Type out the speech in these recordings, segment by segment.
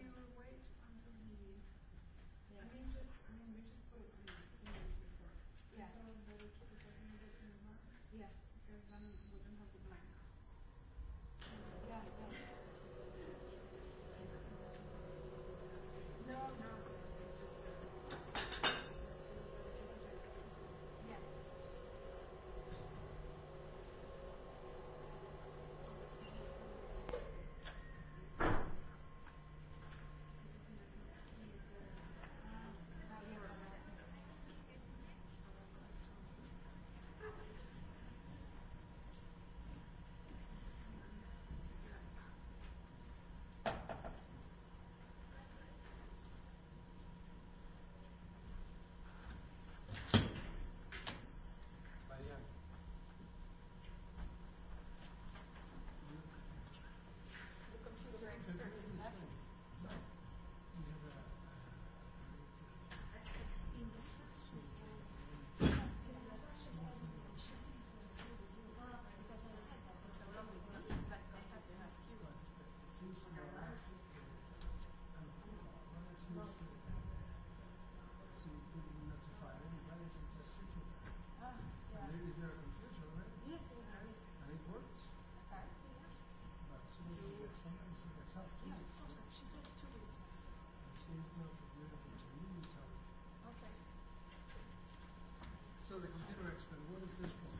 they will wait until the yes. I mean just I mean we just put it on the before. Yeah. It's always better to put that in the in Yeah. Because then we don't have the blank. Yeah, yeah. So the computer expert, what is this one?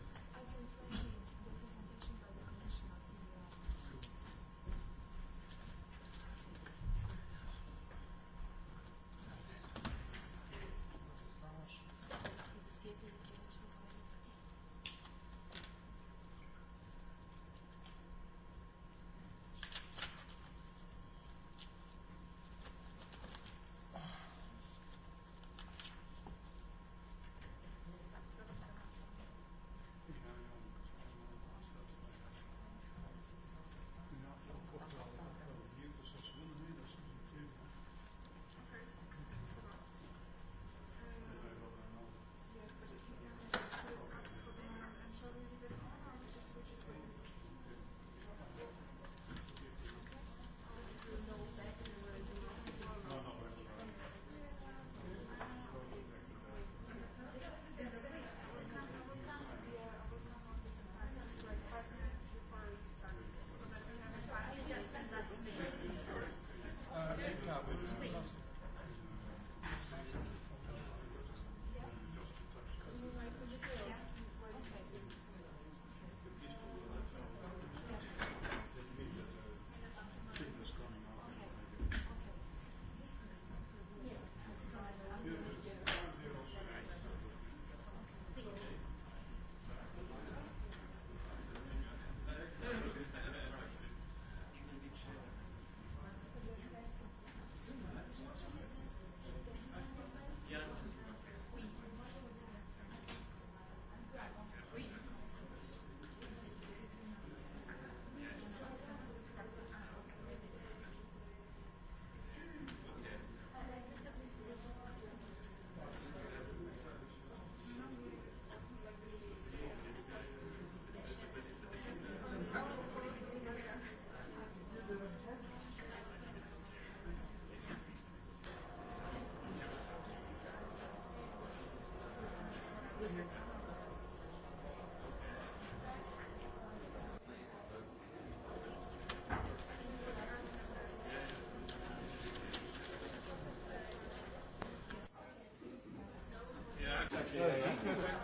Yeah.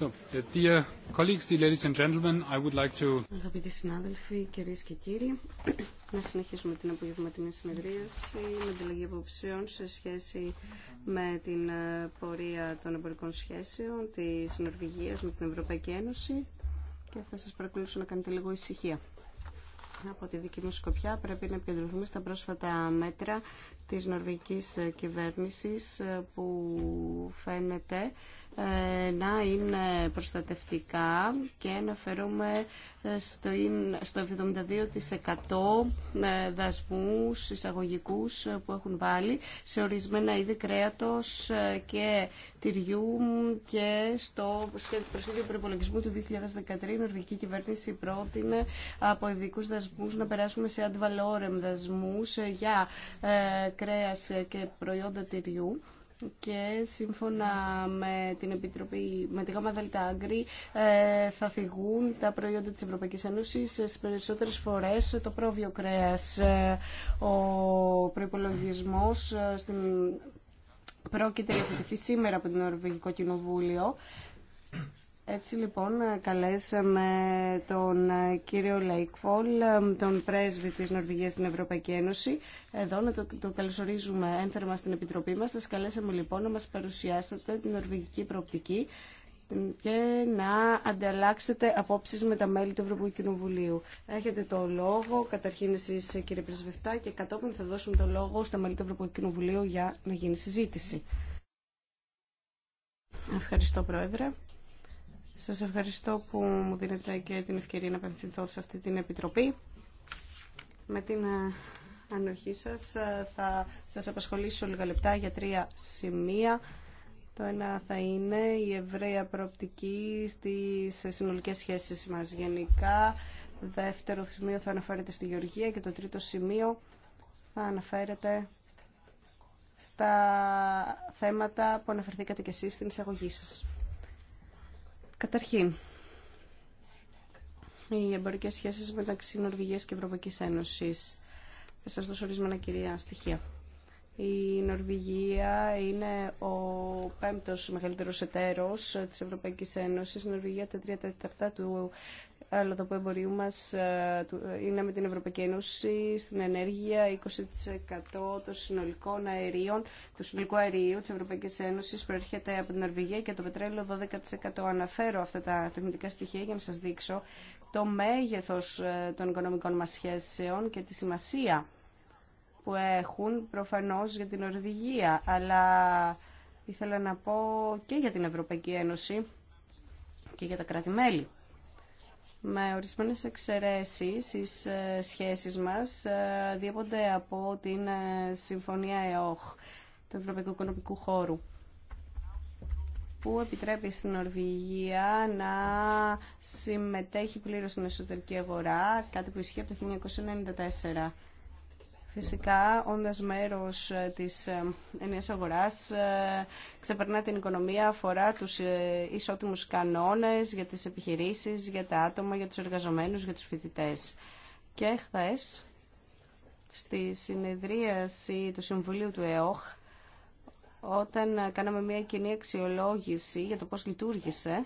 Αγαπητοί συνάδελφοι, κυρίες και κύριοι, να συνεχίσουμε την απογευματινή συνεδρίαση με λογική απόψεων σε σχέση με την ε, πορεία των εμπορικών σχέσεων της Νορβηγίας με την Ευρωπαϊκή Ένωση και θα σας παρακολουθήσω να κάνετε λίγο ησυχία. Από τη δική μου σκοπιά πρέπει να επικεντρωθούμε στα πρόσφατα μέτρα της νορβηγικής ε, κυβέρνησης ε, φαίνεται ε, να είναι προστατευτικά και αναφέρομαι ε, στο, στο 72% ε, δασμούς εισαγωγικούς που έχουν βάλει σε ορισμένα είδη κρέατος και τυριού και στο προσχέδιο προπολογισμού του 2013 η νορβηγική κυβέρνηση πρότεινε από ειδικού δασμούς να περάσουμε σε ad δασμούς για κρέας και προϊόντα τυριού και σύμφωνα με την Επιτροπή, με τη ΓΑΜΑ Άγκρη, ε, θα φυγούν τα προϊόντα της Ευρωπαϊκής Ένωσης σε περισσότερες φορές το πρόβιο κρέας. Ε, ο προϋπολογισμός ε, στην... πρόκειται να σήμερα από το Νορβηγικό Κοινοβούλιο έτσι λοιπόν καλέσαμε τον ε, κύριο Λέικφολ, ε, τον πρέσβη της Νορβηγίας στην Ευρωπαϊκή Ένωση. Εδώ να το, το καλωσορίζουμε ένθερμα στην Επιτροπή μας. Σας καλέσαμε λοιπόν να μας παρουσιάσετε την νορβηγική προοπτική και να ανταλλάξετε απόψεις με τα μέλη του Ευρωπαϊκού Κοινοβουλίου. Έχετε το λόγο, καταρχήν εσείς κύριε Πρεσβευτά, και κατόπιν θα δώσουμε το λόγο στα μέλη του Ευρωπαϊκού Κοινοβουλίου για να γίνει συζήτηση. Ευχαριστώ Πρόεδρε. Σας ευχαριστώ που μου δίνετε και την ευκαιρία να απευθυνθώ σε αυτή την Επιτροπή. Με την ε, ανοχή σας ε, θα σας απασχολήσω λίγα λεπτά για τρία σημεία. Το ένα θα είναι η ευρεία προοπτική στις συνολικές σχέσεις μας γενικά. Δεύτερο σημείο θα αναφέρεται στη Γεωργία και το τρίτο σημείο θα αναφέρεται στα θέματα που αναφερθήκατε και εσείς στην εισαγωγή σας. Καταρχήν, οι εμπορικές σχέσεις μεταξύ Νορβηγίας και Ευρωπαϊκής Ένωσης. Θα σας δώσω ορισμένα κυρία στοιχεία. Η Νορβηγία είναι ο πέμπτος μεγαλύτερος εταίρος της Ευρωπαϊκής Ένωσης. Η Νορβηγία τα τεταρτά του αλλά το εμπορίου μας ε, ε, είναι με την Ευρωπαϊκή Ένωση στην ενέργεια 20% των συνολικών αερίων, του συνολικού αερίου της Ευρωπαϊκής Ένωσης προέρχεται από την Νορβηγία και το πετρέλαιο 12%. Αναφέρω αυτά τα τεχνητικά στοιχεία για να σας δείξω το μέγεθος ε, των οικονομικών μας σχέσεων και τη σημασία που έχουν προφανώς για την Νορβηγία, αλλά ήθελα να πω και για την Ευρωπαϊκή Ένωση και για τα κράτη-μέλη με ορισμένες εξαιρέσεις στις ε, σχέσεις μας ε, διέπονται από την ε, Συμφωνία ΕΟΧ, του Ευρωπαϊκού Οικονομικού Χώρου που επιτρέπει στην Νορβηγία να συμμετέχει πλήρως στην εσωτερική αγορά, κάτι που ισχύει από το 1994. Φυσικά, όντας μέρος ε, της ε, ενιαία αγοράς, ε, ξεπερνά την οικονομία, αφορά τους ισότιμου κανόνες για τις επιχειρήσεις, για τα άτομα, για τους εργαζομένους, για του φοιτητέ. Και χθε στη συνεδρίαση του Συμβουλίου του ΕΟΧ, όταν κάναμε μια κοινή αξιολόγηση για το πώς λειτουργήσε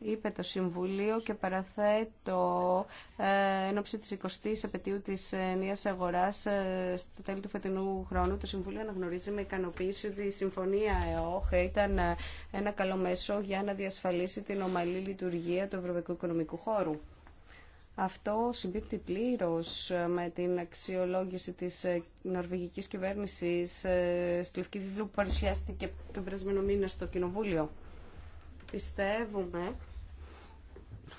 είπε το Συμβουλίο και παραθέτω ε, ενώψη της 20ης επαιτίου της ε, νέας αγοράς ε, στο τέλη του φετινού χρόνου το Συμβουλίο αναγνωρίζει με ικανοποίηση ότι η Συμφωνία ΕΟΧ ήταν ε, ένα καλό μέσο για να διασφαλίσει την ομαλή λειτουργία του Ευρωπαϊκού Οικονομικού Χώρου. Αυτό συμπίπτει πλήρως ε, με την αξιολόγηση της νορβηγικής κυβέρνησης στη Λευκή Βιβλίου που παρουσιάστηκε τον περασμένο μήνα στο Κοινοβούλιο πιστεύουμε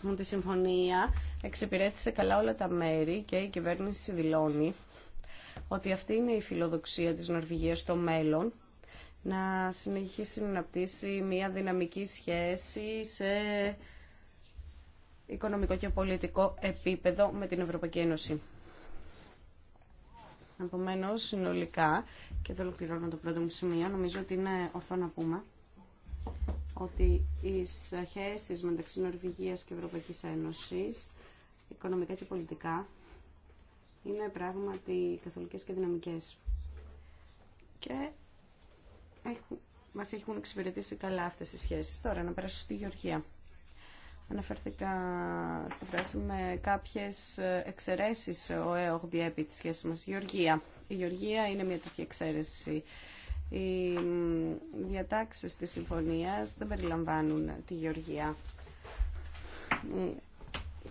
με τη συμφωνία εξυπηρέτησε καλά όλα τα μέρη και η κυβέρνηση δηλώνει ότι αυτή είναι η φιλοδοξία της Νορβηγίας στο μέλλον να συνεχίσει να αναπτύσσει μια δυναμική σχέση σε οικονομικό και πολιτικό επίπεδο με την Ευρωπαϊκή Ένωση. Επομένω, συνολικά, και δεν ολοκληρώνω το πρώτο μου σημείο, νομίζω ότι είναι ορθό να πούμε ότι οι σχέσει μεταξύ Νορβηγία και Ευρωπαϊκή Ένωση, οικονομικά και πολιτικά, είναι πράγματι καθολικέ και δυναμικέ. Και μα έχουν εξυπηρετήσει καλά αυτέ οι σχέσει. Τώρα, να περάσω στη Γεωργία. Αναφέρθηκα στην φράση με κάποιε εξαιρέσει ο ΕΟΓΔΙΕΠΗ τη σχέση μα. Η Γεωργία είναι μια τέτοια εξαίρεση. Οι διατάξεις της συμφωνίας δεν περιλαμβάνουν τη Γεωργία.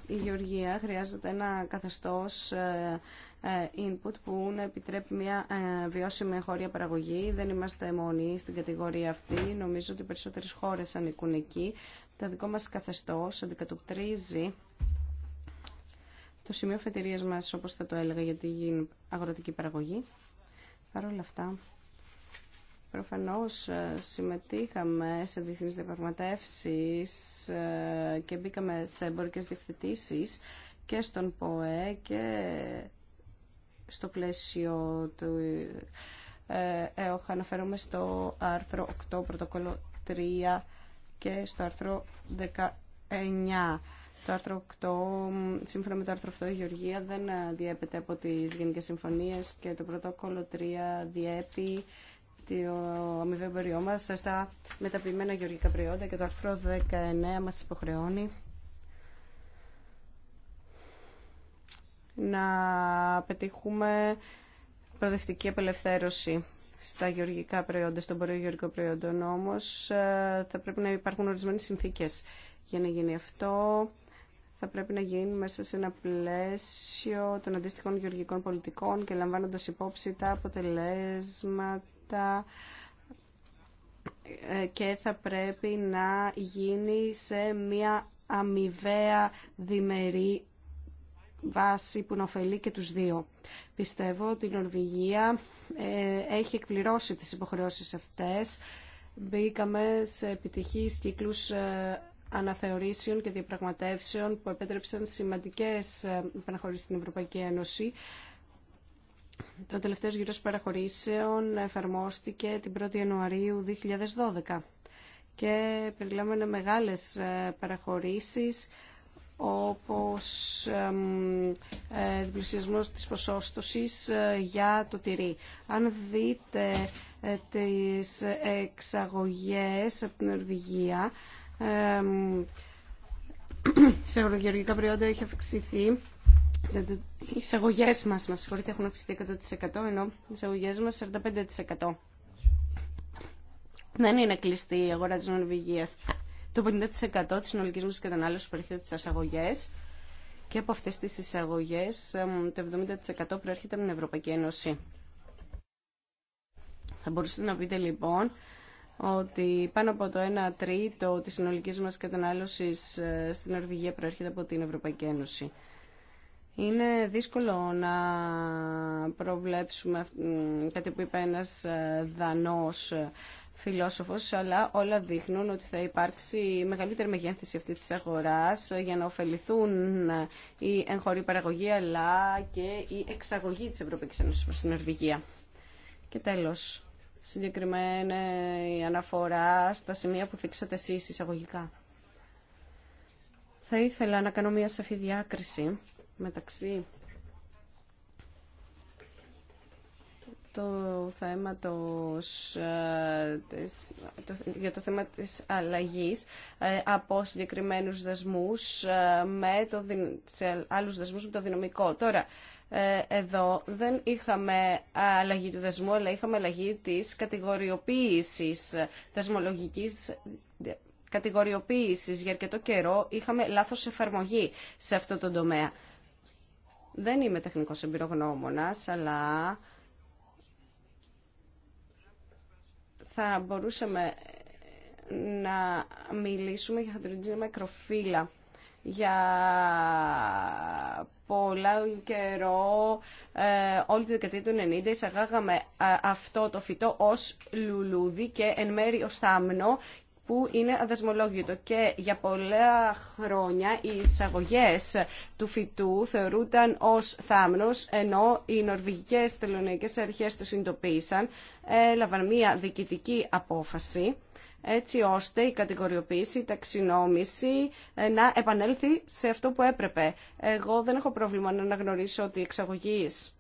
Η Γεωργία χρειάζεται ένα καθεστώς ε, ε, input που να επιτρέπει μια ε, βιώσιμη εγχώρια παραγωγή. Δεν είμαστε μόνοι στην κατηγορία αυτή. Νομίζω ότι οι περισσότερες χώρες ανήκουν εκεί. Το δικό μας καθεστώς αντικατοπτρίζει το σημείο φετηρίας μας, όπως θα το έλεγα, για την αγροτική παραγωγή. Παρ' όλα αυτά, Προφανώς ε, συμμετείχαμε σε διεθνείς διαπραγματεύσεις ε, και μπήκαμε σε εμπορικές διευθετήσεις και στον ΠΟΕ και στο πλαίσιο του ε, ΕΟΧ αναφέρομαι στο άρθρο 8 πρωτοκόλλο 3 και στο άρθρο 19 το άρθρο 8, σύμφωνα με το άρθρο 8, η Γεωργία δεν διέπεται από τις Γενικές Συμφωνίες και το πρωτόκολλο 3 διέπει το αμοιβαίο εμπορίο μα στα μεταποιημένα γεωργικά προϊόντα και το άρθρο 19 μας υποχρεώνει να πετύχουμε προοδευτική απελευθέρωση στα γεωργικά προϊόντα, στον πορείο γεωργικών προϊόντων. Όμω. Ε, θα πρέπει να υπάρχουν ορισμένες συνθήκες για να γίνει αυτό. Θα πρέπει να γίνει μέσα σε ένα πλαίσιο των αντίστοιχων γεωργικών πολιτικών και λαμβάνοντας υπόψη τα αποτελέσματα ε, και θα πρέπει να γίνει σε μια αμοιβαία διμερή βάση που να ωφελεί και τους δύο. Πιστεύω ότι η Νορβηγία ε, έχει εκπληρώσει τις υποχρεώσεις αυτές. Μπήκαμε σε επιτυχείς κύκλους ε, αναθεωρήσεων και διαπραγματεύσεων που επέτρεψαν σημαντικές επαναχωρήσεις στην Ευρωπαϊκή Ένωση το τελευταίο γύρος παραχωρήσεων εφαρμόστηκε την 1η Ιανουαρίου 2012 και περιλάμβανε μεγάλες ε, παραχωρήσεις όπως ε, τη της ποσόστοσης ε, για το τυρί. Αν δείτε ε, τις εξαγωγές από την Ορβηγία, σε αγρογεωργικά προϊόντα έχει αυξηθεί οι εισαγωγέ μα, μα συγχωρείτε, έχουν αυξηθεί 100% ενώ οι εισαγωγέ μα 45%. Δεν είναι κλειστή η αγορά τη Νορβηγία. Το 50% τη συνολική μα κατανάλωση προέρχεται τι εισαγωγέ και από αυτέ τι εισαγωγέ το 70% προέρχεται από την Ευρωπαϊκή Ένωση. Θα μπορούσατε να πείτε λοιπόν ότι πάνω από το 1 τρίτο της συνολικής μας κατανάλωσης ε, στην Νορβηγία προέρχεται από την Ευρωπαϊκή Ένωση. Είναι δύσκολο να προβλέψουμε κάτι που είπε ένας ε, δανός ε, φιλόσοφος, αλλά όλα δείχνουν ότι θα υπάρξει μεγαλύτερη μεγέθυνση αυτή της αγοράς ε, για να ωφεληθούν η εγχωρή παραγωγή αλλά και η εξαγωγή της Ευρωπαϊκής Ένωσης προς την Και τέλος, συγκεκριμένα η αναφορά στα σημεία που θίξατε εσείς εισαγωγικά. Θα ήθελα να κάνω μια σαφή διάκριση μεταξύ το ε, το, για το θέμα της αλλαγής ε, από συγκεκριμένους δεσμούς ε, με το, σε άλλους δεσμούς με το δυναμικό. Τώρα, εδώ δεν είχαμε αλλαγή του δεσμού, αλλά είχαμε αλλαγή της κατηγοριοποίησης δεσμολογικής κατηγοριοποίησης για αρκετό καιρό είχαμε λάθος εφαρμογή σε αυτό το τομέα. Δεν είμαι τεχνικός εμπειρογνώμονας, αλλά θα μπορούσαμε να μιλήσουμε για με μακροφύλλα για πολλά καιρό, ε, όλη τη δεκαετία του 90, εισαγάγαμε ε, αυτό το φυτό ως λουλούδι και εν μέρει ως θάμνο που είναι αδεσμολόγητο. Και για πολλά χρόνια οι εισαγωγέ του φυτού θεωρούνταν ως θάμνος, ενώ οι νορβηγικές τελωνιακές αρχές το συνειδητοποίησαν, έλαβαν μία διοικητική απόφαση, έτσι ώστε η κατηγοριοποίηση, η ταξινόμηση ε, να επανέλθει σε αυτό που έπρεπε. Εγώ δεν έχω πρόβλημα να αναγνωρίσω ότι οι εξαγωγείς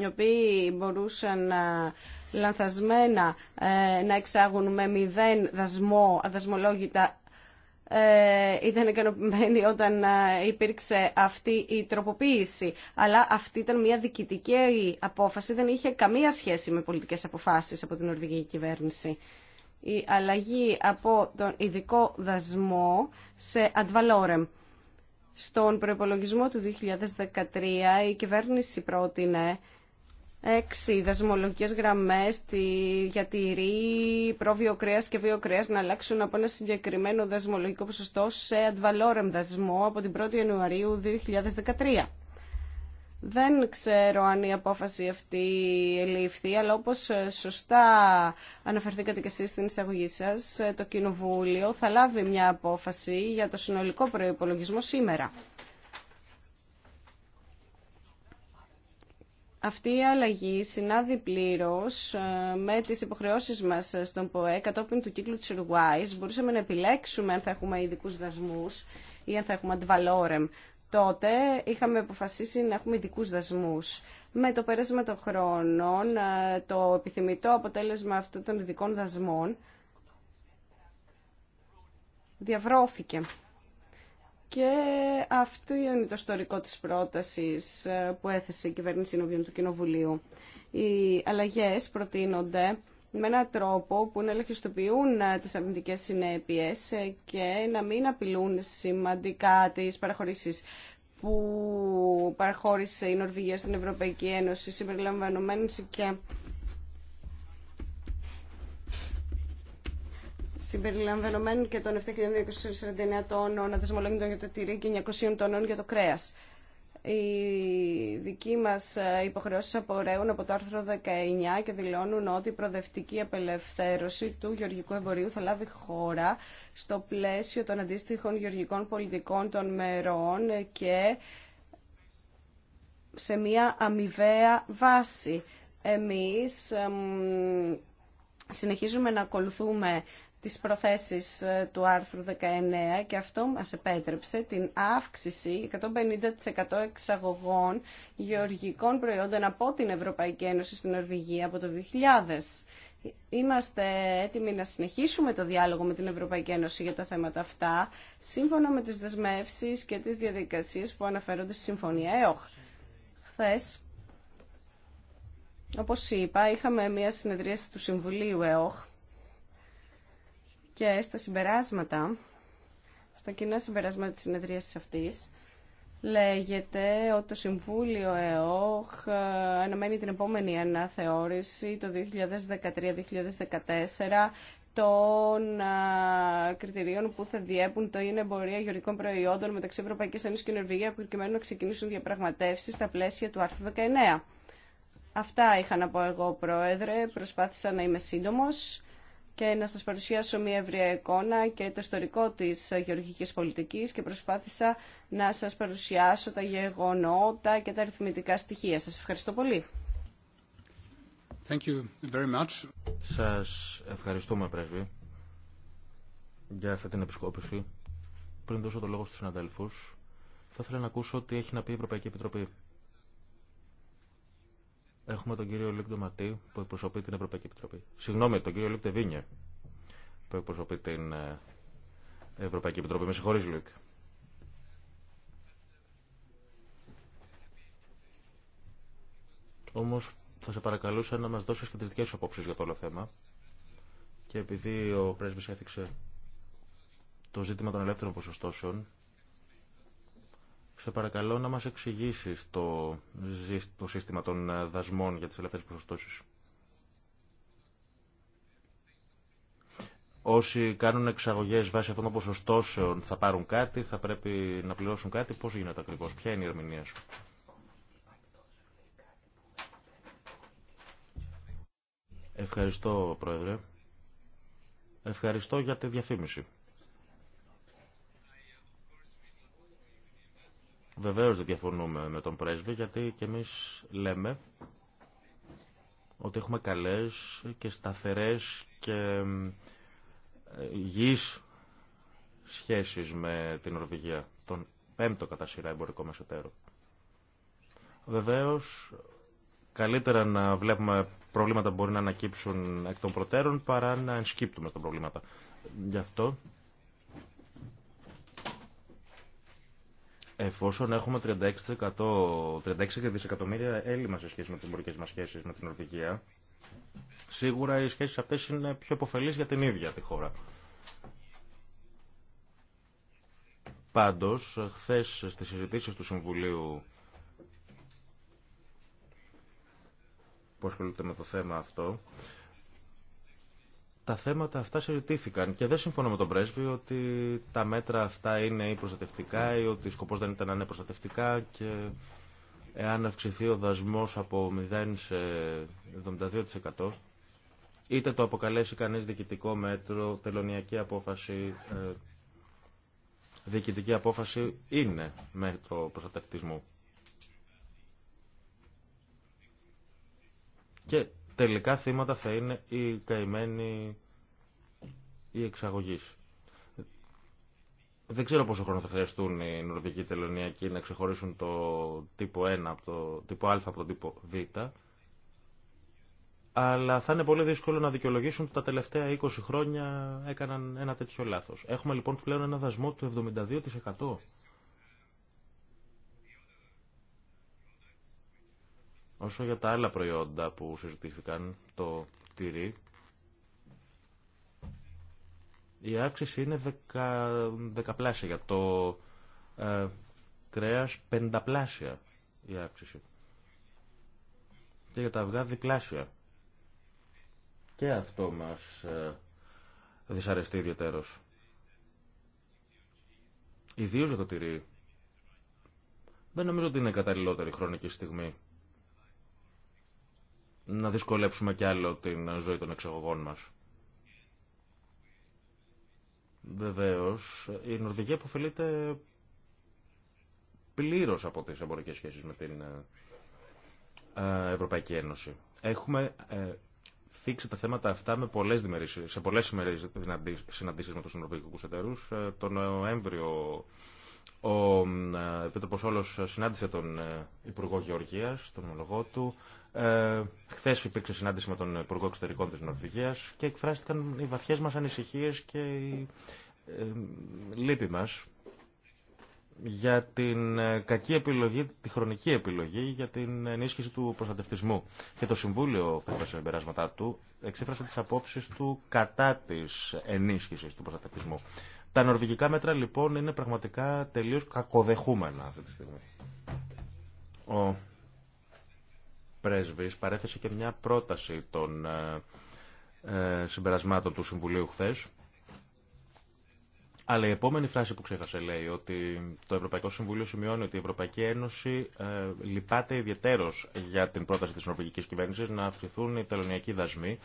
οι οποίοι μπορούσαν να λανθασμένα ε, να εξάγουν με μηδέν δασμό, αδασμολόγητα ε, ήταν ικανοποιημένοι όταν ε, υπήρξε αυτή η τροποποίηση. Αλλά αυτή ήταν μια διοικητική απόφαση, δεν είχε καμία σχέση με πολιτικές αποφάσεις από την Ορβηγική κυβέρνηση. Η αλλαγή από τον ειδικό δασμό σε advalorem. Στον προϋπολογισμό του 2013 η κυβέρνηση πρότεινε έξι δασμολογικές γραμμές για τη ρή, πρόβιο κρέα και βίο να αλλάξουν από ένα συγκεκριμένο δασμολογικό ποσοστό σε advalorem δασμό από την 1η Ιανουαρίου 2013. Δεν ξέρω αν η απόφαση αυτή ελήφθη, αλλά όπως σωστά αναφερθήκατε και εσείς στην εισαγωγή σας, το Κοινοβούλιο θα λάβει μια απόφαση για το συνολικό προϋπολογισμό σήμερα. αυτή η αλλαγή συνάδει πλήρω ε, με τις υποχρεώσεις μας στον ΠΟΕ κατόπιν του κύκλου της Ρουάη. Μπορούσαμε να επιλέξουμε αν θα έχουμε ειδικού δασμούς ή αν θα έχουμε αντιβαλόρεμ. Τότε είχαμε αποφασίσει να έχουμε ειδικού δασμούς. Με το πέρασμα των χρόνων, ε, το επιθυμητό αποτέλεσμα αυτών των ειδικών δασμών διαβρώθηκε. Και αυτό είναι το ιστορικό της πρότασης ε, που έθεσε η κυβέρνηση του Κοινοβουλίου. Οι αλλαγές προτείνονται με έναν τρόπο που να ελεγχιστοποιούν ε, τις αρνητικές συνέπειες ε, και να μην απειλούν σημαντικά τις παραχωρήσεις που παραχώρησε η Νορβηγία στην Ευρωπαϊκή Ένωση συμπεριλαμβανωμένου και συμπεριλαμβανομένων και των 7.249 τόνων αδεσμολόγητων για το τυρί και 900 τόνων για το κρέας. Οι δικοί μας ε, υποχρεώσει απορρέουν από το άρθρο 19 και δηλώνουν ότι η προοδευτική απελευθέρωση του γεωργικού εμπορίου θα λάβει χώρα στο πλαίσιο των αντίστοιχων γεωργικών πολιτικών των μερών και σε μια αμοιβαία βάση. Εμείς συνεχίζουμε να ακολουθούμε τις προθέσεις ε, του άρθρου 19 και αυτό μας επέτρεψε την αύξηση 150% εξαγωγών γεωργικών προϊόντων από την Ευρωπαϊκή Ένωση στην Νορβηγία από το 2000. Είμαστε έτοιμοι να συνεχίσουμε το διάλογο με την Ευρωπαϊκή Ένωση για τα θέματα αυτά, σύμφωνα με τις δεσμεύσεις και τις διαδικασίες που αναφέρονται στη Συμφωνία ΕΟΧ. Χθες, όπως είπα, είχαμε μια συνεδρίαση του Συμβουλίου ΕΟΧ και στα συμπεράσματα, στα κοινά συμπεράσματα της συνεδρίασης αυτής, Λέγεται ότι το Συμβούλιο ΕΟΧ ε, αναμένει την επόμενη αναθεώρηση το 2013-2014 των ε, κριτηρίων που θα διέπουν το είναι εμπορία γεωργικών προϊόντων μεταξύ Ευρωπαϊκή Ένωση και Νορβηγία, προκειμένου να ξεκινήσουν διαπραγματεύσει στα πλαίσια του άρθρου 19. Αυτά είχα να πω εγώ, Πρόεδρε. Προσπάθησα να είμαι σύντομο και να σας παρουσιάσω μια ευρεία εικόνα και το ιστορικό της γεωργικής πολιτικής και προσπάθησα να σας παρουσιάσω τα γεγονότα και τα αριθμητικά στοιχεία. Σας ευχαριστώ πολύ. Thank you very much. Σας ευχαριστούμε, Πρέσβη, για αυτή την επισκόπηση. Πριν δώσω το λόγο στους συναδέλφους, θα ήθελα να ακούσω τι έχει να πει η Ευρωπαϊκή Επιτροπή. Έχουμε τον κύριο Λίκ Ντομαρτή που εκπροσωπεί την Ευρωπαϊκή Επιτροπή. Συγγνώμη, τον κύριο Λίκ Ντεβίνιε που εκπροσωπεί την ε, Ευρωπαϊκή Επιτροπή. Με συγχωρείς, Λίκ. Όμως θα σε παρακαλούσα να μας δώσεις και τις δικές σου απόψεις για το όλο θέμα. Και επειδή ο πρέσβης έθιξε το ζήτημα των ελεύθερων ποσοστώσεων, σε παρακαλώ να μας εξηγήσεις το, το σύστημα των ε, δασμών για τις ελεύθερες ποσοστώσεις. Όσοι κάνουν εξαγωγές βάσει αυτών των ποσοστώσεων θα πάρουν κάτι, θα πρέπει να πληρώσουν κάτι. Πώς γίνεται ακριβώς, ποια είναι η ερμηνεία σου. Ευχαριστώ, Πρόεδρε. Ευχαριστώ για τη διαφήμιση. Βεβαίως δεν διαφωνούμε με τον πρέσβη γιατί και εμείς λέμε ότι έχουμε καλές και σταθερές και ε, υγιείς σχέσεις με την Ορβηγία, τον πέμπτο κατά σειρά εμπορικό μας εταίρο. Βεβαίως, καλύτερα να βλέπουμε προβλήματα που μπορεί να ανακύψουν εκ των προτέρων παρά να ενσκύπτουμε στα προβλήματα. Γι' αυτό εφόσον έχουμε 36%, 36 δισεκατομμύρια έλλειμμα σε σχέση με τι εμπορικέ μας σχέσεις με την Ορβηγία, σίγουρα οι σχέσει αυτέ είναι πιο υποφελείς για την ίδια τη χώρα. Πάντως, χθε στις συζητήσει του Συμβουλίου που ασχολούνται με το θέμα αυτό, τα θέματα αυτά συζητήθηκαν και δεν συμφωνώ με τον πρέσβη ότι τα μέτρα αυτά είναι ή προστατευτικά ή ότι σκοπός δεν ήταν να είναι προστατευτικά και εάν αυξηθεί ο δασμός από 0 σε 72% είτε το αποκαλέσει κανείς διοικητικό μέτρο, τελωνιακή απόφαση, ε, διοικητική απόφαση είναι μέτρο προστατευτισμού. Και τελικά θύματα θα είναι η καημένοι η Δεν ξέρω πόσο χρόνο θα χρειαστούν οι νορβηγοί τελωνιακοί να ξεχωρίσουν το τύπο 1 από το τύπο Α από το τύπο Β. Αλλά θα είναι πολύ δύσκολο να δικαιολογήσουν ότι τα τελευταία 20 χρόνια έκαναν ένα τέτοιο λάθος. Έχουμε λοιπόν πλέον ένα δασμό του 72%. Όσο για τα άλλα προϊόντα που συζητήθηκαν, το τυρί, η αύξηση είναι δεκα, δεκαπλάσια για το ε, κρέας πενταπλάσια η αύξηση και για τα αυγά διπλάσια και αυτό μας ε, δυσαρεστεί ιδιαίτερος ιδίως για το τυρί δεν νομίζω ότι είναι καταλληλότερη χρονική στιγμή να δυσκολέψουμε κι άλλο την ζωή των εξαγωγών μας. Βεβαίως, η Νορβηγία αποφελείται πλήρως από τις εμπορικέ σχέσεις με την ε, Ευρωπαϊκή Ένωση. Έχουμε ε, θίξει τα θέματα αυτά με πολλές σε πολλές συναντήσεις με τους νορβηγικούς εταίρους. Ε, τον Νοέμβριο ο Επίτροπος Όλος συνάντησε τον Υπουργό Γεωργίας, τον ομολογό του. Ε, Χθε υπήρξε συνάντηση με τον Υπουργό Εξωτερικών τη Νορβηγία και εκφράστηκαν οι βαθιέ μα ανησυχίε και η ε, λύπη μα για την ε, κακή επιλογή, τη χρονική επιλογή για την ενίσχυση του προστατευτισμού. Και το Συμβούλιο, χθε τα συμπεράσματά του, εξέφρασε τι απόψει του κατά τη ενίσχυση του προστατευτισμού. Τα νορβηγικά μέτρα λοιπόν είναι πραγματικά τελείω κακοδεχούμενα αυτή τη στιγμή. Ο πρέσβης παρέθεσε και μια πρόταση των ε, ε, συμπερασμάτων του Συμβουλίου χθες. Αλλά η επόμενη φράση που ξέχασε λέει ότι το Ευρωπαϊκό Συμβούλιο σημειώνει ότι η Ευρωπαϊκή Ένωση ε, λυπάται για την πρόταση της νορβηγική κυβέρνησης να αυξηθούν οι τελωνιακοί δασμοί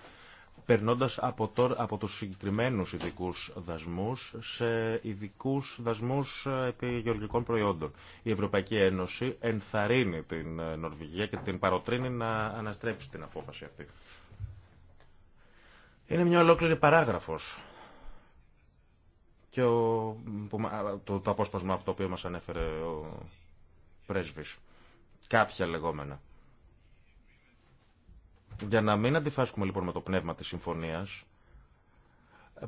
περνώντας από, του από τους συγκεκριμένους ειδικού δασμούς σε ειδικού δασμούς ε, επί γεωργικών προϊόντων. Η Ευρωπαϊκή Ένωση ενθαρρύνει την ε, Νορβηγία και την παροτρύνει να αναστρέψει την απόφαση αυτή. Είναι μια ολόκληρη παράγραφος και το, το απόσπασμα από το οποίο μας ανέφερε ο πρέσβης. Κάποια λεγόμενα. Για να μην αντιφάσκουμε λοιπόν με το πνεύμα της συμφωνίας,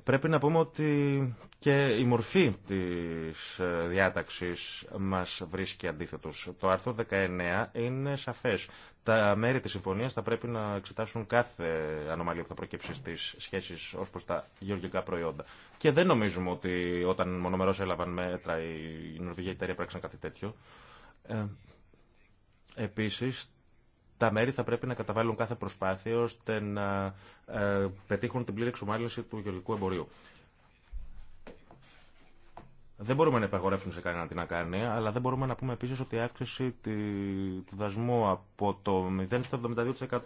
πρέπει να πούμε ότι και η μορφή της ε, διάταξης μας βρίσκει αντίθετος. Το άρθρο 19 είναι σαφές. Τα μέρη της συμφωνίας θα πρέπει να εξετάσουν κάθε ανομαλία που θα προκύψει στις σχέσεις ως προς τα γεωργικά προϊόντα. Και δεν νομίζουμε ότι όταν μονομερός έλαβαν μέτρα η Νορβηγία εταιρεία κάτι τέτοιο. Ε, επίσης, τα μέρη θα πρέπει να καταβάλουν κάθε προσπάθεια ώστε να ε, πετύχουν την πλήρη εξομάλυνση του γεωργικού εμπορίου. Δεν μπορούμε να υπαγορεύσουμε σε κανέναν τι να κάνει, αλλά δεν μπορούμε να πούμε επίση ότι η αύξηση του δασμού από το 0 στο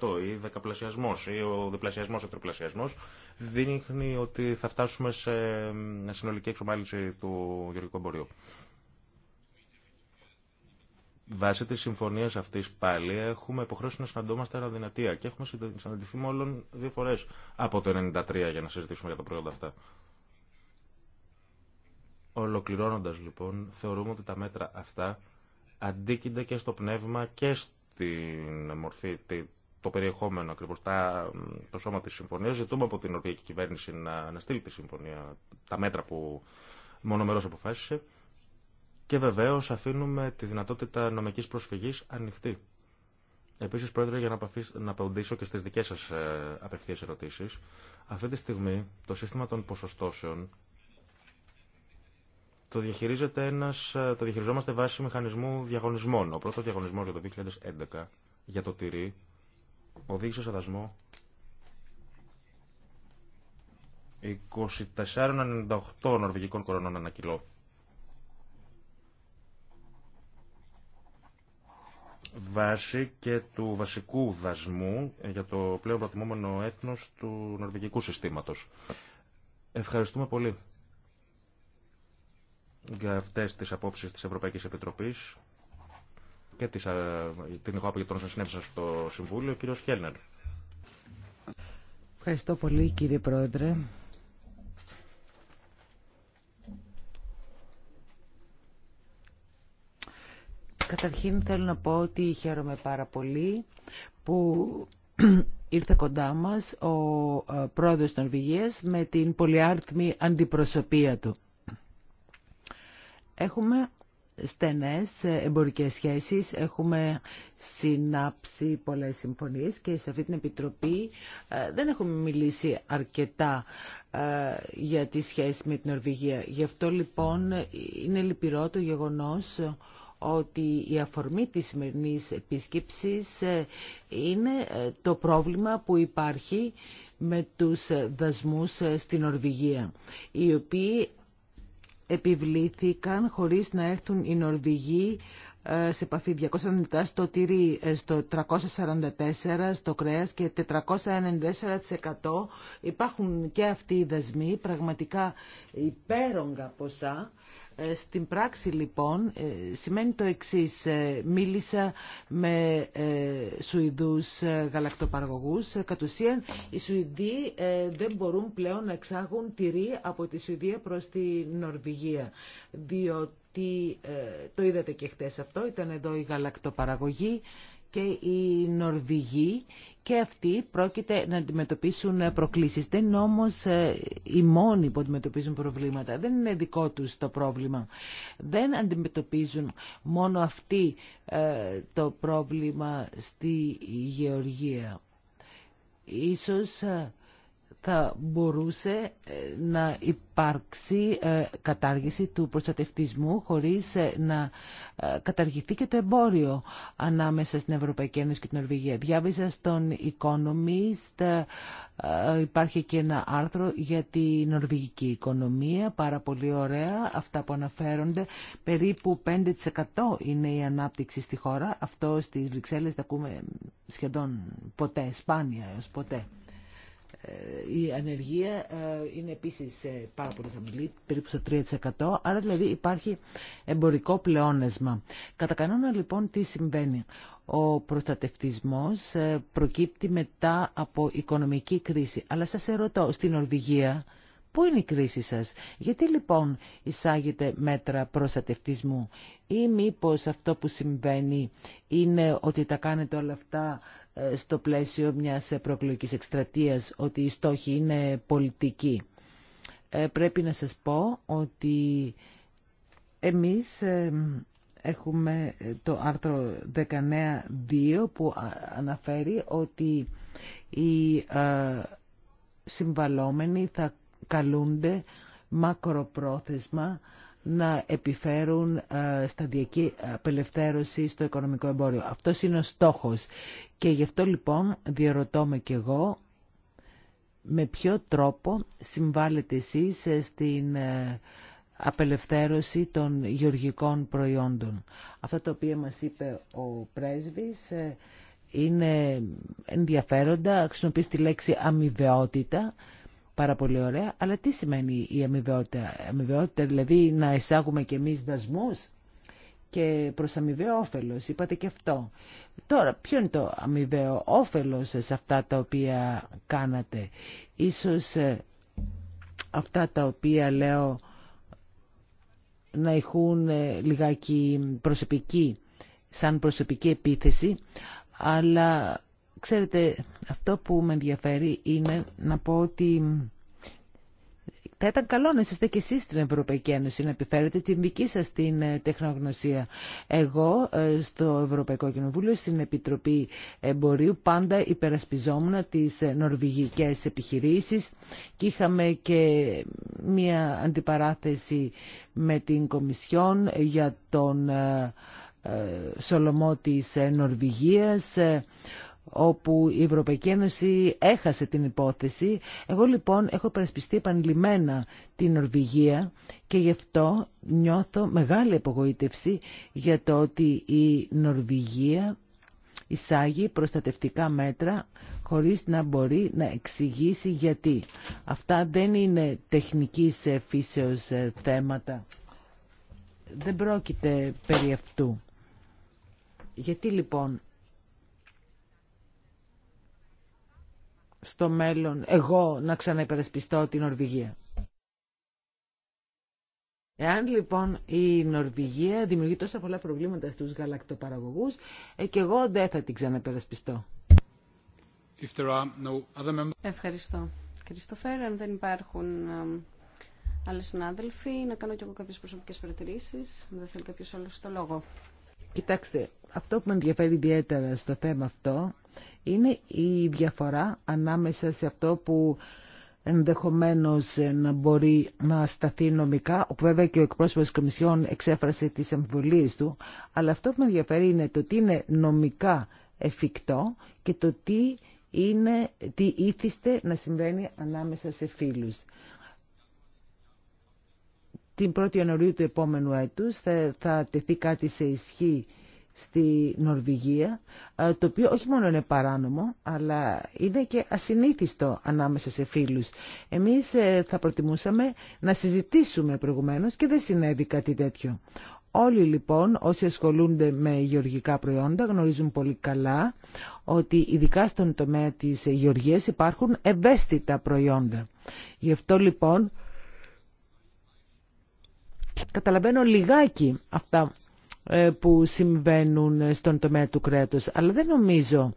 72% ή δεκαπλασιασμό ή ο διπλασιασμό ή ο τριπλασιασμό δείχνει ότι θα φτάσουμε σε συνολική εξομάλυνση του γεωργικού εμπορίου. Βάσει τη συμφωνία αυτή πάλι έχουμε υποχρέωση να συναντώμαστε αναδυνατία και έχουμε συναντηθεί μόλον δύο φορέ από το 1993 για να συζητήσουμε για τα προϊόντα αυτά. Ολοκληρώνοντα λοιπόν, θεωρούμε ότι τα μέτρα αυτά αντίκεινται και στο πνεύμα και στην μορφή, το περιεχόμενο ακριβώ, το σώμα τη συμφωνία. Ζητούμε από την Ορβηγική κυβέρνηση να στείλει τη συμφωνία, τα μέτρα που μονομερό αποφάσισε. Και βεβαίω αφήνουμε τη δυνατότητα νομικής προσφυγής ανοιχτή. Επίσης, Πρόεδρε, για να απαντήσω και στις δικές σας ε, απευθείας ερωτήσεις, αυτή τη στιγμή το σύστημα των ποσοστώσεων το, διαχειρίζεται ένας, ε, το διαχειριζόμαστε βάσει μηχανισμού διαγωνισμών. Ο πρώτος διαγωνισμός για το 2011 για το τυρί οδήγησε σε δασμό 24,98 νορβηγικών κορονών ανά κιλό. βάση και του βασικού δασμού για το πλέον προτιμόμενο έθνος του νορβηγικού συστήματος. Ευχαριστούμε πολύ για αυτές τις απόψεις της Ευρωπαϊκής Επιτροπής και της, την ηχόπη των συνέβησαν στο Συμβούλιο, ο κύριος Χέλνερ. Ευχαριστώ πολύ κύριε Πρόεδρε. Καταρχήν θέλω να πω ότι χαίρομαι πάρα πολύ που ήρθε κοντά μας ο ε, πρόεδρος της Νορβηγίας με την πολυάριθμη αντιπροσωπεία του. Έχουμε στενές ε, εμπορικές σχέσεις, έχουμε συνάψει πολλές συμφωνίες και σε αυτή την Επιτροπή ε, δεν έχουμε μιλήσει αρκετά για τη σχέση με την Νορβηγία. Γι' αυτό λοιπόν είναι λυπηρό το γεγονός ότι η αφορμή της σημερινής επίσκεψης ε, είναι ε, το πρόβλημα που υπάρχει με τους ε, δασμούς στην Νορβηγία, οι οποίοι επιβλήθηκαν χωρίς να έρθουν οι Νορβηγοί ε, σε επαφή 290, στο τυρί, ε, στο 344 στο κρέας και 494% υπάρχουν και αυτοί οι δεσμοί πραγματικά υπέρογκα ποσά. Ε, στην πράξη λοιπόν σημαίνει το εξής. Μίλησα με Σουηδούς γαλακτοπαραγωγούς. Κατ' ουσίαν οι Σουηδοί δεν μπορούν πλέον να εξάγουν τυρί από τη Σουηδία προς τη Νορβηγία. Διότι ε, το είδατε και χτες αυτό, ήταν εδώ η γαλακτοπαραγωγή και η Νορβηγή και αυτοί πρόκειται να αντιμετωπίσουν ε, προκλήσεις. Δεν είναι όμως ε, οι μόνοι που αντιμετωπίζουν προβλήματα. Δεν είναι δικό τους το πρόβλημα. Δεν αντιμετωπίζουν μόνο αυτοί το πρόβλημα στη Γεωργία. Ίσως θα μπορούσε ε, να υπάρξει ε, κατάργηση του προστατευτισμού χωρίς ε, να καταργηθεί και το εμπόριο ανάμεσα στην Ευρωπαϊκή Ένωση και την Νορβηγία. Διάβησα στον Economist, υπάρχει και ένα άρθρο για την νορβηγική οικονομία, πάρα πολύ ωραία, αυτά που αναφέρονται. Περίπου 5% είναι η ανάπτυξη στη χώρα, αυτό στις Βρυξέλλες τα ακούμε σχεδόν ποτέ, σπάνια έως ποτέ. Ε, η ανεργία ε, είναι επίσης ε, πάρα πολύ χαμηλή, περίπου στο 3%, άρα δηλαδή υπάρχει εμπορικό πλεόνασμα. Κατά κανόνα λοιπόν τι συμβαίνει. Ο προστατευτισμός προκύπτει μετά από οικονομική κρίση. Αλλά σας ερωτώ, στην Ορβηγία Πού είναι η κρίση σας, γιατί λοιπόν εισάγετε μέτρα προστατευτισμού ή μήπως αυτό που συμβαίνει είναι ότι τα κάνετε όλα αυτά ε, στο πλαίσιο μιας προεκλογικής εκστρατείας, ότι οι στόχοι είναι πολιτικη ε, πρέπει να σας πω ότι εμείς ε, έχουμε το άρθρο 19.2 που αναφέρει ότι οι συμβαλόμενοι θα καλούνται μακροπρόθεσμα να επιφέρουν ε, σταδιακή απελευθέρωση στο οικονομικό εμπόριο. Αυτό είναι ο στόχος. Και γι' αυτό λοιπόν διαρωτώ με κι εγώ με ποιο τρόπο συμβάλλετε εσείς ε, στην ε, απελευθέρωση των γεωργικών προϊόντων. Αυτά τα οποία μας είπε ο πρέσβης είναι ενδιαφέροντα. Χρησιμοποιείς τη λέξη αμοιβαιότητα πάρα πολύ ωραία, αλλά τι σημαίνει η αμοιβαιότητα. Αμοιβαιότητα δηλαδή να εισάγουμε κι εμείς δασμούς και προς αμοιβαίο όφελος, είπατε και αυτό. Τώρα, ποιο είναι το αμοιβαίο όφελος σε αυτά τα οποία κάνατε. Ίσως ε, αυτά τα οποία λέω να έχουν ε, λιγάκι προσωπική, σαν προσωπική επίθεση, αλλά Ξέρετε, αυτό που με ενδιαφέρει είναι να πω ότι θα ήταν καλό να είστε και εσείς στην Ευρωπαϊκή Ένωση, να επιφέρετε την δική σας την ε, τεχνογνωσία. Εγώ ε, στο Ευρωπαϊκό Κοινοβούλιο, στην Επιτροπή Εμπορίου, πάντα υπερασπιζόμουν τις ε, νορβηγικές επιχειρήσεις και είχαμε και μία αντιπαράθεση με την Κομισιόν για τον Σολομό της Νορβηγίας, όπου η Ευρωπαϊκή Ένωση έχασε την υπόθεση. Εγώ λοιπόν έχω περασπιστεί επανειλημμένα την Νορβηγία και γι' αυτό νιώθω μεγάλη απογοήτευση για το ότι η Νορβηγία εισάγει προστατευτικά μέτρα χωρίς να μπορεί να εξηγήσει γιατί. Αυτά δεν είναι τεχνικής φύσεως ε, θέματα. Δεν πρόκειται περί αυτού. Γιατί λοιπόν στο μέλλον εγώ να ξαναυπερασπιστώ την Νορβηγία. Εάν λοιπόν η Νορβηγία δημιουργεί τόσα πολλά προβλήματα στους γαλακτοπαραγωγούς, ε, και εγώ δεν θα την ξαναπερασπιστώ. Ευχαριστώ. Κριστοφέρ, αν δεν υπάρχουν άλλοι συνάδελφοι, να κάνω κι εγώ κάποιες προσωπικές παρατηρήσεις. Δεν θέλει κάποιος άλλος το λόγο. Κοιτάξτε, αυτό που με ενδιαφέρει ιδιαίτερα στο θέμα αυτό είναι η διαφορά ανάμεσα σε αυτό που ενδεχομένως να μπορεί να σταθεί νομικά, όπου βέβαια και ο εκπρόσωπος της Κομισιόν εξέφρασε τις εμβολίες του, αλλά αυτό που με ενδιαφέρει είναι το τι είναι νομικά εφικτό και το τι είναι, τι ήθιστε να συμβαίνει ανάμεσα σε φίλους την 1η Ιανουαρίου του επόμενου έτους θα, θα τεθεί κάτι σε ισχύ στη Νορβηγία, ε, το οποίο όχι μόνο είναι παράνομο, αλλά είναι και ασυνήθιστο ανάμεσα σε φίλους. Εμείς ε, θα προτιμούσαμε να συζητήσουμε προηγουμένως και δεν συνέβη κάτι τέτοιο. Όλοι λοιπόν όσοι ασχολούνται με γεωργικά προϊόντα γνωρίζουν πολύ καλά ότι ειδικά στον τομέα της γεωργίας υπάρχουν ευαίσθητα προϊόντα. Γι' αυτό λοιπόν καταλαβαίνω λιγάκι αυτά ε, που συμβαίνουν στον τομέα του κρέατος. Αλλά δεν νομίζω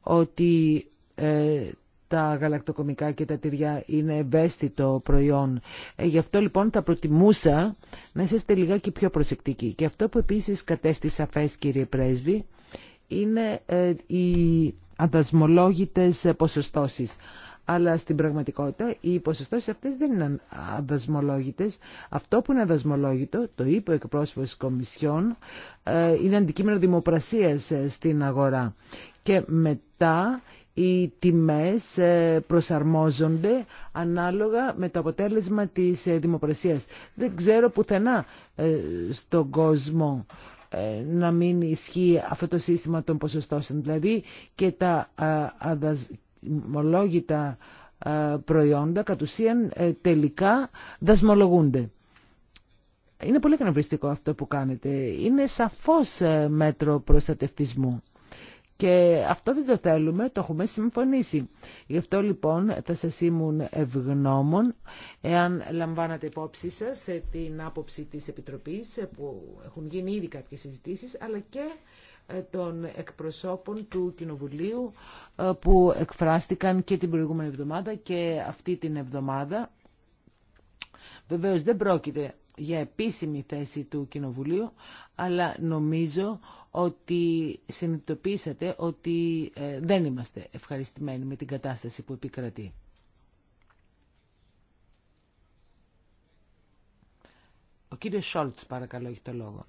ότι ε, τα γαλακτοκομικά και τα τυριά είναι ευαίσθητο προϊόν. Ε, γι' αυτό λοιπόν θα προτιμούσα να είστε λιγάκι πιο προσεκτικοί. Και αυτό που επίσης κατέστησα φες, κύριε Πρέσβη είναι οι αδασμολόγητες ποσοστώσεις αλλά στην πραγματικότητα οι ποσοστώσεις αυτές δεν είναι αδασμολόγητες. Αυτό που είναι αδασμολόγητο, το είπε ο εκπρόσωπος της Κομισιόν, ε, είναι αντικείμενο δημοπρασίας ε, στην αγορά. Και μετά οι τιμές ε, προσαρμόζονται ανάλογα με το αποτέλεσμα της δημοπρασίας. Δεν ξέρω πουθενά στον κόσμο να μην ισχύει αυτό το σύστημα των ποσοστώσεων. Δηλαδή και τα, δασμολόγητα ε, προϊόντα κατ' ουσίαν ε, τελικά δασμολογούνται. Είναι πολύ κανονιστικό αυτό που κάνετε. Είναι σαφώς ε, μέτρο προστατευτισμού. Και αυτό δεν το θέλουμε, το έχουμε συμφωνήσει. Γι' αυτό λοιπόν θα σας ήμουν ευγνώμων εάν λαμβάνατε υπόψη σας την άποψη της Επιτροπής που έχουν γίνει ήδη κάποιες συζητήσεις αλλά και των εκπροσώπων του Κοινοβουλίου ε, που εκφράστηκαν και την προηγούμενη εβδομάδα και αυτή την εβδομάδα. Βεβαίως δεν πρόκειται για επίσημη θέση του Κοινοβουλίου, αλλά νομίζω ότι συνειδητοποίησατε ότι ε, δεν είμαστε ευχαριστημένοι με την κατάσταση που επικρατεί. Ο κύριος Σόλτς παρακαλώ έχει το λόγο.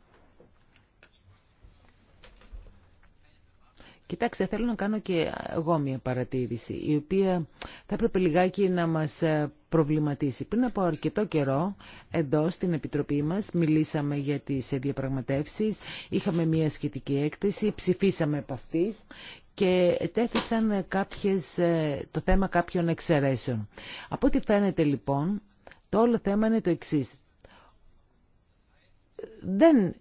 Κοιτάξτε, θέλω να κάνω και εγώ μια παρατήρηση, η οποία θα έπρεπε λιγάκι να μας ε, προβληματίσει. Πριν από αρκετό καιρό, εδώ στην Επιτροπή μας, μιλήσαμε για τις ε, διαπραγματεύσεις, είχαμε μια σχετική έκθεση, ψηφίσαμε από αυτή και τέθησαν κάποιες, ε, το θέμα κάποιων εξαιρέσεων. Από ό,τι φαίνεται λοιπόν, το όλο θέμα είναι το εξής. Δεν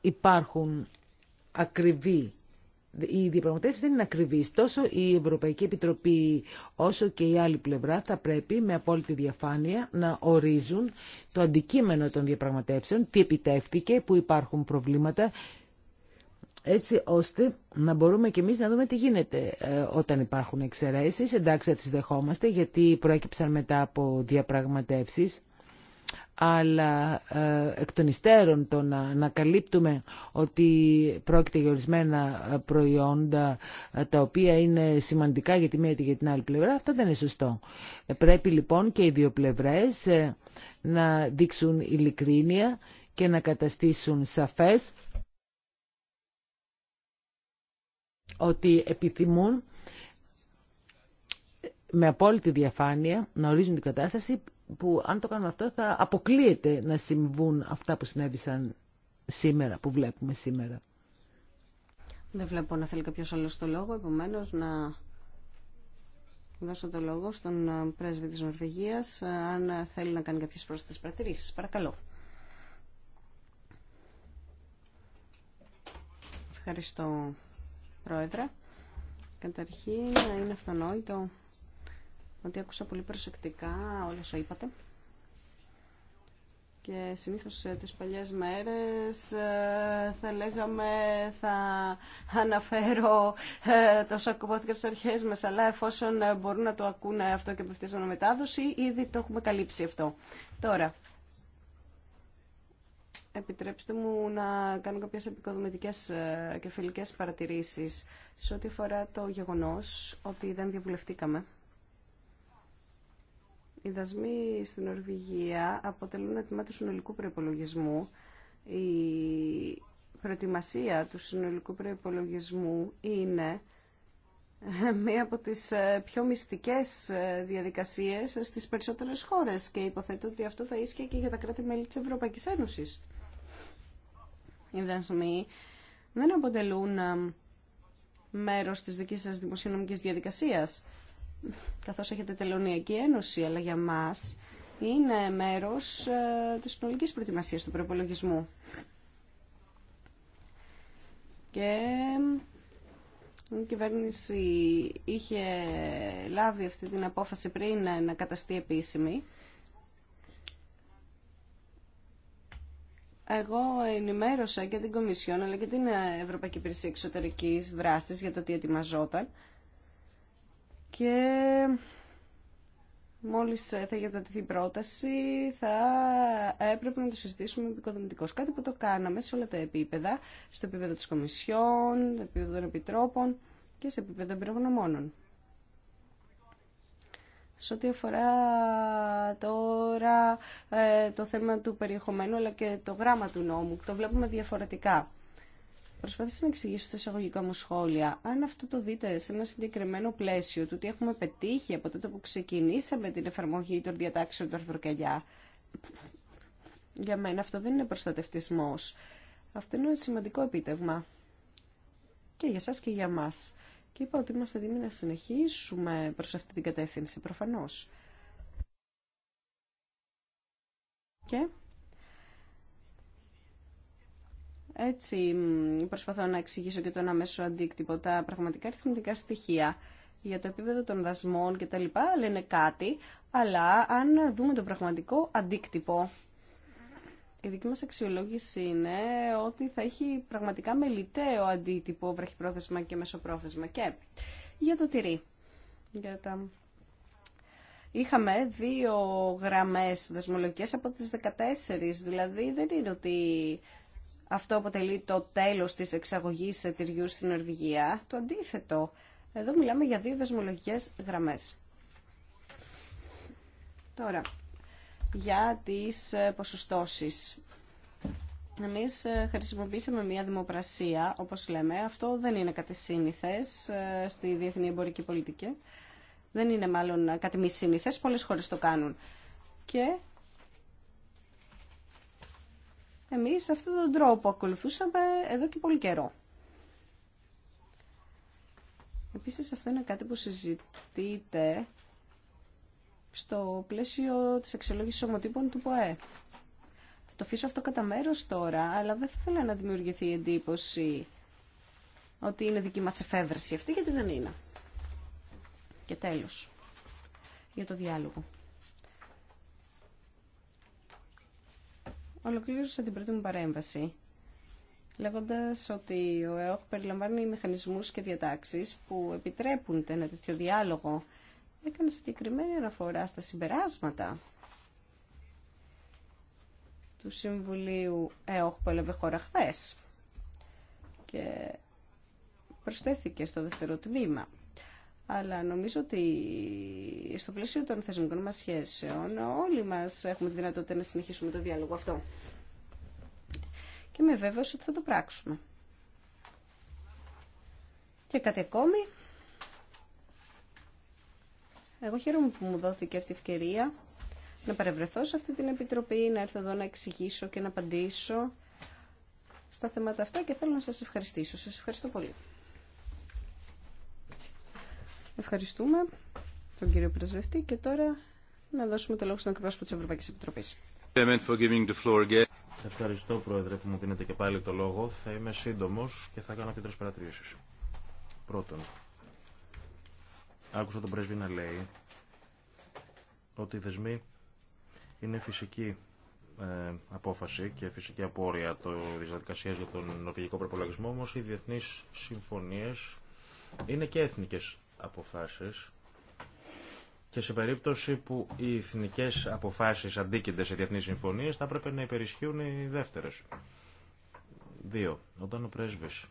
υπάρχουν ακριβή οι διαπραγματεύσει δεν είναι ακριβεί. Τόσο η Ευρωπαϊκή Επιτροπή όσο και η άλλη πλευρά θα πρέπει με απόλυτη διαφάνεια να ορίζουν το αντικείμενο των διαπραγματεύσεων, τι επιτεύχθηκε, που υπάρχουν προβλήματα, έτσι ώστε να μπορούμε και εμείς να δούμε τι γίνεται ε, όταν υπάρχουν εξαιρέσεις. Εντάξει, θα τις δεχόμαστε γιατί προέκυψαν μετά από διαπραγματεύσεις αλλά ε, εκ των υστέρων το να ανακαλύπτουμε ότι πρόκειται για ορισμένα ε, προϊόντα ε, τα οποία είναι σημαντικά για τη μία ή για την άλλη πλευρά, αυτό δεν είναι σωστό. Ε, πρέπει λοιπόν και οι δύο πλευρές να δείξουν ειλικρίνεια και να καταστήσουν σαφές ότι επιθυμούν με απόλυτη διαφάνεια να ορίζουν την κατάσταση που αν το κάνουμε αυτό θα αποκλείεται να συμβούν αυτά που συνέβησαν σήμερα, που βλέπουμε σήμερα. Δεν βλέπω να θέλει κάποιος άλλος το λόγο, επομένως να δώσω το λόγο στον ε, πρέσβη της Νορβηγίας ε, αν θέλει να κάνει κάποιες πρόσθετες παρατηρήσεις. Παρακαλώ. Ευχαριστώ, Πρόεδρε. Καταρχήν, είναι αυτονόητο ότι άκουσα πολύ προσεκτικά όλα όσα είπατε. Και συνήθως ε, τις παλιές μέρες ε, θα λέγαμε θα αναφέρω ε, τόσο ακουμπόθηκα στις αρχές μας, αλλά εφόσον μπορούν να το ακούνε αυτό και απευθείας αναμετάδοση, ήδη το έχουμε καλύψει αυτό. Τώρα, επιτρέψτε μου να κάνω κάποιες επικοδομητικές και φιλικές παρατηρήσεις σε ό,τι αφορά το γεγονός ότι δεν διαβουλευτήκαμε οι δασμοί στην Ορβηγία αποτελούν ένα του συνολικού προπολογισμού. Η προετοιμασία του συνολικού προπολογισμού είναι ε, μία από τις ε, πιο μυστικές ε, διαδικασίες στις περισσότερες χώρες και υποθέτω ότι αυτό θα ίσχυε και για τα κράτη-μέλη της Ευρωπαϊκής Ένωσης. Οι δασμοί δεν αποτελούν μέρος της δικής σας δημοσιονομικής διαδικασίας καθώς έχετε τελωνιακή ένωση, αλλά για μας είναι μέρος ε, της συνολικής προετοιμασίας του προπολογισμού. Και ε, η κυβέρνηση είχε λάβει αυτή την απόφαση πριν ε, να καταστεί επίσημη. Εγώ ενημέρωσα και την Κομισιόν αλλά και την Ευρωπαϊκή Υπηρεσία Εξωτερικής Δράσης για το τι ετοιμαζόταν και μόλις θα γιατατηθεί η πρόταση θα έπρεπε να το συζητήσουμε επικοδομητικώς. Κάτι που το κάναμε σε όλα τα επίπεδα, στο επίπεδο της Κομισιόν, στο επίπεδο των Επιτρόπων και σε επίπεδο εμπειρογνωμόνων. Σε ό,τι αφορά τώρα ε, το θέμα του περιεχομένου αλλά και το γράμμα του νόμου, το βλέπουμε διαφορετικά. Προσπάθησα να εξηγήσω στα εισαγωγικά μου σχόλια. Αν αυτό το δείτε σε ένα συγκεκριμένο πλαίσιο του τι έχουμε πετύχει από τότε που ξεκινήσαμε την εφαρμογή των διατάξεων του Αρθροκαλιά. για μένα αυτό δεν είναι προστατευτισμός. Αυτό είναι ένα σημαντικό επίτευγμα. Και για εσά και για μας. Και είπα ότι είμαστε έτοιμοι να συνεχίσουμε προ αυτή την κατεύθυνση, προφανώ. Και Έτσι προσπαθώ να εξηγήσω και το τον μέσο αντίκτυπο. Τα πραγματικά αριθμητικά στοιχεία για το επίπεδο των δασμών και τα λοιπά λένε κάτι, αλλά αν δούμε το πραγματικό αντίκτυπο, η δική μας αξιολόγηση είναι ότι θα έχει πραγματικά μελιτέο αντίτυπο βραχυπρόθεσμα και μεσοπρόθεσμα. Και για το τυρί. Για Είχαμε δύο γραμμές δασμολογικές από τις 14, δηλαδή δεν είναι ότι αυτό αποτελεί το τέλος της εξαγωγής εταιριού στην Ορβηγία. Το αντίθετο, εδώ μιλάμε για δύο δεσμολογικές γραμμές. Τώρα, για τις ε, ποσοστώσεις. Εμείς ε, χρησιμοποίησαμε μια δημοπρασία, όπως λέμε. Αυτό δεν είναι κάτι σύνηθες ε, στη διεθνή εμπορική πολιτική. Δεν είναι μάλλον κάτι μη σύνηθες. Πολλές χώρες το κάνουν. Και εμείς αυτόν τον τρόπο ακολουθούσαμε εδώ και πολύ καιρό. Επίσης αυτό είναι κάτι που συζητείται στο πλαίσιο της αξιολόγησης ομοτύπων του ΠΟΕ. Θα το αφήσω αυτό κατά μέρο τώρα, αλλά δεν θα να δημιουργηθεί η εντύπωση ότι είναι δική μας εφεύρεση αυτή, γιατί δεν είναι. Και τέλος, για το διάλογο. Ολοκλήρωσα την πρώτη μου παρέμβαση λέγοντας ότι ο ΕΟΧ περιλαμβάνει μηχανισμούς και διατάξει που επιτρέπουν ένα τέτοιο διάλογο. Έκανε συγκεκριμένη αναφορά στα συμπεράσματα του Συμβουλίου ΕΟΧ που έλαβε χώρα χθε και προσθέθηκε στο δεύτερο τμήμα αλλά νομίζω ότι στο πλαίσιο των θεσμικών μας σχέσεων όλοι μας έχουμε τη δυνατότητα να συνεχίσουμε το διάλογο αυτό. Και με βέβαιος ότι θα το πράξουμε. Και κάτι ακόμη. Εγώ χαίρομαι που μου δόθηκε αυτή η ευκαιρία να παρευρεθώ σε αυτή την επιτροπή, να έρθω εδώ να εξηγήσω και να απαντήσω στα θέματα αυτά και θέλω να σας ευχαριστήσω. Σας ευχαριστώ πολύ. Ευχαριστούμε τον κύριο Πρεσβευτή και τώρα να δώσουμε το λόγο στον εκπρόσωπο τη Ευρωπαϊκή Επιτροπή. Ευχαριστώ, Πρόεδρε, που μου δίνετε και πάλι το λόγο. Θα είμαι σύντομο και θα κάνω και τρει παρατηρήσει. Πρώτον, άκουσα τον πρέσβη να λέει ότι οι δεσμοί είναι φυσική ε, απόφαση και φυσική απόρρεια τη διαδικασία για τον νορβηγικό προπολογισμό, όμω οι διεθνεί συμφωνίε είναι και εθνικές αποφάσεις και σε περίπτωση που οι εθνικές αποφάσεις αντίκεινται σε διεθνείς συμφωνίες θα πρέπει να υπερισχύουν οι δεύτερες. Δύο. Όταν ο πρέσβης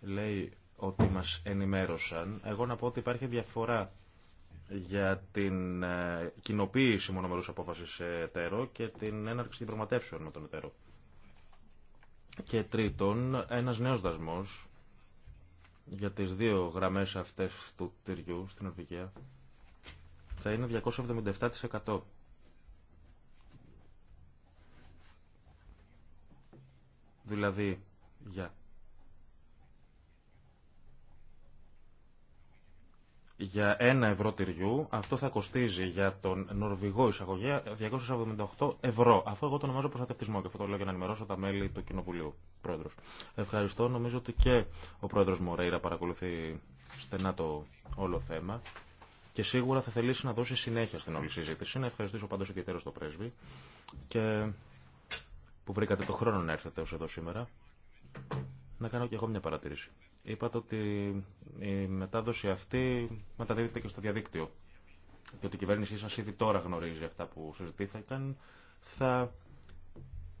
λέει ότι μας ενημέρωσαν, εγώ να πω ότι υπάρχει διαφορά για την ε, κοινοποίηση μονομερούς απόφασης σε εταίρο και την έναρξη διπραγματεύσεων με τον εταίρο. Και τρίτον, ένας νέος δασμός για τις δύο γραμμές αυτές του τυριού στην Ορβηγία θα είναι 277%. Δηλαδή για για ένα ευρώ τυριού, αυτό θα κοστίζει για τον Νορβηγό εισαγωγέα 278 ευρώ. Αφού εγώ το ονομάζω προστατευτισμό και αυτό το λέω για να ενημερώσω τα μέλη του Κοινοβουλίου. Πρόεδρος. Ευχαριστώ. Νομίζω ότι και ο πρόεδρος Μορέιρα παρακολουθεί στενά το όλο θέμα και σίγουρα θα θελήσει να δώσει συνέχεια στην όλη συζήτηση. Να ευχαριστήσω πάντως ιδιαίτερα στο πρέσβη και που βρήκατε το χρόνο να έρθετε ως εδώ σήμερα. Να κάνω και εγώ μια παρατήρηση. Είπατε ότι η μετάδοση αυτή μεταδίδεται και στο διαδίκτυο. Και ότι η κυβέρνησή σας ήδη τώρα γνωρίζει αυτά που συζητήθηκαν. Θα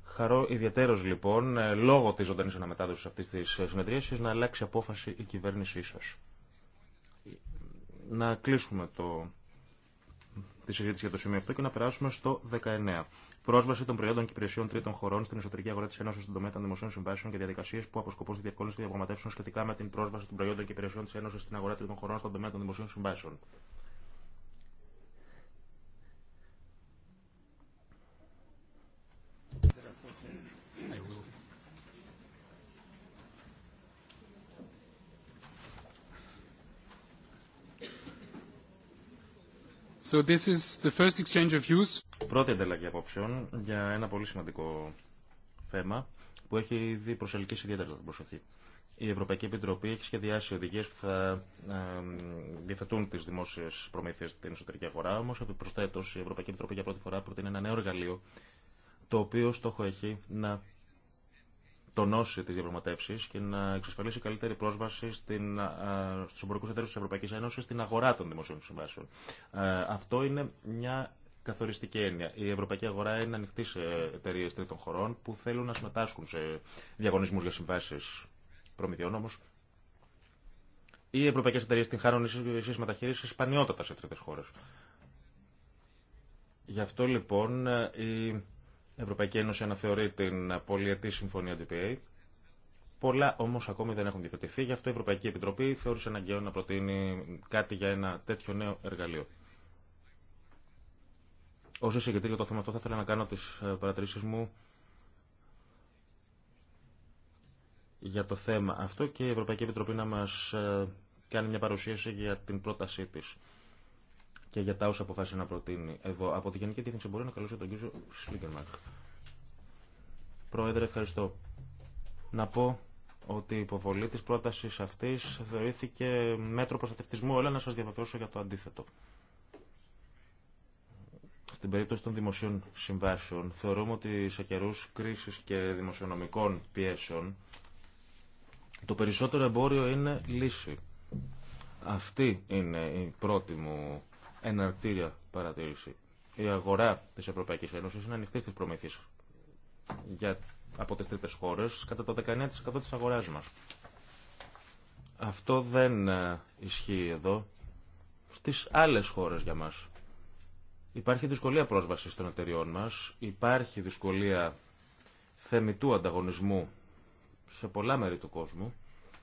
χαρώ ιδιαίτερος λοιπόν, λόγω της ζωντανής αναμετάδοσης αυτής της συνεδρίασης, να αλλάξει απόφαση η κυβέρνησή σας. Να κλείσουμε το, τη συζήτηση για το σημείο αυτό και να περάσουμε στο 19 πρόσβαση των προϊόντων και υπηρεσιών τρίτων χωρών στην εσωτερική αγορά τη Ένωση στον τομέα των δημοσίων συμβάσεων και διαδικασίε που αποσκοπούν στη διευκόλυνση διαπραγματεύσεων σχετικά με την πρόσβαση των προϊόντων και υπηρεσιών τη Ένωση στην αγορά τρίτων χωρών στον τομέα των δημοσίων συμβάσεων. So this is the first exchange of views. Πρώτη ανταλλαγή απόψεων για ένα πολύ σημαντικό θέμα που έχει ήδη προσελκύσει ιδιαίτερα την προσοχή. Η Ευρωπαϊκή Επιτροπή έχει σχεδιάσει οδηγίε που θα ε, διαθετούν τι δημόσιε προμήθειε στην εσωτερική αγορά. Όμω, επιπροσθέτω, η Ευρωπαϊκή Επιτροπή για πρώτη φορά προτείνει ένα νέο εργαλείο το οποίο στόχο έχει να τονώσει τι διαπραγματεύσει και να εξασφαλίσει καλύτερη πρόσβαση στου εμπορικού εταίρου τη Ευρωπαϊκή Ένωση στην αγορά των δημοσίων συμβάσεων. Ε, αυτό είναι μια καθοριστική έννοια. Η ευρωπαϊκή αγορά είναι ανοιχτή σε εταιρείε τρίτων χωρών που θέλουν να συμμετάσχουν σε διαγωνισμού για συμβάσει προμηθειών όμω. Οι ευρωπαϊκέ εταιρείε την χάνουν εσεί μεταχείριση σπανιότατα σε τρίτε χώρε. Γι' αυτό λοιπόν ε, η η Ευρωπαϊκή Ένωση αναθεωρεί την πολυετή συμφωνία GPA. Πολλά όμω ακόμη δεν έχουν διαθετηθεί, γι' αυτό η Ευρωπαϊκή Επιτροπή θεώρησε αναγκαίο να προτείνει κάτι για ένα τέτοιο νέο εργαλείο. Ω εισηγητή για το θέμα αυτό, θα ήθελα να κάνω τι ε, παρατηρήσει μου για το θέμα αυτό και η Ευρωπαϊκή Επιτροπή να μα ε, κάνει μια παρουσίαση για την πρότασή της και για τα όσα αποφάσισε να προτείνει. εδώ. από τη Γενική Διεύθυνση μπορεί να καλούσε τον κύριο Σλίγκερμαντ. Πρόεδρε, ευχαριστώ. Να πω ότι η υποβολή τη πρόταση αυτή θεωρήθηκε μέτρο προστατευτισμού, αλλά να σα διαβεβαιώσω για το αντίθετο. Στην περίπτωση των δημοσίων συμβάσεων, θεωρούμε ότι σε καιρού κρίση και δημοσιονομικών πιέσεων, το περισσότερο εμπόριο είναι λύση. Αυτή είναι η πρώτη μου εναρτήρια παρατήρηση. Η αγορά τη Ευρωπαϊκή Ένωση είναι ανοιχτή στι προμήθειε από τι τρίτε χώρε κατά το 19% τη αγορά μα. Αυτό δεν ε, ισχύει εδώ στι άλλε χώρε για μα. Υπάρχει δυσκολία πρόσβαση των εταιριών μα, υπάρχει δυσκολία θεμητού ανταγωνισμού σε πολλά μέρη του κόσμου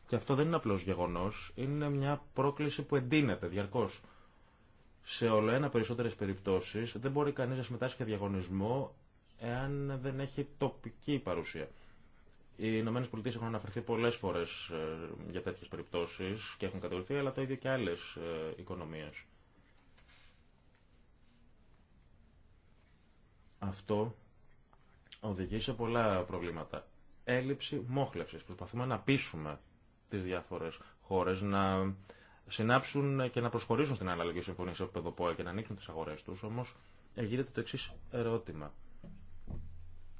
και αυτό δεν είναι απλώς γεγονός, είναι μια πρόκληση που εντείνεται διαρκώς σε όλα ένα περισσότερες περιπτώσεις δεν μπορεί κανεί να συμμετάσχει σε διαγωνισμό εάν δεν έχει τοπική παρουσία. Οι Ηνωμένε Πολιτείε έχουν αναφερθεί πολλέ φορέ ε, για τέτοιε περιπτώσει και έχουν κατηγορηθεί, αλλά το ίδιο και άλλε οικονομίε. Αυτό οδηγεί σε πολλά προβλήματα. Έλλειψη μόχλευση. Προσπαθούμε να πείσουμε τι διάφορε χώρε να συνάψουν και να προσχωρήσουν στην αναλογική συμφωνία σε επίπεδο και να ανοίξουν τι αγορέ του. Όμω γίνεται το εξή ερώτημα.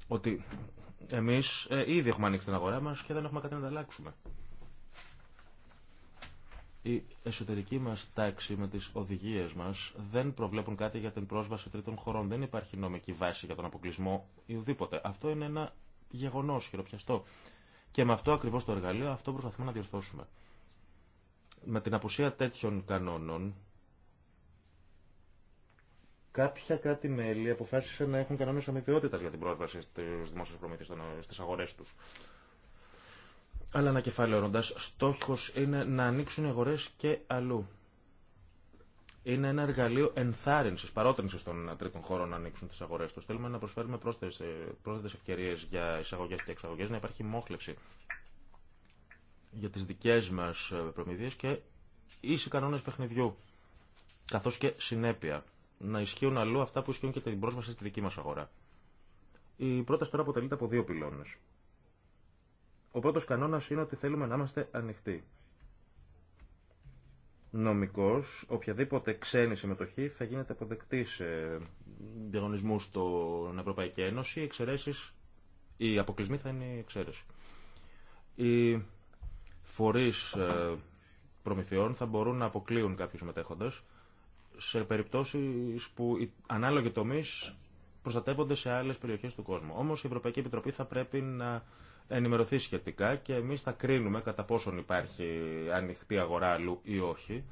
Ότι εμεί ε, ήδη έχουμε ανοίξει την αγορά μα και δεν έχουμε κάτι να τα Η εσωτερική μα τάξη με τι οδηγίε μα δεν προβλέπουν κάτι για την πρόσβαση τρίτων χωρών. Δεν υπάρχει νομική βάση για τον αποκλεισμό ή ουδήποτε. Αυτό είναι ένα γεγονό χειροπιαστό. Και με αυτό ακριβώ το εργαλείο αυτό προσπαθούμε να διορθώσουμε με την απουσία τέτοιων κανόνων, κάποια κράτη-μέλη αποφάσισαν να έχουν κανόνες αμοιβαιότητας για την πρόσβαση στις δημόσιες προμήθειες, στις αγορές τους. Αλλά ανακεφαλαιώνοντας, στόχος είναι να ανοίξουν οι αγορές και αλλού. Είναι ένα εργαλείο ενθάρρυνσης, παρότρινσης των τρίτων χώρων να ανοίξουν τις αγορές τους. Θέλουμε να προσφέρουμε πρόσθετες ευκαιρίες για εισαγωγές και εξαγωγές, να υπάρχει μόχλευση για τις δικές μας ε, προμηθείες και ίση κανόνες παιχνιδιού, καθώς και συνέπεια. Να ισχύουν αλλού αυτά που ισχύουν και την πρόσβαση στη δική μας αγορά. Η πρόταση τώρα αποτελείται από δύο πυλώνες. Ο πρώτος κανόνας είναι ότι θέλουμε να είμαστε ανοιχτοί. Νομικός, οποιαδήποτε ξένη συμμετοχή θα γίνεται αποδεκτή σε διαγωνισμού στην Ευρωπαϊκή Ένωση. Οι αποκλεισμοί θα είναι η εξαίρεση. Η φορείς ε, προμηθειών θα μπορούν να αποκλείουν κάποιου μετέχοντε σε περιπτώσεις που οι ανάλογοι τομεί προστατεύονται σε άλλες περιοχές του κόσμου. Όμως η Ευρωπαϊκή Επιτροπή θα πρέπει να ενημερωθεί σχετικά και εμεί θα κρίνουμε κατά πόσον υπάρχει ανοιχτή αγορά αλλού ή όχι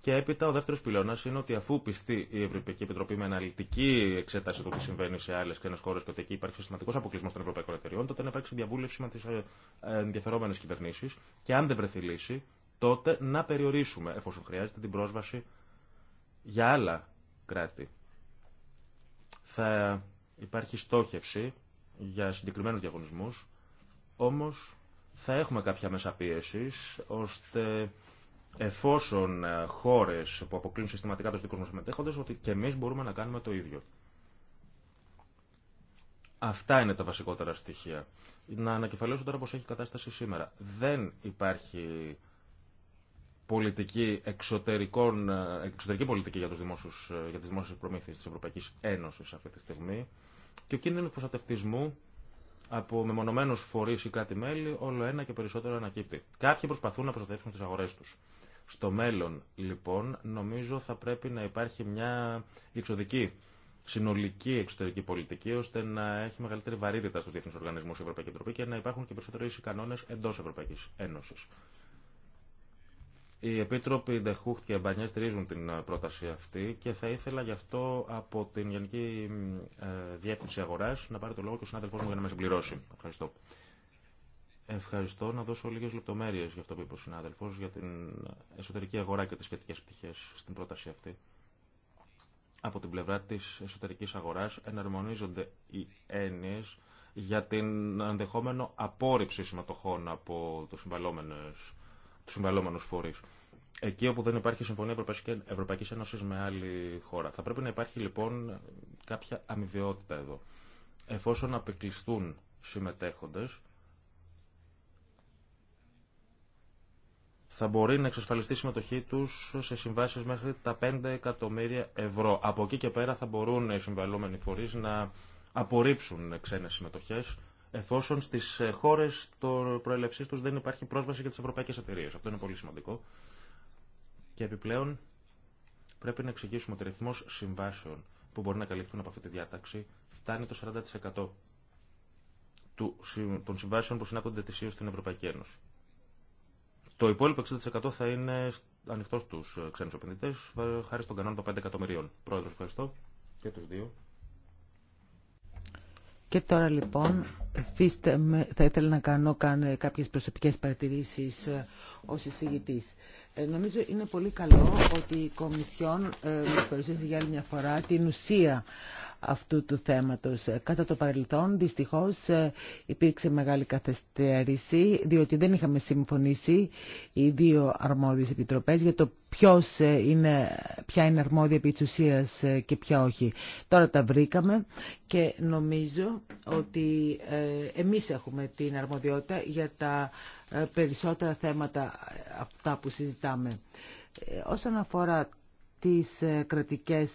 και έπειτα ο δεύτερο πυλώνα είναι ότι αφού πιστεί η Ευρωπαϊκή Επιτροπή με αναλυτική εξέταση του τι συμβαίνει σε άλλε ξένε χώρε και ότι εκεί υπάρχει συστηματικό αποκλεισμό των ευρωπαϊκών εταιριών, τότε να υπάρξει διαβούλευση με τι ε, ε, ενδιαφερόμενε κυβερνήσει και αν δεν βρεθεί λύση, τότε να περιορίσουμε, εφόσον χρειάζεται, την πρόσβαση για άλλα κράτη. Θα υπάρχει στόχευση για συγκεκριμένου διαγωνισμού, όμω θα έχουμε κάποια μέσα πίεση ώστε εφόσον ε, χώρε που αποκλίνουν συστηματικά του δικού μα μετέχοντε, ότι και εμεί μπορούμε να κάνουμε το ίδιο. Αυτά είναι τα βασικότερα στοιχεία. Να ανακεφαλαιώσω τώρα πώ έχει κατάσταση σήμερα. Δεν υπάρχει πολιτική εξωτερικών, ε, εξωτερική πολιτική για, τους δημόσιους, ε, για τις δημόσιες προμήθειες της Ευρωπαϊκής Ένωσης αυτή τη στιγμή και ο κίνδυνος προστατευτισμού από μεμονωμένους φορείς ή κράτη-μέλη όλο ένα και περισσότερο ανακύπτει. Κάποιοι προσπαθούν να προστατεύσουν τι αγορές τους. Στο μέλλον, λοιπόν, νομίζω θα πρέπει να υπάρχει μια εξοδική συνολική εξωτερική πολιτική, ώστε να έχει μεγαλύτερη βαρύτητα στου διεθνεί οργανισμού η Ευρωπαϊκή Επιτροπή και να υπάρχουν και περισσότεροι ίσοι κανόνε εντό Ευρωπαϊκή Ένωση. Οι Επίτροποι Ντεχούχτ και Μπανιέ στηρίζουν την ε, πρόταση αυτή και θα ήθελα γι' αυτό από την Γενική ε, Διεύθυνση Αγορά να πάρει το λόγο και ο συνάδελφό μου για να με συμπληρώσει. Ευχαριστώ. Ευχαριστώ. Να δώσω λίγε λεπτομέρειε για αυτό που είπε ο συνάδελφο, για την εσωτερική αγορά και τι σχετικέ πτυχέ στην πρόταση αυτή. Από την πλευρά τη εσωτερική αγορά εναρμονίζονται οι έννοιε για την ενδεχόμενο απόρριψη συμμετοχών από του συμβαλόμενου φορεί. Εκεί όπου δεν υπάρχει συμφωνία Ευρωπαϊκή Ένωση με άλλη χώρα. Θα πρέπει να υπάρχει λοιπόν κάποια αμοιβαιότητα εδώ. Εφόσον απεκλειστούν συμμετέχοντες, θα μπορεί να εξασφαλιστεί η συμμετοχή του σε συμβάσει μέχρι τα 5 εκατομμύρια ευρώ. Από εκεί και πέρα θα μπορούν οι συμβαλόμενοι φορείς να απορρίψουν ξένε συμμετοχέ εφόσον στι χώρε το προελευσή του δεν υπάρχει πρόσβαση για τι ευρωπαϊκέ εταιρείε. Αυτό είναι πολύ σημαντικό. Και επιπλέον πρέπει να εξηγήσουμε ότι ο συμβάσεων που μπορεί να καλυφθούν από αυτή τη διάταξη φτάνει το 40% των συμβάσεων που συνάπτονται ετησίω στην Ευρωπαϊκή Ένωση. Το υπόλοιπο 60% θα είναι ανοιχτό στου ε, ξένου επενδυτέ, ε, χάρη στον κανόνα των 5 εκατομμυρίων. Πρόεδρο, ευχαριστώ και του δύο. Και τώρα λοιπόν θα ήθελα να κάνω κάποιες προσωπικές παρατηρήσεις ε, ως εισηγητής. νομίζω είναι πολύ καλό ότι η Κομισιόν ε, παρουσίασε για άλλη μια φορά την ουσία αυτού του θέματος. Ε, κατά το παρελθόν, δυστυχώς, ε, υπήρξε μεγάλη καθυστέρηση, διότι δεν είχαμε συμφωνήσει οι δύο αρμόδιες επιτροπές για το ποιος ε, είναι, ποια είναι αρμόδια επί της ουσίας και ποια όχι. Τώρα τα βρήκαμε και νομίζω ότι εμείς έχουμε την αρμοδιότητα για τα περισσότερα θέματα αυτά που συζητάμε. Όσον αφορά τις κρατικές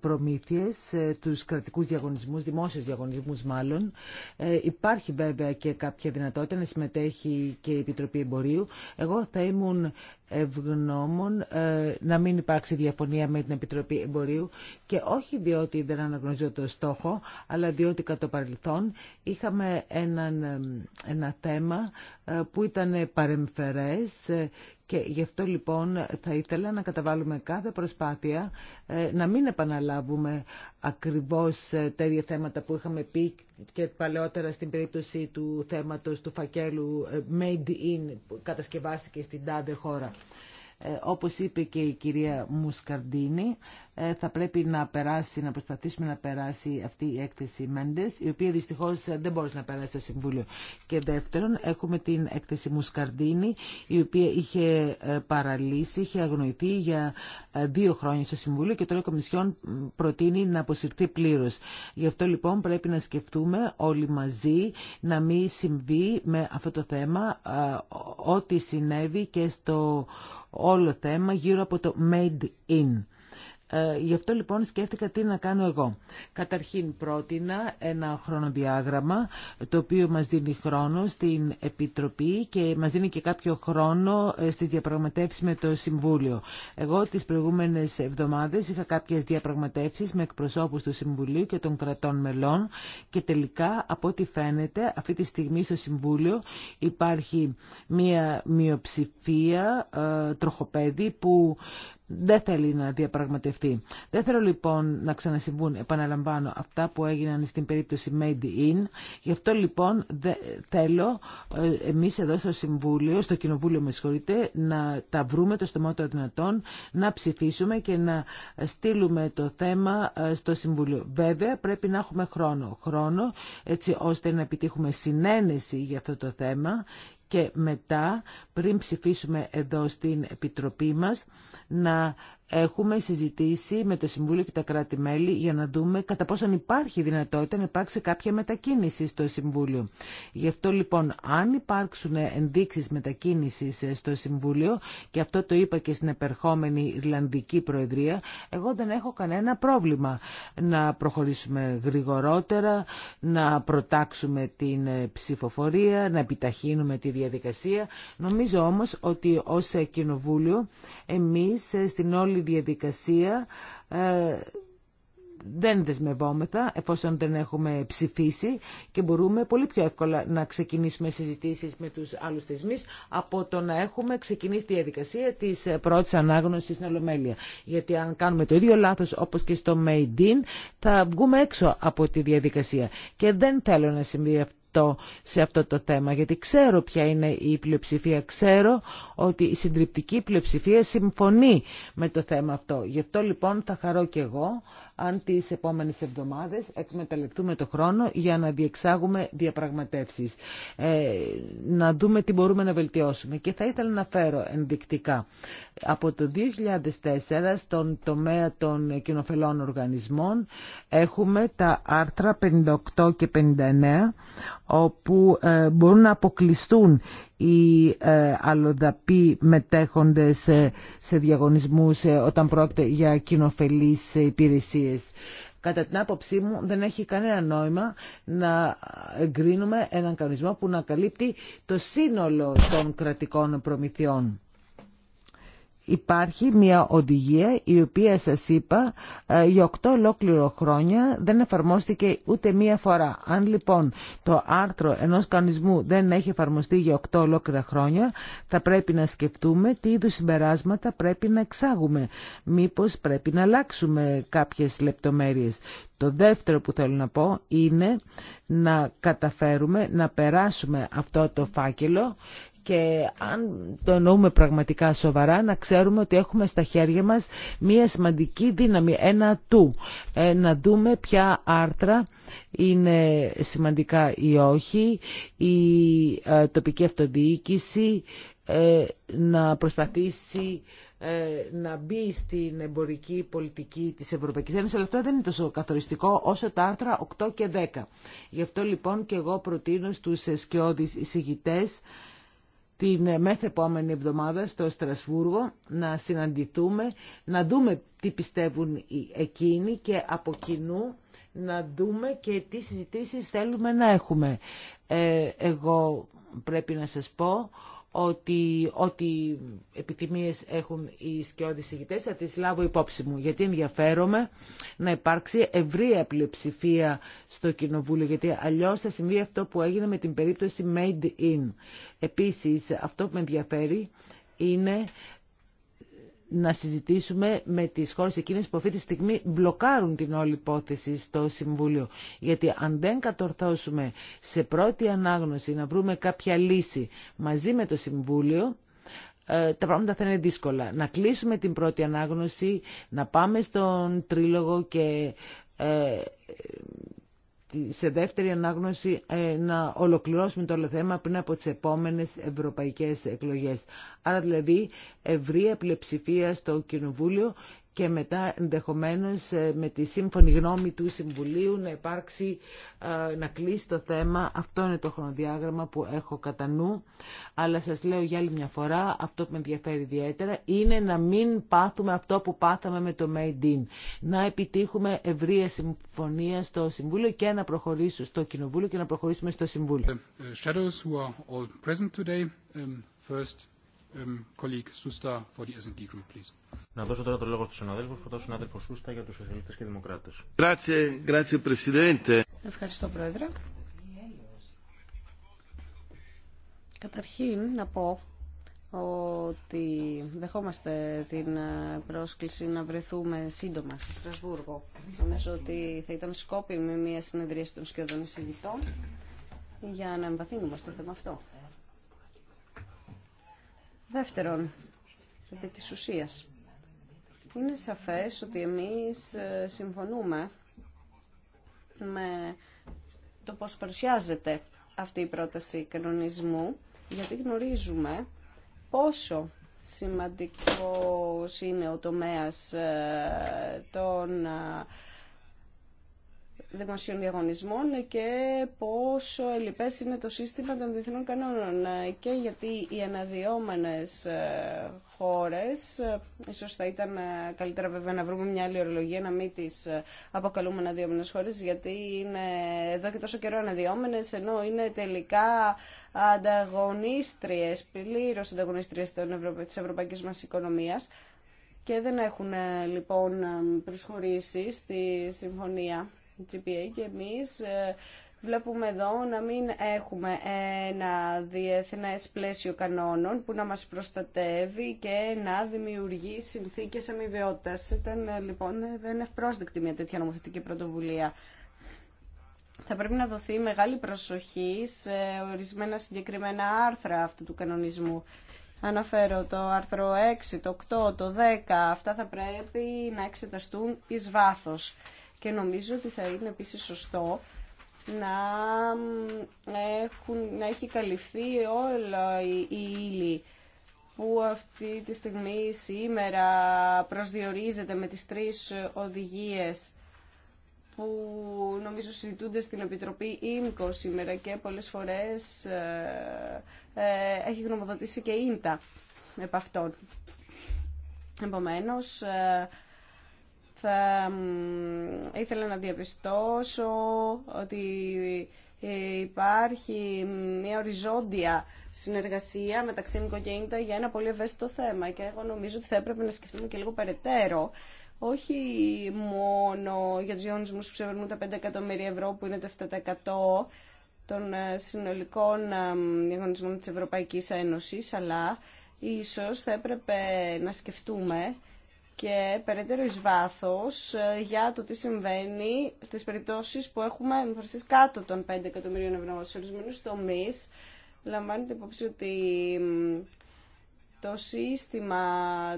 προμήθειες, ε, τους κρατικούς διαγωνισμούς, δημόσιους διαγωνισμούς μάλλον. Ε, υπάρχει βέβαια και κάποια δυνατότητα να συμμετέχει και η Επιτροπή Εμπορίου. Εγώ θα ήμουν ευγνώμων ε, να μην υπάρξει διαφωνία με την Επιτροπή Εμπορίου και όχι διότι δεν αναγνωρίζω το στόχο, αλλά διότι κατά το παρελθόν είχαμε ένα θέμα που ήταν παρεμφερές και γι' αυτό λοιπόν θα ήθελα να καταβάλουμε κάθε προσπάθεια ε, να μην επαναλάβουμε ακριβώς ε, τέτοια θέματα που είχαμε πει και παλαιότερα στην περίπτωση του θέματος του φακέλου ε, Made in που κατασκευάστηκε στην τάδε χώρα. Όπως είπε και η κυρία Μουσκαρντίνη, ε, θα πρέπει να περάσει, να προσπαθήσουμε να περάσει αυτή η έκθεση Μέντε, η οποία δυστυχώ ε, δεν μπορούσε να περάσει στο Συμβούλιο. Και δεύτερον, έχουμε την έκθεση Μουσκαρδίνη, η οποία είχε ε, παραλύσει, είχε αγνοηθεί για δύο χρόνια στο Συμβούλιο και τώρα η Κομισιόν προτείνει να αποσυρθεί πλήρω. Γι' αυτό λοιπόν πρέπει να σκεφτούμε όλοι μαζί να μην συμβεί με αυτό το θέμα ό,τι συνέβη και στο όλο θέμα γύρω από το Made In. Ε, γι' αυτό λοιπόν σκέφτηκα τι να κάνω εγώ. Καταρχήν πρότεινα ένα χρονοδιάγραμμα το οποίο μας δίνει χρόνο στην Επιτροπή και μας δίνει και κάποιο χρόνο ε, στη διαπραγματεύσεις με το Συμβούλιο. Εγώ τις προηγούμενες εβδομάδες είχα κάποιες διαπραγματεύσεις με εκπροσώπους του Συμβουλίου και των κρατών μελών και τελικά από ό,τι φαίνεται αυτή τη στιγμή στο Συμβούλιο υπάρχει μία μειοψηφία ε, τροχοπέδη που δεν θέλει να διαπραγματευτεί. Δεν θέλω λοιπόν να ξανασυμβούν, επαναλαμβάνω, αυτά που έγιναν στην περίπτωση Made In. Γι' αυτό λοιπόν θέλω ε, εμείς εδώ στο Συμβούλιο, στο Κοινοβούλιο με συγχωρείτε, να τα βρούμε το στομό των δυνατών, να ψηφίσουμε και να στείλουμε το θέμα ε, στο Συμβούλιο. Βέβαια πρέπει να έχουμε χρόνο, χρόνο έτσι ώστε να επιτύχουμε συνένεση για αυτό το θέμα και μετά πριν ψηφίσουμε εδώ στην Επιτροπή μας να έχουμε συζητήσει με το Συμβούλιο και τα κράτη-μέλη για να δούμε κατά πόσον υπάρχει δυνατότητα να υπάρξει κάποια μετακίνηση στο Συμβούλιο. Γι' αυτό λοιπόν αν υπάρξουν ενδείξεις μετακίνησης στο Συμβούλιο και αυτό το είπα και στην επερχόμενη Ιρλανδική Προεδρία, εγώ δεν έχω κανένα πρόβλημα να προχωρήσουμε γρηγορότερα, να προτάξουμε την ψηφοφορία, να επιταχύνουμε τη διαδικασία. Νομίζω όμως ότι ως Κοινοβούλιο εμείς ε, στην όλη η διαδικασία ε, δεν δεσμευόμεθα εφόσον δεν έχουμε ψηφίσει και μπορούμε πολύ πιο εύκολα να ξεκινήσουμε συζητήσεις με τους άλλους θεσμείς από το να έχουμε ξεκινήσει τη διαδικασία της πρώτης ανάγνωσης στην Ολομέλεια. Γιατί αν κάνουμε το ίδιο λάθος όπως και στο Made in θα βγούμε έξω από τη διαδικασία. Και δεν θέλω να συμβεί αυτό σε αυτό το θέμα, γιατί ξέρω ποια είναι η πλειοψηφία. Ξέρω ότι η συντριπτική πλειοψηφία συμφωνεί με το θέμα αυτό. Γι' αυτό λοιπόν θα χαρώ και εγώ αν τις επόμενες εβδομάδες εκμεταλλευτούμε το χρόνο για να διεξάγουμε διαπραγματεύσεις, ε, να δούμε τι μπορούμε να βελτιώσουμε. Και θα ήθελα να φέρω ενδεικτικά. Από το 2004 στον τομέα των κοινοφελών οργανισμών έχουμε τα άρθρα 58 και 59 όπου ε, μπορούν να αποκλειστούν οι ε, αλλοδαποί μετέχοντες ε, σε διαγωνισμούς ε, όταν πρόκειται για κοινοφελείς υπηρεσίες. Κατά την άποψή μου δεν έχει κανένα νόημα να εγκρίνουμε έναν κανονισμό που να καλύπτει το σύνολο των κρατικών προμηθειών. Υπάρχει μια οδηγία η οποία σας είπα ε, για 8 ολόκληρο χρόνια δεν εφαρμόστηκε ούτε μία φορά. Αν λοιπόν το άρθρο ενός κανονισμού δεν έχει εφαρμοστεί για 8 ολόκληρα χρόνια θα πρέπει να σκεφτούμε τι είδους συμπεράσματα πρέπει να εξάγουμε. Μήπως πρέπει να αλλάξουμε κάποιες λεπτομέρειες. Το δεύτερο που θέλω να πω είναι να καταφέρουμε να περάσουμε αυτό το φάκελο και αν το εννοούμε πραγματικά σοβαρά να ξέρουμε ότι έχουμε στα χέρια μας μία σημαντική δύναμη, ένα του. Ε, να δούμε ποια άρθρα είναι σημαντικά ή όχι, η ε, τοπική αυτοδιοίκηση ε, να προσπαθήσει ε, να μπει στην εμπορική πολιτική της Ευρωπαϊκής Ένωσης, αλλά αυτό δεν είναι τόσο καθοριστικό όσο τα άρθρα 8 και 10. Γι' αυτό λοιπόν και εγώ προτείνω στους σκιώδεις εισηγητές την ε, επόμενη εβδομάδα στο Στρασβούργο να συναντηθούμε, να δούμε τι πιστεύουν εκείνοι και από κοινού να δούμε και τι συζητήσεις θέλουμε να έχουμε. Ε, εγώ πρέπει να σας πω ότι ό,τι επιθυμίες έχουν οι σκιώδεις ηγητές θα τις λάβω υπόψη μου γιατί ενδιαφέρομαι να υπάρξει ευρία πλειοψηφία στο Κοινοβούλιο γιατί αλλιώς θα συμβεί αυτό που έγινε με την περίπτωση Made In. Επίσης αυτό που με ενδιαφέρει είναι να συζητήσουμε με τις χώρες εκείνες που αυτή τη στιγμή μπλοκάρουν την όλη υπόθεση στο Συμβούλιο. Γιατί αν δεν κατορθώσουμε σε πρώτη ανάγνωση να βρούμε κάποια λύση μαζί με το Συμβούλιο, ε, τα πράγματα θα είναι δύσκολα. Να κλείσουμε την πρώτη ανάγνωση, να πάμε στον τρίλογο και ε, σε δεύτερη ανάγνωση ε, να ολοκληρώσουμε το όλο θέμα πριν από τις επόμενες ευρωπαϊκές εκλογές. Άρα δηλαδή ευρία πλειοψηφία στο Κοινοβούλιο και μετά ενδεχομένως ε, με τη σύμφωνη γνώμη του Συμβουλίου να υπάρξει, ε, να κλείσει το θέμα. Αυτό είναι το χρονοδιάγραμμα που έχω κατά νου. Αλλά σας λέω για άλλη μια φορά, αυτό που με ενδιαφέρει ιδιαίτερα είναι να μην πάθουμε αυτό που πάθαμε με το Made in. Να επιτύχουμε ευρεία συμφωνία στο Συμβούλιο και να προχωρήσουμε στο Κοινοβούλιο και να προχωρήσουμε στο Συμβούλιο. Uh, Um, να δώσω τώρα το λόγο στους συναδέλφους, πρώτα στον συνάδελφος Σούστα για τους Σοσιαλιστές και Δημοκράτες. Ευχαριστώ, Πρόεδρε. Καταρχήν, να πω ότι δεχόμαστε την ε, πρόσκληση να βρεθούμε σύντομα στο Στρασβούργο. Νομίζω ότι θα ήταν σκόπιμη μια συνεδρία των σχεδόν εισηγητών για να εμβαθύνουμε στο θέμα αυτό. Δεύτερον, επί της ουσίας, είναι σαφές ότι εμείς ε, συμφωνούμε με το πώς παρουσιάζεται αυτή η πρόταση κανονισμού, γιατί γνωρίζουμε πόσο σημαντικός είναι ο τομέας ε, των ε, δημοσίων διαγωνισμών και πόσο ελλειπές είναι το σύστημα των διεθνών κανόνων και γιατί οι αναδυόμενες ε, χώρες, ε, ίσως θα ήταν ε, καλύτερα βέβαια να βρούμε μια άλλη ορολογία, να μην τις αποκαλούμε αναδυόμενες χώρες, γιατί είναι εδώ και τόσο καιρό αναδυόμενες, ενώ είναι τελικά ανταγωνίστριες, πληρώ ανταγωνίστριες της ευρωπαϊκής μας οικονομίας και δεν έχουν λοιπόν προσχωρήσει στη συμφωνία GPA και εμείς ε, βλέπουμε εδώ να μην έχουμε ένα διεθνές πλαίσιο κανόνων που να μας προστατεύει και να δημιουργεί συνθήκες αμοιβαιότητας. Ήταν ε, λοιπόν δεν ευπρόσδεκτη μια τέτοια νομοθετική πρωτοβουλία. Θα πρέπει να δοθεί μεγάλη προσοχή σε ορισμένα συγκεκριμένα άρθρα αυτού του κανονισμού. Αναφέρω το άρθρο 6, το 8, το 10. Αυτά θα πρέπει να εξεταστούν εις βάθος και νομίζω ότι θα είναι επίσης σωστό να, να έχει καλυφθεί όλα η, η ύλη που αυτή τη στιγμή σήμερα προσδιορίζεται με τις τρεις οδηγίες που νομίζω συζητούνται στην Επιτροπή ΙΜΚΟ σήμερα και πολλές φορές ε, ε, έχει γνωμοδοτήσει και ΙΝΤΑ επ' αυτών. Επομένως, ε, θα ήθελα να διαπιστώσω ότι ε, υπάρχει μια οριζόντια συνεργασία μεταξύ ΜΚΟ για ένα πολύ ευαίσθητο θέμα και εγώ νομίζω ότι θα έπρεπε να σκεφτούμε και λίγο περαιτέρω όχι μόνο για τους γιονισμούς που ψευρούν τα 5 εκατομμύρια ευρώ που είναι το 7% των ε, συνολικών ε, γιονισμών της Ευρωπαϊκής Ένωσης, αλλά ίσως θα έπρεπε να σκεφτούμε και περαιτέρω εις βάθος ε, για το τι συμβαίνει στις περιπτώσεις που έχουμε εμφανιστεί κάτω των 5 εκατομμυρίων ευρώ. Σε ορισμένου τομεί λαμβάνεται υπόψη ότι το σύστημα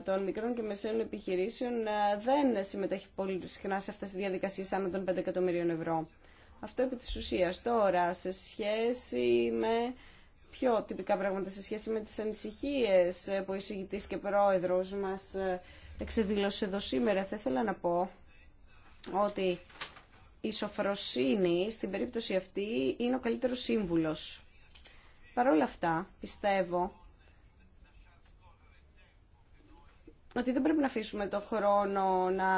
των μικρών και μεσαίων επιχειρήσεων ε, δεν συμμετέχει πολύ συχνά σε αυτές τις διαδικασίες άνω των 5 εκατομμυρίων ευρώ. Αυτό επί της ουσίας τώρα σε σχέση με πιο τυπικά πράγματα, σε σχέση με τις ανησυχίες ε, που ο εισηγητής και πρόεδρος μας Εξεδηλώσε εδώ σήμερα. Θα ήθελα να πω ότι η σοφροσύνη στην περίπτωση αυτή είναι ο καλύτερος σύμβουλος. Παρ' όλα αυτά, πιστεύω ότι δεν πρέπει να αφήσουμε το χρόνο να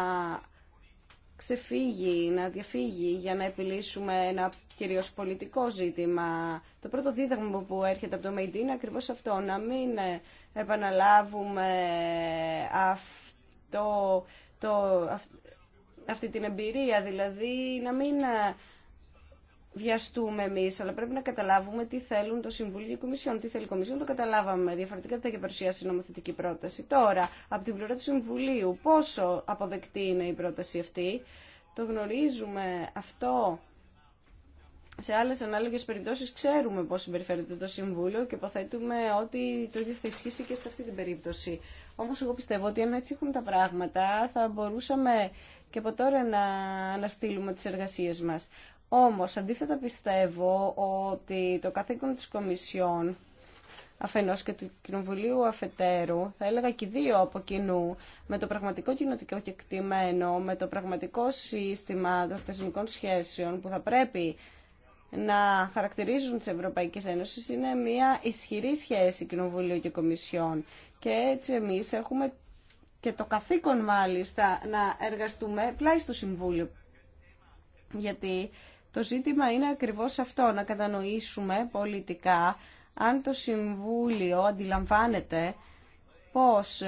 ξεφύγει, να διαφύγει για να επιλύσουμε ένα κυρίως πολιτικό ζήτημα. Το πρώτο δίδαγμα που έρχεται από το ΜΕΙΤ είναι ακριβώς αυτό, να μην επαναλάβουμε αυτό το, αυτή την εμπειρία, δηλαδή να μην ε, βιαστούμε εμεί, αλλά πρέπει να καταλάβουμε τι θέλουν το Συμβούλιο και η Κομισιόν. Τι θέλει η Κομισιόν, το καταλάβαμε. Διαφορετικά θα έχει παρουσιάσει η νομοθετική πρόταση. Τώρα, από την πλευρά του Συμβουλίου, πόσο αποδεκτή είναι η πρόταση αυτή, το γνωρίζουμε αυτό. Σε άλλες ανάλογες περιπτώσεις ξέρουμε πώς συμπεριφέρεται το Συμβούλιο και υποθέτουμε ότι το ίδιο θα ισχύσει και σε αυτή την περίπτωση. Όμως εγώ πιστεύω ότι αν έτσι έχουν τα πράγματα θα μπορούσαμε και από τώρα να αναστείλουμε τις εργασίες μας. Όμως αντίθετα πιστεύω ότι το καθήκον της Κομισιόν αφενός και του Κοινοβουλίου αφετέρου, θα έλεγα και δύο από κοινού, με το πραγματικό κοινοτικό κεκτημένο, με το πραγματικό σύστημα των θεσμικών σχέσεων που θα πρέπει να χαρακτηρίζουν τις Ευρωπαϊκές Ένωσης είναι μια ισχυρή σχέση Κοινοβουλίου και Κομισιόν. Και έτσι εμείς έχουμε και το καθήκον μάλιστα να εργαστούμε πλάι στο Συμβούλιο. Γιατί το ζήτημα είναι ακριβώς αυτό, να κατανοήσουμε πολιτικά αν το Συμβούλιο αντιλαμβάνεται πώς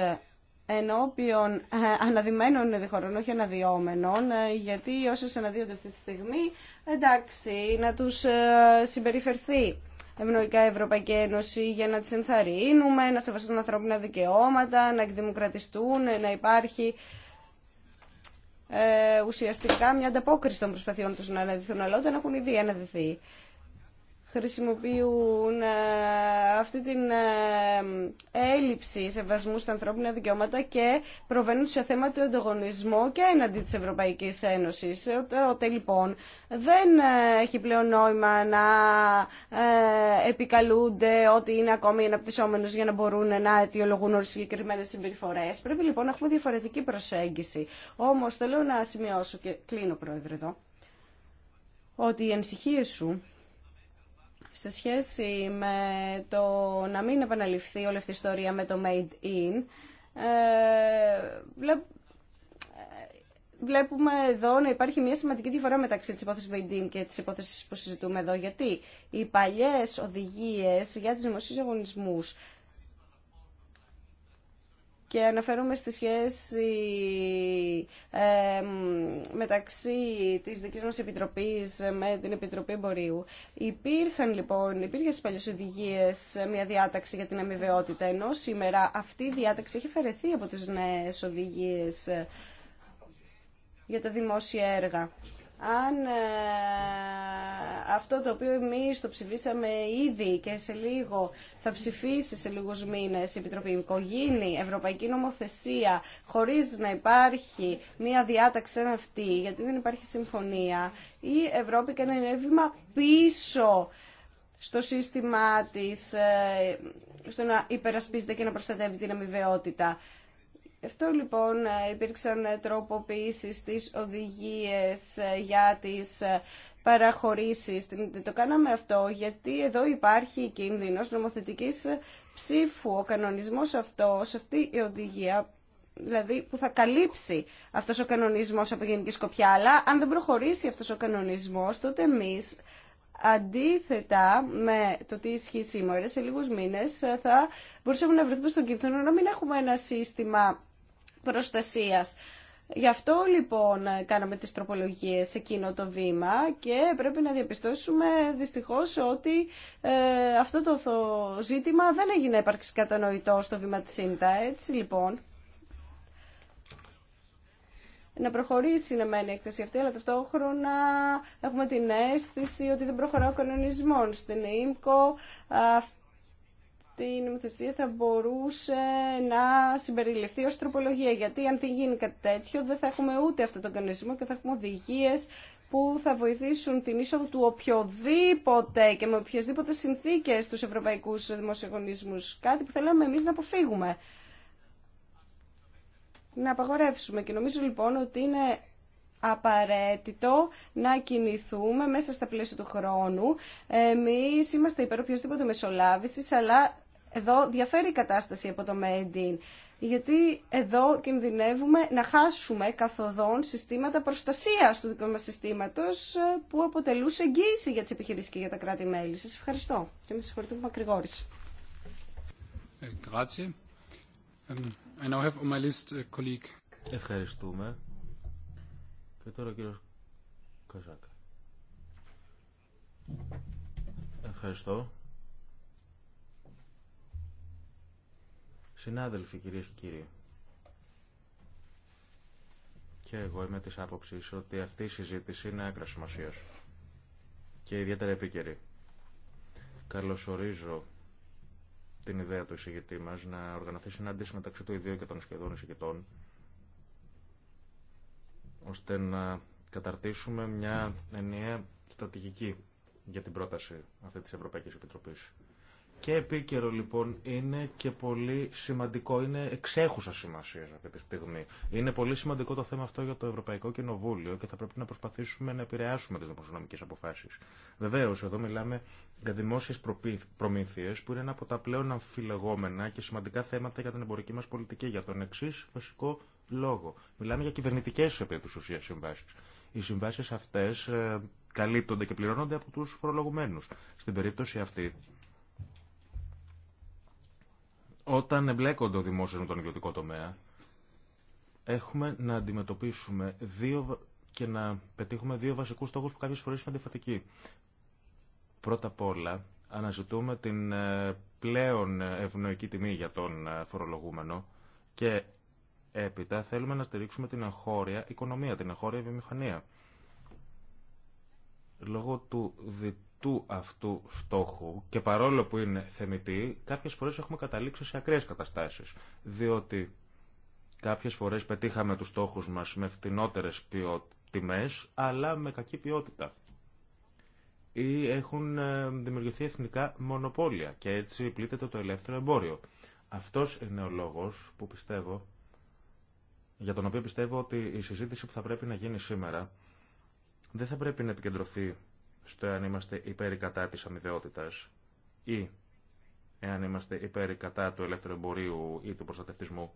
ενώπιον ε, αναδειμένων διχωρών, όχι αναδυόμενων, ε, γιατί όσες αναδύονται αυτή τη στιγμή, εντάξει, να τους ε, συμπεριφερθεί ευνοϊκά η Ευρωπαϊκή Ένωση για να τις ενθαρρύνουμε, να σεβαστούν ανθρώπινα δικαιώματα, να εκδημοκρατιστούν, να υπάρχει ουσιαστικά μια ανταπόκριση των προσπαθειών τους να αναδυθούν, αλλά όταν έχουν ήδη αναδυθεί χρησιμοποιούν ε, αυτή την ε, έλλειψη σεβασμού στα ανθρώπινα δικαιώματα και προβαίνουν σε θέμα του ανταγωνισμού και έναντι της Ευρωπαϊκής Ένωσης. Ε, Οπότε λοιπόν δεν έχει πλέον νόημα να επικαλούνται ότι είναι ακόμη αναπτυσσόμενος για να μπορούν να αιτιολογούν όλες συγκεκριμένες συμπεριφορές. Πρέπει λοιπόν να έχουμε διαφορετική προσέγγιση. Όμως θέλω να σημειώσω και κλείνω πρόεδρε εδώ ότι οι ανησυχίε σου σε σχέση με το να μην επαναληφθεί όλη αυτή η ιστορία με το Made In, ε, βλέπουμε εδώ να υπάρχει μια σημαντική διαφορά μεταξύ της υπόθεσης Made In και της υπόθεσης που συζητούμε εδώ, γιατί οι παλιές οδηγίες για τους δημοσίους αγωνισμούς και αναφέρομαι στη σχέση μεταξύ της δικής μας Επιτροπής με την Επιτροπή Εμπορίου. Υπήρχαν λοιπόν, υπήρχε στις παλιές οδηγίες μια διάταξη για την αμοιβαιότητα, ενώ σήμερα αυτή η διάταξη έχει φερεθεί από τις νέες οδηγίες για τα δημόσια έργα αν ε, αυτό το οποίο εμείς το ψηφίσαμε ήδη και σε λίγο θα ψηφίσει σε λίγους μήνες η Επιτροπή οικογένεια Ευρωπαϊκή Νομοθεσία, χωρίς να υπάρχει μία διάταξη σαν αυτή, γιατί δεν υπάρχει συμφωνία, η Ευρώπη κάνει ένα βήμα πίσω στο σύστημά της, ε, στο να υπερασπίζεται και να προστατεύει την αμοιβαιότητα. Γι' αυτό λοιπόν ε, υπήρξαν ε, τροποποιήσεις στις οδηγίες ε, για τις παραχωρήσεις. Το κάναμε αυτό γιατί εδώ υπάρχει κίνδυνος νομοθετικής ψήφου. Ο κανονισμός αυτός, αυτή η οδηγία δηλαδή που θα καλύψει αυτός ο κανονισμός από γενική σκοπιά, αλλά αν δεν προχωρήσει αυτός ο κανονισμός, τότε εμείς αντίθετα με το τι ισχύει σήμερα, σε λίγους μήνες θα μπορούσαμε να βρεθούμε στον κίνδυνο να μην έχουμε ένα σύστημα προστασίας. Γι' αυτό λοιπόν κάναμε τις τροπολογίες εκείνο το βήμα και πρέπει να διαπιστώσουμε δυστυχώς ότι ε, αυτό το ζήτημα δεν έγινε έπαρξη κατανοητό στο βήμα της ΣΥΝΤΑ. Έτσι λοιπόν, να προχωρήσει να μένει η έκθεση αυτή, αλλά ταυτόχρονα έχουμε την αίσθηση ότι δεν προχωράω ο στην ΙΜΚΟ την νομοθεσία θα μπορούσε να συμπεριληφθεί ω τροπολογία. Γιατί αν δεν γίνει κάτι τέτοιο δεν θα έχουμε ούτε αυτόν τον κανονισμό και θα έχουμε οδηγίε που θα βοηθήσουν την είσοδο του οποιοδήποτε και με οποιασδήποτε συνθήκες στους ευρωπαϊκούς δημοσιογονισμούς. Κάτι που θέλαμε εμείς να αποφύγουμε. Να απαγορεύσουμε και νομίζω λοιπόν ότι είναι απαραίτητο να κινηθούμε μέσα στα πλαίσια του χρόνου. Εμείς είμαστε υπέρ οποιασδήποτε μεσολάβησης, αλλά εδώ διαφέρει η κατάσταση από το ΜΕΝΤΙΝ, γιατί εδώ κινδυνεύουμε να χάσουμε καθοδόν συστήματα προστασίας του δικού μας συστήματος ε, που αποτελούσε εγγύηση για τις επιχειρήσεις και για τα κράτη-μέλη. Σας ευχαριστώ και με συγχωρείτε που μακρηγόρησα. Ε, ε, Ευχαριστούμε. Και τώρα ο κύριος Καζάκα. Ευχαριστώ. Συνάδελφοι, κυρίες και κύριοι, και εγώ είμαι της άποψης ότι αυτή η συζήτηση είναι άκρα σημασία και ιδιαίτερα επίκαιρη. Καλωσορίζω την ιδέα του εισηγητή μας να οργανωθεί συνάντηση μεταξύ του ιδίου και των σχεδόν εισηγητών ώστε να καταρτήσουμε μια ενιαία στρατηγική για την πρόταση αυτή της Ευρωπαϊκής Επιτροπής και επίκαιρο λοιπόν είναι και πολύ σημαντικό, είναι εξέχουσα σημασία αυτή τη στιγμή. Είναι πολύ σημαντικό το θέμα αυτό για το Ευρωπαϊκό Κοινοβούλιο και θα πρέπει να προσπαθήσουμε να επηρεάσουμε τι δημοσιονομικέ αποφάσει. Βεβαίω, εδώ μιλάμε για δημόσιε προμήθειε που είναι ένα από τα πλέον αμφιλεγόμενα και σημαντικά θέματα για την εμπορική μα πολιτική. Για τον εξή βασικό λόγο. Μιλάμε για κυβερνητικέ επί τη ουσία συμβάσει. Οι συμβάσει αυτέ ε, καλύπτονται και πληρώνονται από του φορολογουμένου. Στην περίπτωση αυτή όταν εμπλέκονται ο δημόσιο με τον ιδιωτικό τομέα, έχουμε να αντιμετωπίσουμε δύο και να πετύχουμε δύο βασικούς στόχου που κάποιε φορέ είναι αντιφατικοί. Πρώτα απ' όλα, αναζητούμε την ε, πλέον ευνοϊκή τιμή για τον ε, φορολογούμενο και έπειτα θέλουμε να στηρίξουμε την εγχώρια οικονομία, την εγχώρια βιομηχανία. Λόγω του δι του αυτού στόχου και παρόλο που είναι θεμητή, κάποιες φορές έχουμε καταλήξει σε ακραίες καταστάσεις. Διότι κάποιες φορές πετύχαμε τους στόχους μας με φτηνότερες τιμές, αλλά με κακή ποιότητα. Ή έχουν ε, δημιουργηθεί εθνικά μονοπόλια και έτσι πλήττεται το ελεύθερο εμπόριο. Αυτός είναι ο λόγος που πιστεύω, για τον οποίο πιστεύω ότι η συζήτηση που θα πρέπει να γίνει σήμερα δεν θα πρέπει να επικεντρωθεί στο εάν είμαστε υπέρ ή κατά της αμοιβαιότητας ή εάν είμαστε υπέρ ή κατά του ελεύθερου εμπορίου ή του προστατευτισμού.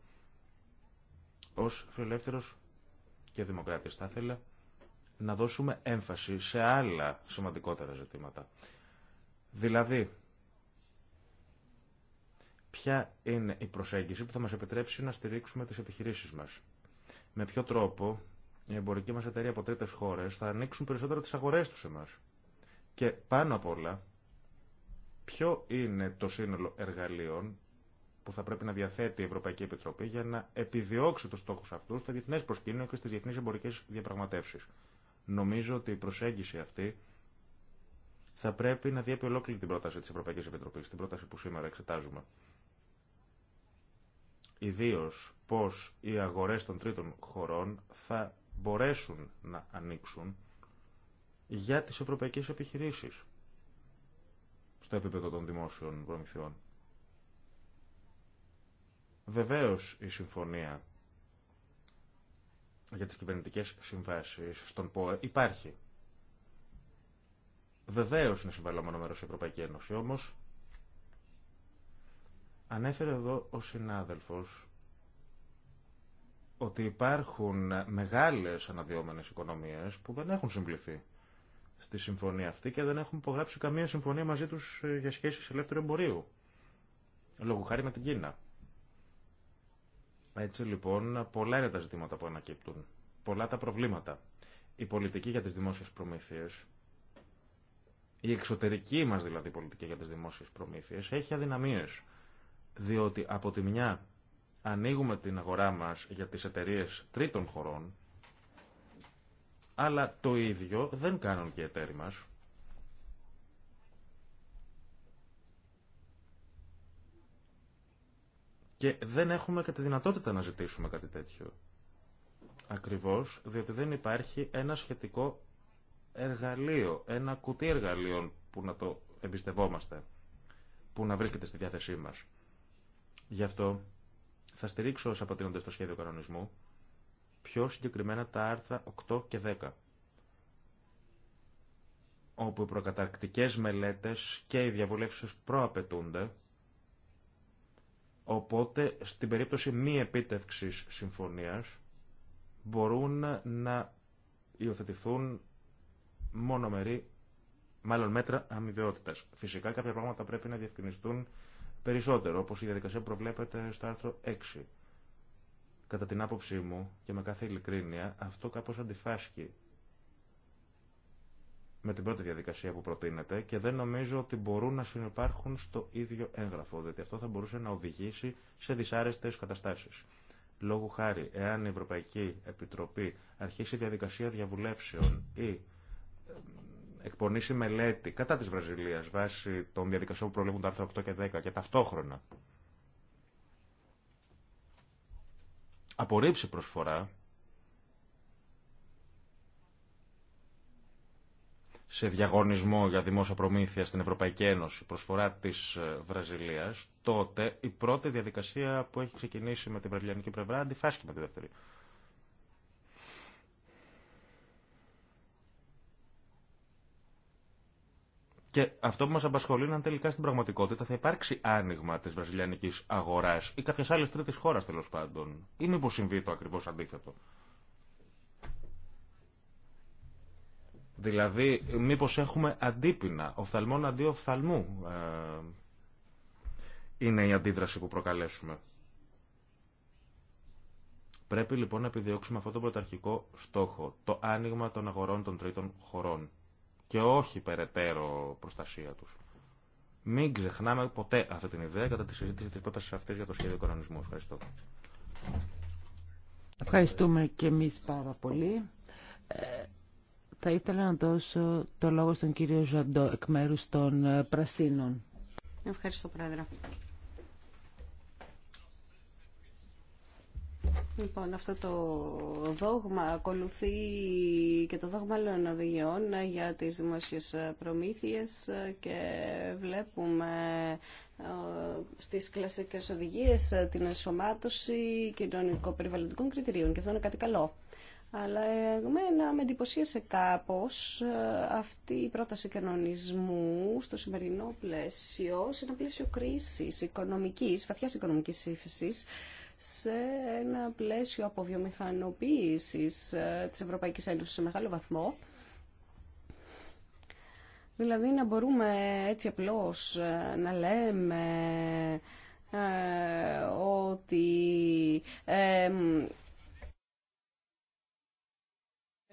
Ως φιλελεύθερος και δημοκράτης θα ήθελα να δώσουμε έμφαση σε άλλα σημαντικότερα ζητήματα. Δηλαδή, ποια είναι η προσέγγιση που θα μας επιτρέψει να στηρίξουμε τις επιχειρήσεις μας. Με ποιο τρόπο η εμπορική μας εταιρεία από τρίτες χώρες θα ανοίξουν περισσότερο τις αγορές τους εμάς. Και πάνω απ' όλα, ποιο είναι το σύνολο εργαλείων που θα πρέπει να διαθέτει η Ευρωπαϊκή Επιτροπή για να επιδιώξει του στόχου αυτού στο διεθνέ προσκήνιο και στι διεθνεί εμπορικέ διαπραγματεύσει. Νομίζω ότι η προσέγγιση αυτή θα πρέπει να διέπει ολόκληρη την πρόταση τη Ευρωπαϊκή Επιτροπή, την πρόταση που σήμερα εξετάζουμε. Ιδίω πώ οι αγορέ των τρίτων χωρών θα μπορέσουν να ανοίξουν για τις ευρωπαϊκές επιχειρήσεις στο επίπεδο των δημόσιων προμηθειών. Βεβαίως η συμφωνία για τις κυβερνητικές συμβάσεις στον ΠΟΕ υπάρχει. Βεβαίως είναι συμβαλόμενο μέρος η Ευρωπαϊκή Ένωση, όμως ανέφερε εδώ ο συνάδελφος ότι υπάρχουν μεγάλες αναδυόμενες οικονομίες που δεν έχουν συμπληθεί στη συμφωνία αυτή και δεν έχουμε υπογράψει καμία συμφωνία μαζί τους ε, για σχέσεις ελεύθερου εμπορίου. Λόγω χάρη με την Κίνα. Έτσι λοιπόν, πολλά είναι τα ζητήματα που ανακύπτουν. Πολλά τα προβλήματα. Η πολιτική για τις δημόσιες προμήθειες, η εξωτερική μας δηλαδή πολιτική για τις δημόσιες προμήθειες, έχει αδυναμίες. Διότι από τη μια ανοίγουμε την αγορά μας για τις εταιρείε τρίτων χωρών, αλλά το ίδιο δεν κάνουν και οι εταίροι μας. Και δεν έχουμε και τη δυνατότητα να ζητήσουμε κάτι τέτοιο. Ακριβώς, διότι δεν υπάρχει ένα σχετικό εργαλείο, ένα κουτί εργαλείων που να το εμπιστευόμαστε, που να βρίσκεται στη διάθεσή μας. Γι' αυτό θα στηρίξω ως αποτείνονται στο σχέδιο κανονισμού πιο συγκεκριμένα τα άρθρα 8 και 10 όπου οι προκαταρκτικές μελέτες και οι διαβουλεύσεις προαπαιτούνται, οπότε στην περίπτωση μη επίτευξης συμφωνίας μπορούν να υιοθετηθούν μόνο μερή, μάλλον μέτρα αμοιβαιότητας. Φυσικά κάποια πράγματα πρέπει να διευκρινιστούν περισσότερο, όπως η διαδικασία προβλέπεται στο άρθρο 6 Κατά την άποψή μου και με κάθε ειλικρίνεια, αυτό κάπως αντιφάσκει με την πρώτη διαδικασία που προτείνεται και δεν νομίζω ότι μπορούν να συνεπάρχουν στο ίδιο έγγραφο, διότι αυτό θα μπορούσε να οδηγήσει σε δυσάρεστες καταστάσεις. Λόγου χάρη, εάν η Ευρωπαϊκή Επιτροπή αρχίσει διαδικασία διαβουλεύσεων ή ε, εκπονήσει μελέτη κατά της Βραζιλίας βάσει των διαδικασιών που προβλέπουν τα άρθρα 8 και 10 και ταυτόχρονα απορρίψει προσφορά σε διαγωνισμό για δημόσια προμήθεια στην Ευρωπαϊκή Ένωση, προσφορά της ε, Βραζιλίας, τότε η πρώτη διαδικασία που έχει ξεκινήσει με την βραζιλιανική πλευρά αντιφάσκει με τη δεύτερη. Και αυτό που μα απασχολεί είναι αν τελικά στην πραγματικότητα θα υπάρξει άνοιγμα τη βραζιλιανική αγορά ή κάποια άλλη τρίτη χώρα τέλο πάντων. Ή μήπω συμβεί το ακριβώ αντίθετο. Δηλαδή, μήπω έχουμε αντίπεινα, οφθαλμόν αντί οφθαλμού. Ε, είναι η αντίδραση που προκαλέσουμε. Πρέπει λοιπόν να επιδιώξουμε αυτό τον πρωταρχικό στόχο, το ακριβω αντιθετο δηλαδη μηπω εχουμε αντιπεινα οφθαλμον αντι οφθαλμου ειναι η αντιδραση που προκαλεσουμε πρεπει λοιπον να επιδιωξουμε αυτο το πρωταρχικο στοχο το ανοιγμα των αγορών των τρίτων χωρών και όχι περαιτέρω προστασία του. Μην ξεχνάμε ποτέ αυτή την ιδέα κατά τη συζήτηση τη πρόταση αυτή για το σχέδιο κανονισμού. Ευχαριστώ. Ευχαριστούμε και εμεί πάρα πολύ. Ε, θα ήθελα να δώσω το λόγο στον κύριο Ζαντό εκ μέρους των ε, Πρασίνων. Ευχαριστώ, Πρόεδρε. Λοιπόν, αυτό το δόγμα ακολουθεί και το δόγμα άλλων οδηγιών για τις δημόσιες προμήθειες και βλέπουμε ε, στις κλασικές οδηγίες ε, την ενσωμάτωση κοινωνικο-περιβαλλοντικών κριτηρίων και αυτό είναι κάτι καλό. Αλλά εμένα με εντυπωσίασε κάπως ε, αυτή η πρόταση κανονισμού στο σημερινό πλαίσιο, σε ένα πλαίσιο κρίσης οικονομικής, βαθιάς οικονομικής ύφεσης, σε ένα πλαίσιο βιομηχανοποίησης ε, της Ευρωπαϊκής Ένωσης σε μεγάλο βαθμό. Δηλαδή να μπορούμε έτσι απλώς ε, να λέμε ε, ότι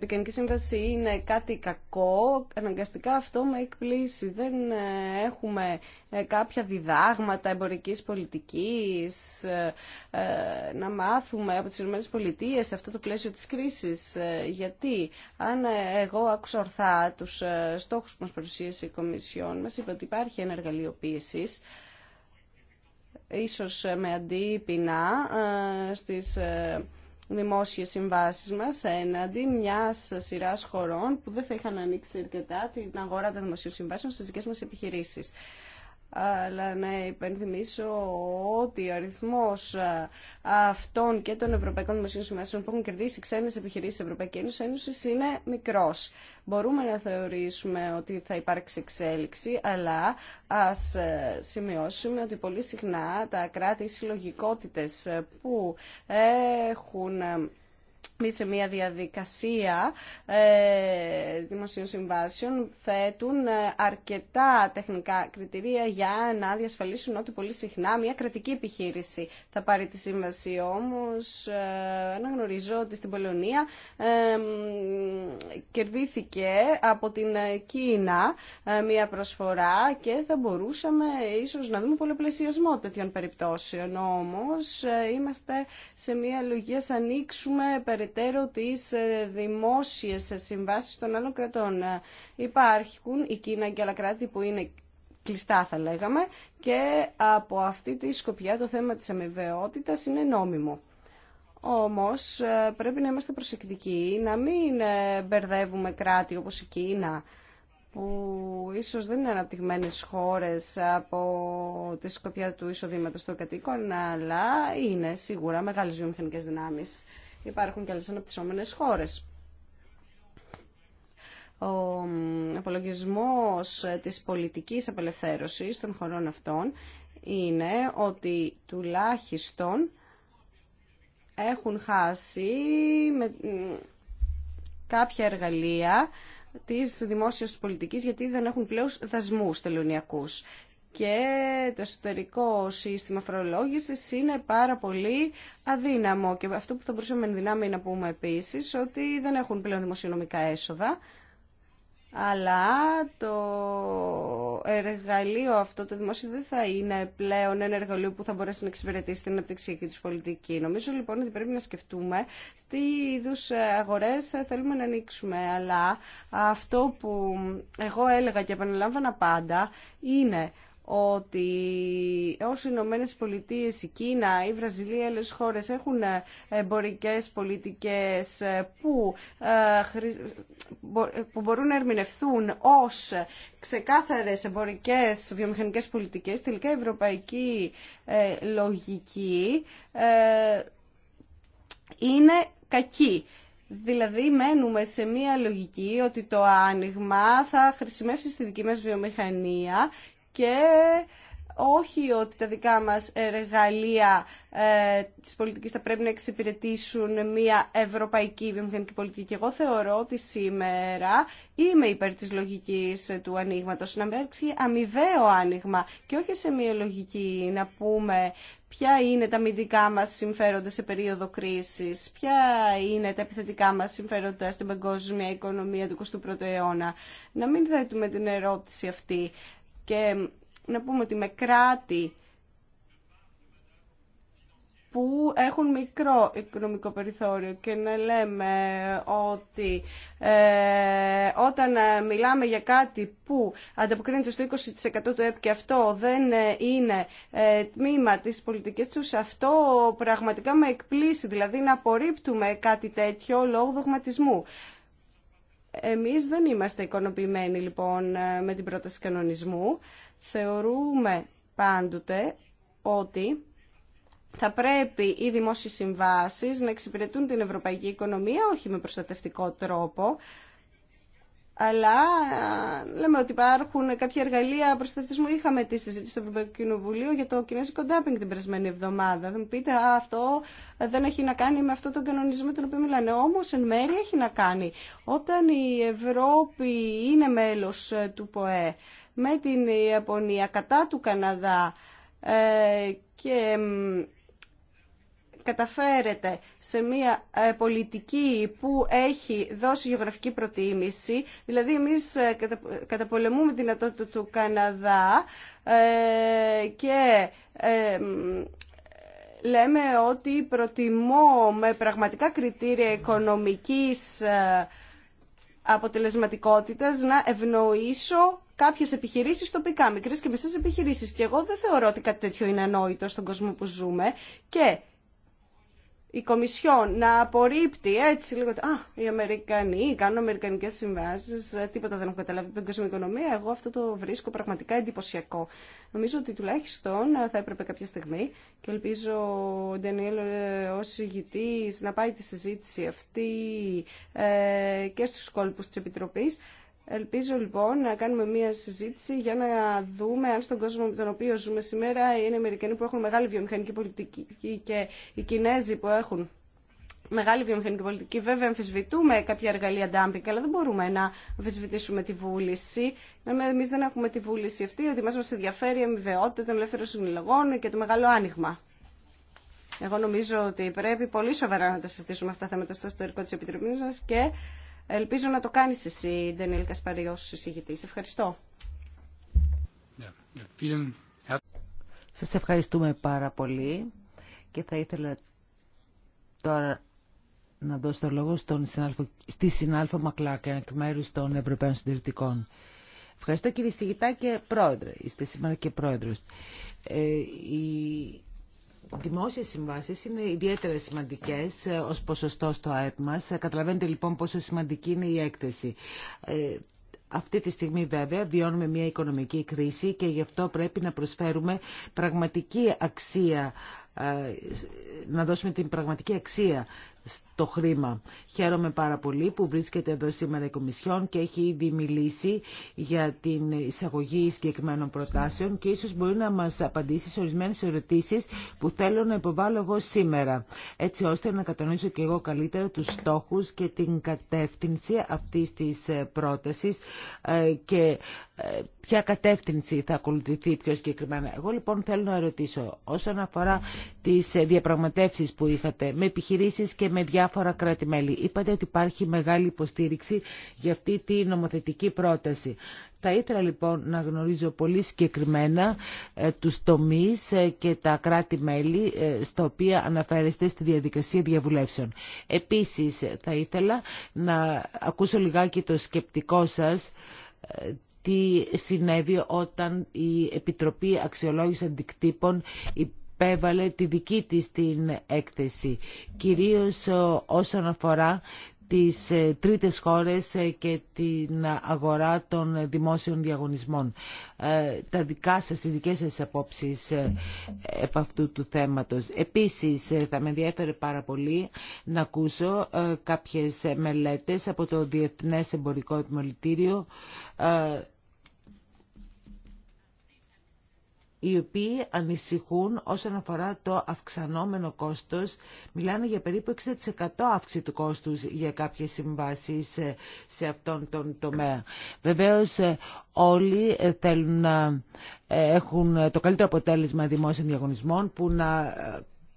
Αφρικανική Σύμβαση είναι κάτι κακό, αναγκαστικά αυτό με εκπλήσει. Δεν ε, έχουμε ε, κάποια διδάγματα εμπορικής πολιτικής, ε, να μάθουμε από τις ΗΠΑ σε αυτό το πλαίσιο της κρίσης. Γιατί αν εγώ άκουσα ορθά τους στόχους που μας παρουσίασε η Κομισιόν, μας είπε ότι υπάρχει ένα εργαλείο ίσως με αντίπεινα στις δημόσιες συμβάσεις μας έναντι μιας σειράς χωρών που δεν θα είχαν ανοίξει αρκετά την αγορά των δημοσίων συμβάσεων στις δικές μας επιχειρήσεις αλλά να υπενθυμίσω ότι ο αριθμό αυτών και των Ευρωπαϊκών Δημοσίων Συμβάσεων που έχουν κερδίσει ξένες επιχειρήσεις τη Ευρωπαϊκή Ένωση είναι μικρός. Μπορούμε να θεωρήσουμε ότι θα υπάρξει εξέλιξη, αλλά α ε, σημειώσουμε ότι πολύ συχνά τα κράτη, οι συλλογικότητε που έχουν σε μια διαδικασία ε, δημοσίων συμβάσεων θέτουν ε, αρκετά τεχνικά κριτηρία για να διασφαλίσουν ότι πολύ συχνά μια κρατική επιχείρηση θα πάρει τη σύμβαση. Όμως ε, να ότι στην Πολωνία ε, κερδίθηκε από την Κίνα ε, μια προσφορά και θα μπορούσαμε ίσως να δούμε πολλαπλασιασμό τέτοιων περιπτώσεων. Όμως ε, είμαστε σε μια λογία σαν ανοίξουμε περαιτέρω τις ε, δημόσιες συμβάσεις των άλλων κρατών. Ε, υπάρχουν η Κίνα και άλλα κράτη που είναι κλειστά θα λέγαμε και από αυτή τη σκοπιά το θέμα της αμοιβαιότητας είναι νόμιμο. Όμως ε, πρέπει να είμαστε προσεκτικοί, να μην μπερδεύουμε κράτη όπως η Κίνα που ίσως δεν είναι αναπτυγμένες χώρες από τη σκοπιά του εισοδήματος των κατοίκων, αλλά είναι σίγουρα μεγάλες βιομηχανικές δυνάμεις. Υπάρχουν και άλλες αναπτυσσόμενες χώρες. Ο απολογισμός ε, της πολιτικής απελευθέρωσης των χωρών αυτών είναι ότι τουλάχιστον έχουν χάσει με κάποια εργαλεία της δημόσιας πολιτικής γιατί δεν έχουν πλέον δασμούς τελωνιακούς και το εσωτερικό σύστημα φορολόγησης είναι πάρα πολύ αδύναμο. Και αυτό που θα μπορούσαμε δυνάμει να πούμε επίσης ότι δεν έχουν πλέον δημοσιονομικά έσοδα, αλλά το εργαλείο αυτό, το δημόσιο, δεν θα είναι πλέον ένα εργαλείο που θα μπορέσει να εξυπηρετήσει την αναπτυξιακή της πολιτική. Νομίζω λοιπόν ότι πρέπει να σκεφτούμε τι είδου ε, αγορές θέλουμε να ανοίξουμε. Αλλά αυτό που εγώ έλεγα και επαναλάμβανα πάντα είναι ότι όσοι οι Ηνωμένε Πολιτείε, η Κίνα, η Βραζιλία, άλλε χώρες έχουν εμπορικές πολιτικές που, ε, που μπορούν να ερμηνευθούν ως ξεκάθαρες εμπορικές βιομηχανικές πολιτικές, τελικά η ευρωπαϊκή ε, λογική ε, είναι κακή. Δηλαδή μένουμε σε μία λογική ότι το άνοιγμα θα χρησιμεύσει στη δική μας βιομηχανία και όχι ότι τα δικά μας εργαλεία ε, της πολιτικής θα πρέπει να εξυπηρετήσουν μια ευρωπαϊκή βιομηχανική πολιτική. Και εγώ θεωρώ ότι σήμερα είμαι υπέρ της λογικής του ανοίγματο, να μπέρξει αμοιβαίο άνοιγμα και όχι σε μια λογική να πούμε ποια είναι τα δικά μας συμφέροντα σε περίοδο κρίσης, ποια είναι τα επιθετικά μας συμφέροντα στην παγκόσμια οικονομία του 21ου αιώνα. Να μην θέτουμε την ερώτηση αυτή. Και να πούμε ότι με κράτη που έχουν μικρό οικονομικό περιθώριο και να λέμε ότι ε, όταν ε, μιλάμε για κάτι που ανταποκρίνεται στο 20% του ΕΠ και αυτό δεν ε, είναι τμήμα της πολιτικής τους, αυτό πραγματικά με εκπλήσει, δηλαδή να απορρίπτουμε κάτι τέτοιο λόγω δογματισμού. Εμείς δεν είμαστε ικανοποιημένοι λοιπόν με την πρόταση κανονισμού. Θεωρούμε πάντοτε ότι θα πρέπει οι δημόσιες συμβάσεις να εξυπηρετούν την ευρωπαϊκή οικονομία όχι με προστατευτικό τρόπο, αλλά ε, λέμε ότι υπάρχουν κάποια εργαλεία προστατευτισμού. Είχαμε τη συζήτηση στο Ευρωπαϊκό Κοινοβουλίο για το κινέζικο ντάμπινγκ την περασμένη εβδομάδα. Θα μου πείτε, α, αυτό δεν έχει να κάνει με αυτό τον κανονισμό τον οποίο μιλάνε. Όμω, εν μέρει έχει να κάνει. Όταν η Ευρώπη είναι μέλο ε, του ΠΟΕ με την Ιαπωνία κατά του Καναδά ε, και καταφέρεται σε μια ε, πολιτική που έχει δώσει γεωγραφική προτίμηση, δηλαδή εμείς ε, καταπολεμούμε τη δυνατότητα του Καναδά ε, και λέμε ότι προτιμώ με πραγματικά κριτήρια οικονομικής αποτελεσματικότητας να ευνοήσω κάποιες επιχειρήσεις τοπικά, μικρές και μισές επιχειρήσεις. Και εγώ δεν θεωρώ ότι κάτι τέτοιο είναι ανόητο στον κόσμο που ζούμε. Και η Κομισιόν να απορρίπτει έτσι λίγο. Α, οι Αμερικανοί κάνουν Αμερικανικέ συμβάσει, ε, τίποτα δεν έχω καταλάβει την οικονομία. Εγώ αυτό το βρίσκω πραγματικά εντυπωσιακό. Νομίζω ότι τουλάχιστον ε, θα έπρεπε κάποια στιγμή και ελπίζω ο Ντανιέλ ε, ω ηγητή να πάει τη συζήτηση αυτή και στου κόλπου τη Επιτροπή Ελπίζω λοιπόν να κάνουμε μία συζήτηση για να δούμε αν στον κόσμο με τον οποίο ζούμε σήμερα είναι οι Αμερικανοί που έχουν μεγάλη βιομηχανική πολιτική και οι Κινέζοι που έχουν μεγάλη βιομηχανική πολιτική. Βέβαια, αμφισβητούμε κάποια εργαλεία ντάμπινγκ, αλλά δεν μπορούμε να αμφισβητήσουμε τη βούληση. Εμεί δεν έχουμε τη βούληση αυτή, ότι μα ενδιαφέρει η αμοιβαιότητα των ελεύθερων συλλογών και το μεγάλο άνοιγμα. Εγώ νομίζω ότι πρέπει πολύ σοβαρά να τα συζητήσουμε αυτά τα θέματα στο ιστορικό τη Επιτροπή μα και Ελπίζω να το κάνεις εσύ, Ντανιέλ Κασπαρή, ως συζητητής. Ευχαριστώ. Σας ευχαριστούμε πάρα πολύ και θα ήθελα τώρα να δώσω το λόγο στον συνάλφο, στη συνάλφα Μακλάκη, εκ μέρου των Ευρωπαίων Συντηρητικών. Ευχαριστώ κύριε Σιγητά και πρόεδρε. Είστε σήμερα και πρόεδρος. Ε, δημόσιε συμβάσει είναι ιδιαίτερα σημαντικές ε, ως ποσοστό στο ΑΕΠ μα. Ε, καταλαβαίνετε λοιπόν πόσο σημαντική είναι η έκθεση. Ε, αυτή τη στιγμή βέβαια βιώνουμε μια οικονομική κρίση και γι' αυτό πρέπει να προσφέρουμε πραγματική αξία, να δώσουμε την πραγματική αξία στο χρήμα. Χαίρομαι πάρα πολύ που βρίσκεται εδώ σήμερα η Κομισιόν και έχει ήδη μιλήσει για την εισαγωγή συγκεκριμένων προτάσεων και ίσως μπορεί να μας απαντήσει σε ορισμένες ερωτήσεις που θέλω να υποβάλω εγώ σήμερα, έτσι ώστε να κατανοήσω και εγώ καλύτερα τους στόχους και την κατεύθυνση αυτής της πρότασης ε, και ποια κατεύθυνση θα ακολουθηθεί πιο συγκεκριμένα. Εγώ λοιπόν θέλω να ρωτήσω όσον αφορά τις ε, διαπραγματεύσεις που είχατε με επιχειρήσεις και με διάφορα κράτη-μέλη. Είπατε ότι υπάρχει μεγάλη υποστήριξη για αυτή τη νομοθετική πρόταση. Θα ήθελα λοιπόν να γνωρίζω πολύ συγκεκριμένα ε, τους τομείς ε, και τα κράτη-μέλη στα οποία αναφέρεστε στη διαδικασία διαβουλεύσεων. Επίσης θα ήθελα να ακούσω λιγάκι το σκεπτικό σας τι συνέβη όταν η Επιτροπή Αξιολόγηση Αντικτύπων υπέβαλε τη δική της την έκθεση, κυρίως ε, όσον αφορά τις ε, τρίτες χώρες ε, και την αγορά των δημόσιων διαγωνισμών. Τα δικά σας, οι δικές σας απόψεις επ' αυτού του θέματος. Επίσης, θα με ενδιαφέρε πάρα πολύ να ακούσω κάποιες μελέτες από το Διεθνές Εμπορικό Επιμελητήριο οι οποίοι ανησυχούν όσον αφορά το αυξανόμενο κόστος. Μιλάνε για περίπου 60% αύξηση του κόστους για κάποιες συμβάσεις ε, σε αυτόν τον τομέα. Βεβαίως ε, όλοι ε, θέλουν να έχουν το καλύτερο αποτέλεσμα δημόσιων διαγωνισμών που να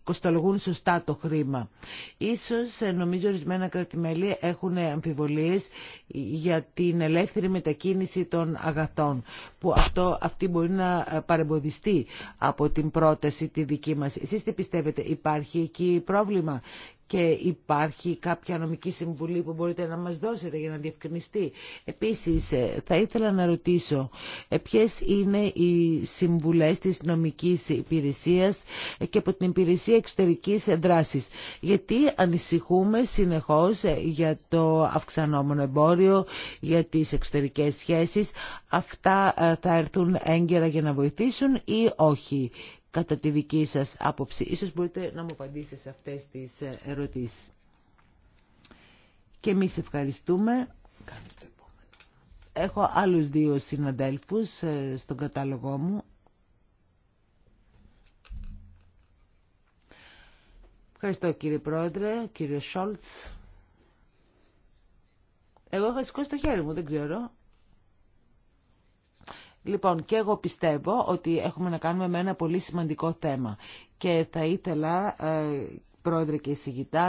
κοσταλγούν σωστά το χρήμα. Ίσως ε, νομίζω ορισμένα κρατημέλη έχουν αμφιβολίες για την ελεύθερη μετακίνηση των αγαθών που αυτό, αυτή μπορεί να ε, παρεμποδιστεί από την πρόταση τη δική μας. Εσείς τι πιστεύετε, υπάρχει εκεί πρόβλημα και υπάρχει κάποια νομική συμβουλή που μπορείτε να μας δώσετε για να διευκρινιστεί. Επίσης, ε, θα ήθελα να ρωτήσω ε, ποιες είναι οι συμβουλές της νομικής υπηρεσίας ε, και από την υπηρεσία εξωτερικής δράσης. Γιατί ανησυχούμε συνεχώς για το αυξανόμενο εμπόριο, για τις εξωτερικές σχέσεις. Αυτά θα έρθουν έγκαιρα για να βοηθήσουν ή όχι κατά τη δική σας άποψη. Ίσως μπορείτε να μου απαντήσετε σε αυτές τις ε, ερωτήσεις. Και εμείς ευχαριστούμε. Έχω άλλους δύο συναδέλφους ε, στον κατάλογό μου. Ευχαριστώ κύριε Πρόεδρε, κύριε Σόλτς. Εγώ θα σηκώσει το χέρι μου, δεν ξέρω. Λοιπόν, και εγώ πιστεύω ότι έχουμε να κάνουμε με ένα πολύ σημαντικό θέμα και θα ήθελα ε, πρόεδρε και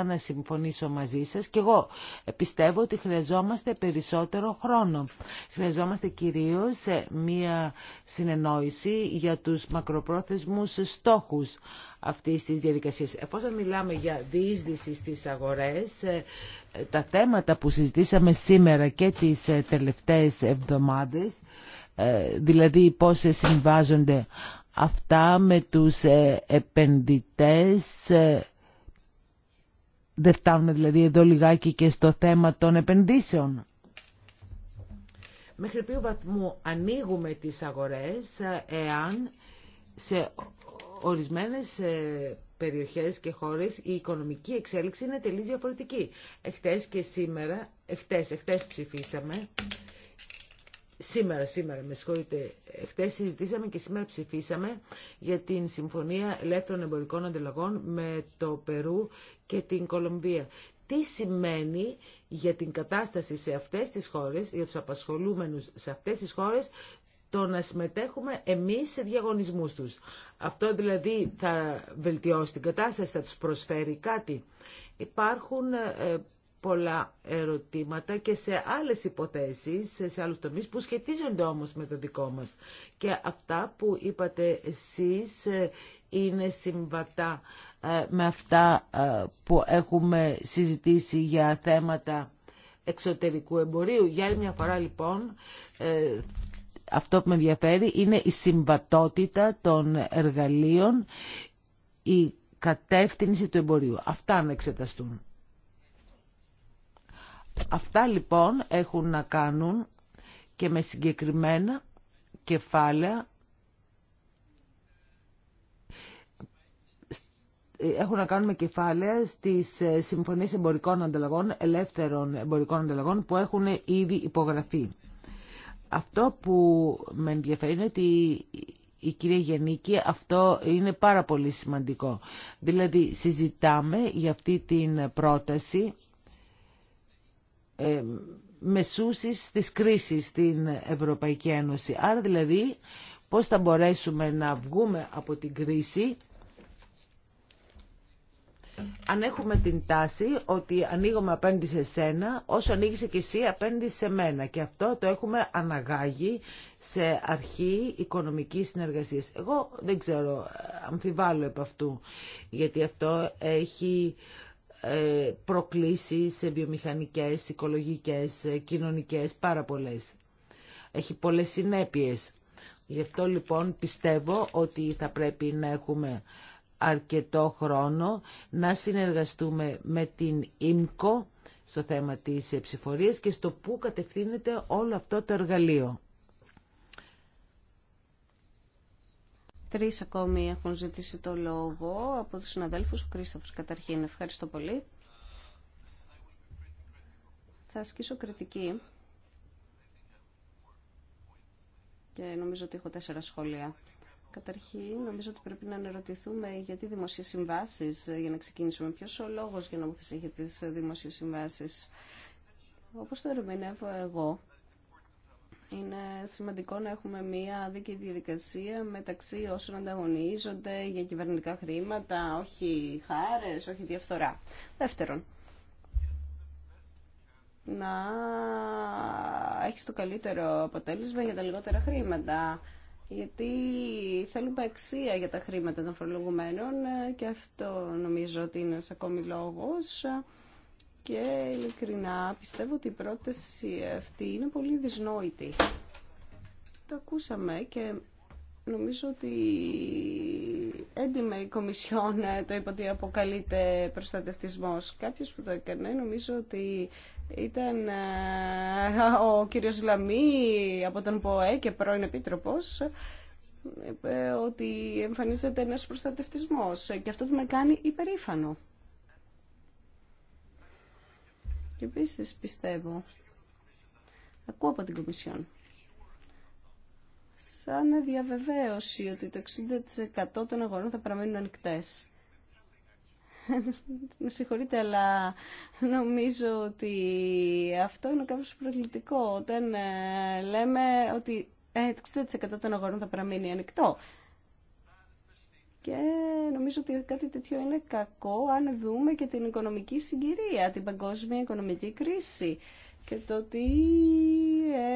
να συμφωνήσω μαζί σας. Και εγώ πιστεύω ότι χρειαζόμαστε περισσότερο χρόνο. Χρειαζόμαστε κυρίως ε, μία συνεννόηση για τους μακροπρόθεσμους στόχους αυτής της διαδικασίας. Εφόσον μιλάμε για διείσδυση στις αγορές, ε, τα θέματα που συζητήσαμε σήμερα και τις τελευταίες εβδομάδες, ε, δηλαδή πώς συμβάζονται αυτά με τους ε, επενδυτές ε, δεν φτάνουμε δηλαδή εδώ λιγάκι και στο θέμα των επενδύσεων. Μέχρι ποιο βαθμού ανοίγουμε τις αγορές εάν σε ορισμένες περιοχές και χώρες η οικονομική εξέλιξη είναι τελείως διαφορετική. Εχθές και σήμερα, εχθές, εχθές ψηφίσαμε Σήμερα, σήμερα, με συγχωρείτε, χθε συζητήσαμε και σήμερα ψηφίσαμε για την Συμφωνία Ελεύθερων Εμπορικών Ανταλλαγών με το Περού και την Κολομβία. Τι σημαίνει για την κατάσταση σε αυτές τις χώρες, για τους απασχολούμενους σε αυτές τις χώρες, το να συμμετέχουμε εμείς σε διαγωνισμούς τους. Αυτό δηλαδή θα βελτιώσει την κατάσταση, θα τους προσφέρει κάτι. Υπάρχουν ε, πολλά ερωτήματα και σε άλλες υποθέσεις, σε άλλους τομείς που σχετίζονται όμως με το δικό μας. Και αυτά που είπατε εσείς ε, είναι συμβατά ε, με αυτά ε, που έχουμε συζητήσει για θέματα εξωτερικού εμπορίου. Για άλλη μια φορά λοιπόν αυτό που με ενδιαφέρει είναι η συμβατότητα των εργαλείων, η κατεύθυνση του εμπορίου. Αυτά να εξεταστούν. Αυτά λοιπόν έχουν να κάνουν και με συγκεκριμένα κεφάλαια έχουν να κάνουν με κεφάλαια στις ε, συμφωνίες εμπορικών ανταλλαγών, ελεύθερων εμπορικών ανταλλαγών που έχουν ήδη υπογραφεί. Αυτό που με ενδιαφέρει είναι ότι η κυρία Γενίκη, αυτό είναι πάρα πολύ σημαντικό. Δηλαδή συζητάμε για αυτή την πρόταση ε, μεσούσης της κρίσης στην Ευρωπαϊκή Ένωση. Άρα δηλαδή πώς θα μπορέσουμε να βγούμε από την κρίση αν έχουμε την τάση ότι ανοίγουμε απέναντι σε σένα όσο ανοίγεις και εσύ απέναντι σε μένα και αυτό το έχουμε αναγάγει σε αρχή οικονομικής συνεργασίας. Εγώ δεν ξέρω, αμφιβάλλω επ' αυτού γιατί αυτό έχει ε, προκλήσεις βιομηχανικές, οικολογικές, ε, κοινωνικές, πάρα πολλές. Έχει πολλές συνέπειες. Γι' αυτό λοιπόν πιστεύω ότι θα πρέπει να έχουμε αρκετό χρόνο να συνεργαστούμε με την ΙΜΚΟ στο θέμα της ψηφορίας και στο πού κατευθύνεται όλο αυτό το εργαλείο. Τρεις ακόμη έχουν ζητήσει το λόγο από τους συναδέλφους. Ο Κρίστοφερ καταρχήν. Ευχαριστώ πολύ. Θα ασκήσω κριτική και νομίζω ότι έχω τέσσερα σχόλια. Καταρχήν, νομίζω ότι πρέπει να αναρωτηθούμε γιατί δημοσίες συμβάσεις, ε, για να ξεκινήσουμε. Ποιος ο λόγος για να μου για τις δημοσίες συμβάσεις. Όπως το ερμηνεύω εγώ, είναι σημαντικό να έχουμε μία δίκαιη διαδικασία μεταξύ όσων ανταγωνίζονται για κυβερνητικά χρήματα, όχι χάρες, όχι διαφθορά. Δεύτερον, να έχεις το καλύτερο αποτέλεσμα για τα λιγότερα χρήματα. Γιατί θέλουμε αξία για τα χρήματα των φορολογουμένων και αυτό νομίζω ότι είναι σε ακόμη λόγος και ειλικρινά πιστεύω ότι η πρόταση αυτή είναι πολύ δυσνόητη. Το ακούσαμε και νομίζω ότι έντιμε η Κομισιόν ε, το είπε ότι αποκαλείται προστατευτισμός. Κάποιος που το έκανε νομίζω ότι ήταν ε, ο κύριος Λαμή από τον ΠΟΕ και πρώην επίτροπος είπε ότι εμφανίζεται ένας προστατευτισμός και αυτό το με κάνει υπερήφανο. Και επίση πιστεύω, ακούω από την Κομισιόν, σαν διαβεβαίωση ότι το 60% των αγορών θα παραμείνουν ανοιχτέ. Με συγχωρείτε, αλλά νομίζω ότι αυτό είναι κάπως προκλητικό όταν ε, λέμε ότι ε, το 60% των αγορών θα παραμείνει ανοιχτό. Και νομίζω ότι κάτι τέτοιο είναι κακό αν δούμε και την οικονομική συγκυρία, την παγκόσμια οικονομική κρίση και το ότι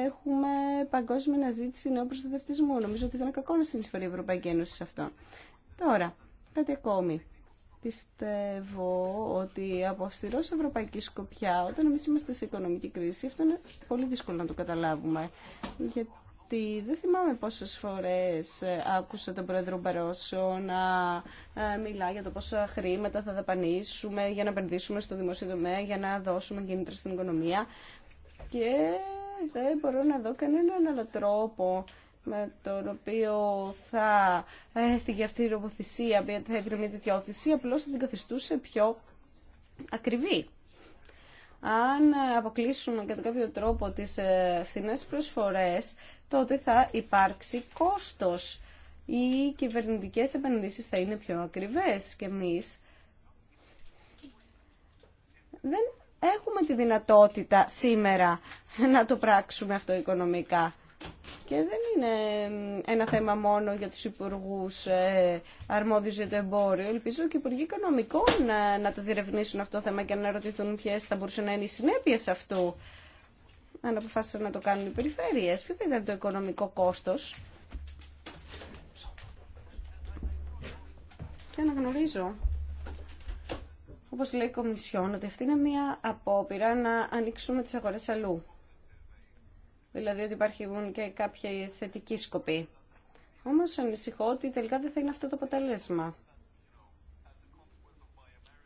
έχουμε παγκόσμια αναζήτηση νέου προστατευτισμού. Νομίζω ότι ήταν κακό να συνεισφέρει η Ευρωπαϊκή Ένωση σε αυτό. Τώρα, κάτι ακόμη. Πιστεύω ότι από αυστηρό ευρωπαϊκή σκοπιά, όταν εμεί είμαστε σε οικονομική κρίση, αυτό είναι πολύ δύσκολο να το καταλάβουμε. Γιατί ότι δεν θυμάμαι πόσες φορές ε, άκουσα τον πρόεδρο Μπαρόσο να ε, μιλά για το πόσα χρήματα θα δαπανίσουμε για να επενδύσουμε στο δημόσιο τομέα, για να δώσουμε κίνητρα στην οικονομία και δεν μπορώ να δω κανέναν άλλο τρόπο με τον οποίο θα έφυγε αυτή η ροποθυσία, θα έρθει μια τέτοια όθηση, απλώ θα την καθιστούσε πιο ακριβή. Αν αποκλείσουμε κατά κάποιο τρόπο τις ε, φθηνές προσφορές, τότε θα υπάρξει κόστος. Οι κυβερνητικές επενδύσεις θα είναι πιο ακριβές και εμείς δεν έχουμε τη δυνατότητα σήμερα να το πράξουμε αυτό οικονομικά. Και δεν είναι ένα θέμα μόνο για τους υπουργού ε, αρμόδιους για το εμπόριο. Ελπίζω και οι υπουργοί οικονομικών να, ε, να το διερευνήσουν αυτό το θέμα και να ρωτηθούν ποιε θα μπορούσαν να είναι οι συνέπειε αυτού αν αποφάσισαν να το κάνουν οι περιφέρειες, ποιο θα ήταν το οικονομικό κόστος. Και αναγνωρίζω, όπως λέει η Κομισιόν, ότι αυτή είναι μια απόπειρα να ανοίξουμε τις αγορές αλλού. Δηλαδή ότι υπάρχουν και κάποια θετική σκοπή. Όμως ανησυχώ ότι τελικά δεν θα είναι αυτό το αποτέλεσμα.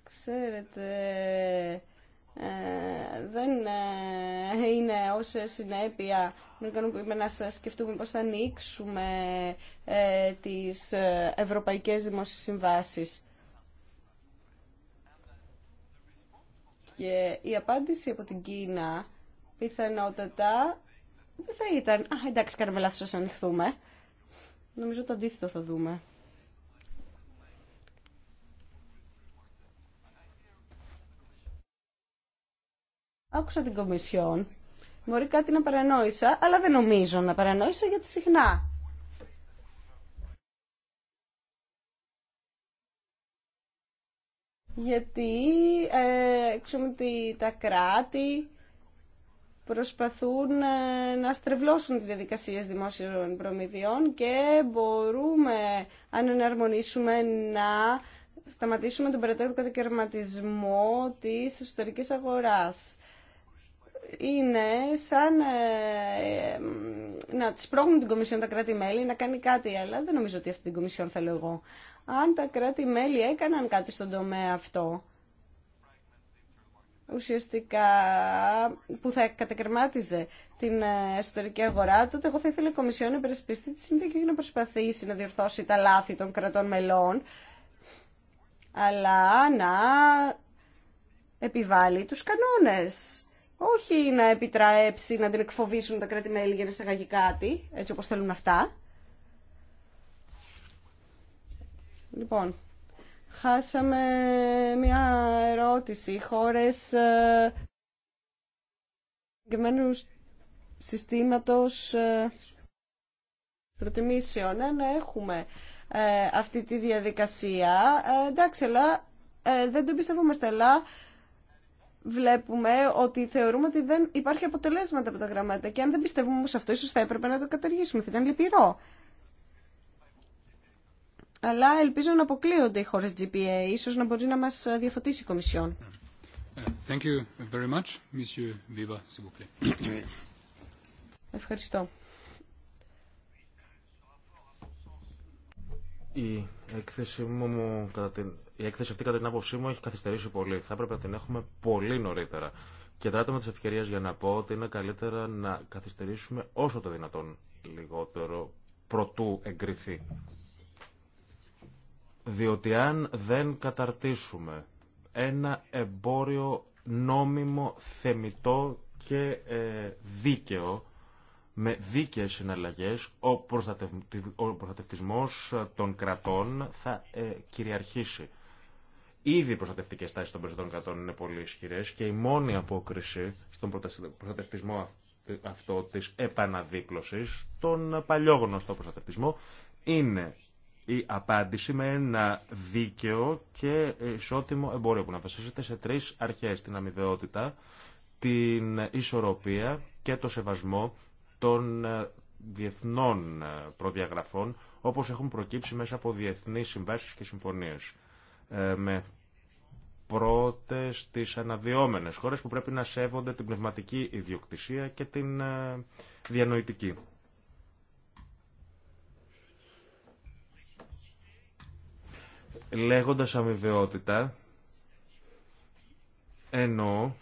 Ξέρετε, δεν ε, είναι ως συνέπεια μην κάνουμε να σκεφτούμε πώς θα ανοίξουμε ε, τις ε, ευρωπαϊκές δημόσιες συμβάσεις. Και η απάντηση από την Κίνα πιθανότατα δεν θα ήταν «Α, εντάξει, κάναμε λάθος, ας ανοιχθούμε». Νομίζω το αντίθετο θα δούμε. Άκουσα την Κομισιόν. Μπορεί κάτι να παρανόησα, αλλά δεν νομίζω να παρανόησα γιατί συχνά γιατί ε, ξέρουμε ότι τα κράτη προσπαθούν ε, να στρεβλώσουν τις διαδικασίες δημόσιων προμηθειών και μπορούμε, αν εναρμονίσουμε, να σταματήσουμε τον περαιτέρω κατακαιρματισμό της εσωτερικής αγοράς είναι σαν ε, ε, να τις πρόχνουν την Κομισιόν τα κράτη-μέλη να κάνει κάτι, αλλά δεν νομίζω ότι αυτή την Κομισιόν θέλω εγώ. Αν τα κράτη-μέλη έκαναν κάτι στον τομέα αυτό, ουσιαστικά που θα κατακρεμάτιζε την ε, εσωτερική αγορά, τότε εγώ θα ήθελα η Κομισιόν να υπερασπιστεί τη συνθήκη και να προσπαθήσει να διορθώσει τα λάθη των κρατών μελών, αλλά να επιβάλλει τους κανόνες όχι να επιτραέψει να την εκφοβήσουν τα κράτη-μέλη για να στεγαγεί κάτι, έτσι όπως θέλουν αυτά. Λοιπόν, χάσαμε μια ερώτηση. Χώρες συγκεκριμένου ε, συστήματος ε, προτιμήσεων. Ναι, ναι, έχουμε ε, αυτή τη διαδικασία. εντάξει, αλλά δεν το πίστευουμε, αλλά βλέπουμε ότι θεωρούμε ότι δεν υπάρχει αποτελέσματα από τα γραμμάτια και αν δεν πιστεύουμε σε αυτό ίσως θα έπρεπε να το καταργήσουμε, θα ήταν λυπηρό. Αλλά ελπίζω να αποκλείονται οι χώρες GPA, ίσως να μπορεί να μας διαφωτίσει η Κομισιόν. Ε, Ευχαριστώ. Η έκθεση μου κατά την η έκθεση αυτή, κατά την άποψή μου, έχει καθυστερήσει πολύ. Θα έπρεπε να την έχουμε πολύ νωρίτερα. Και δράτω με τι ευκαιρίε για να πω ότι είναι καλύτερα να καθυστερήσουμε όσο το δυνατόν λιγότερο προτού εγκριθεί. Διότι αν δεν καταρτήσουμε ένα εμπόριο νόμιμο, θεμητό και ε, δίκαιο, με δίκαιες συναλλαγές, ο προστατευτισμός των κρατών θα ε, κυριαρχήσει. Ήδη οι προστατευτικέ τάσει των περισσότερων κρατών είναι πολύ ισχυρέ και η μόνη απόκριση στον προστατευτισμό αυτό τη επαναδίπλωση, τον παλιόγνωστο προστατευτισμό, είναι η απάντηση με ένα δίκαιο και ισότιμο εμπόριο που να βασίζεται σε τρεις αρχές, την αμοιβαιότητα, την ισορροπία και το σεβασμό των ε, διεθνών ε, προδιαγραφών όπως έχουν προκύψει μέσα από διεθνείς συμβάσεις και συμφωνίες. Ε, με πρώτες τις αναδυόμενες χώρες που πρέπει να σέβονται την πνευματική ιδιοκτησία και την ε, διανοητική. Λέγοντας αμοιβαιότητα, εννοώ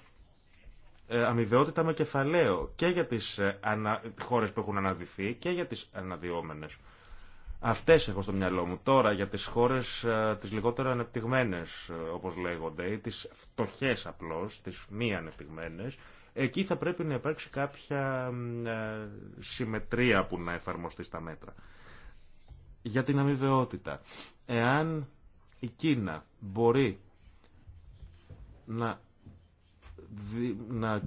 ε, αμοιβαιότητα με κεφαλαίο και για τις χώρες που έχουν αναδυθεί και για τις αναδυόμενες. Αυτές έχω στο μυαλό μου. Τώρα για τις χώρες ε, τις λιγότερο ανεπτυγμένε, ε, όπως λέγονται ή τις φτωχέ απλώς, τις μη ανεπτυγμένε, εκεί θα πρέπει να υπάρξει κάποια ε, συμμετρία που να εφαρμοστεί στα μέτρα. Για την αμοιβαιότητα. Εάν η Κίνα μπορεί να, να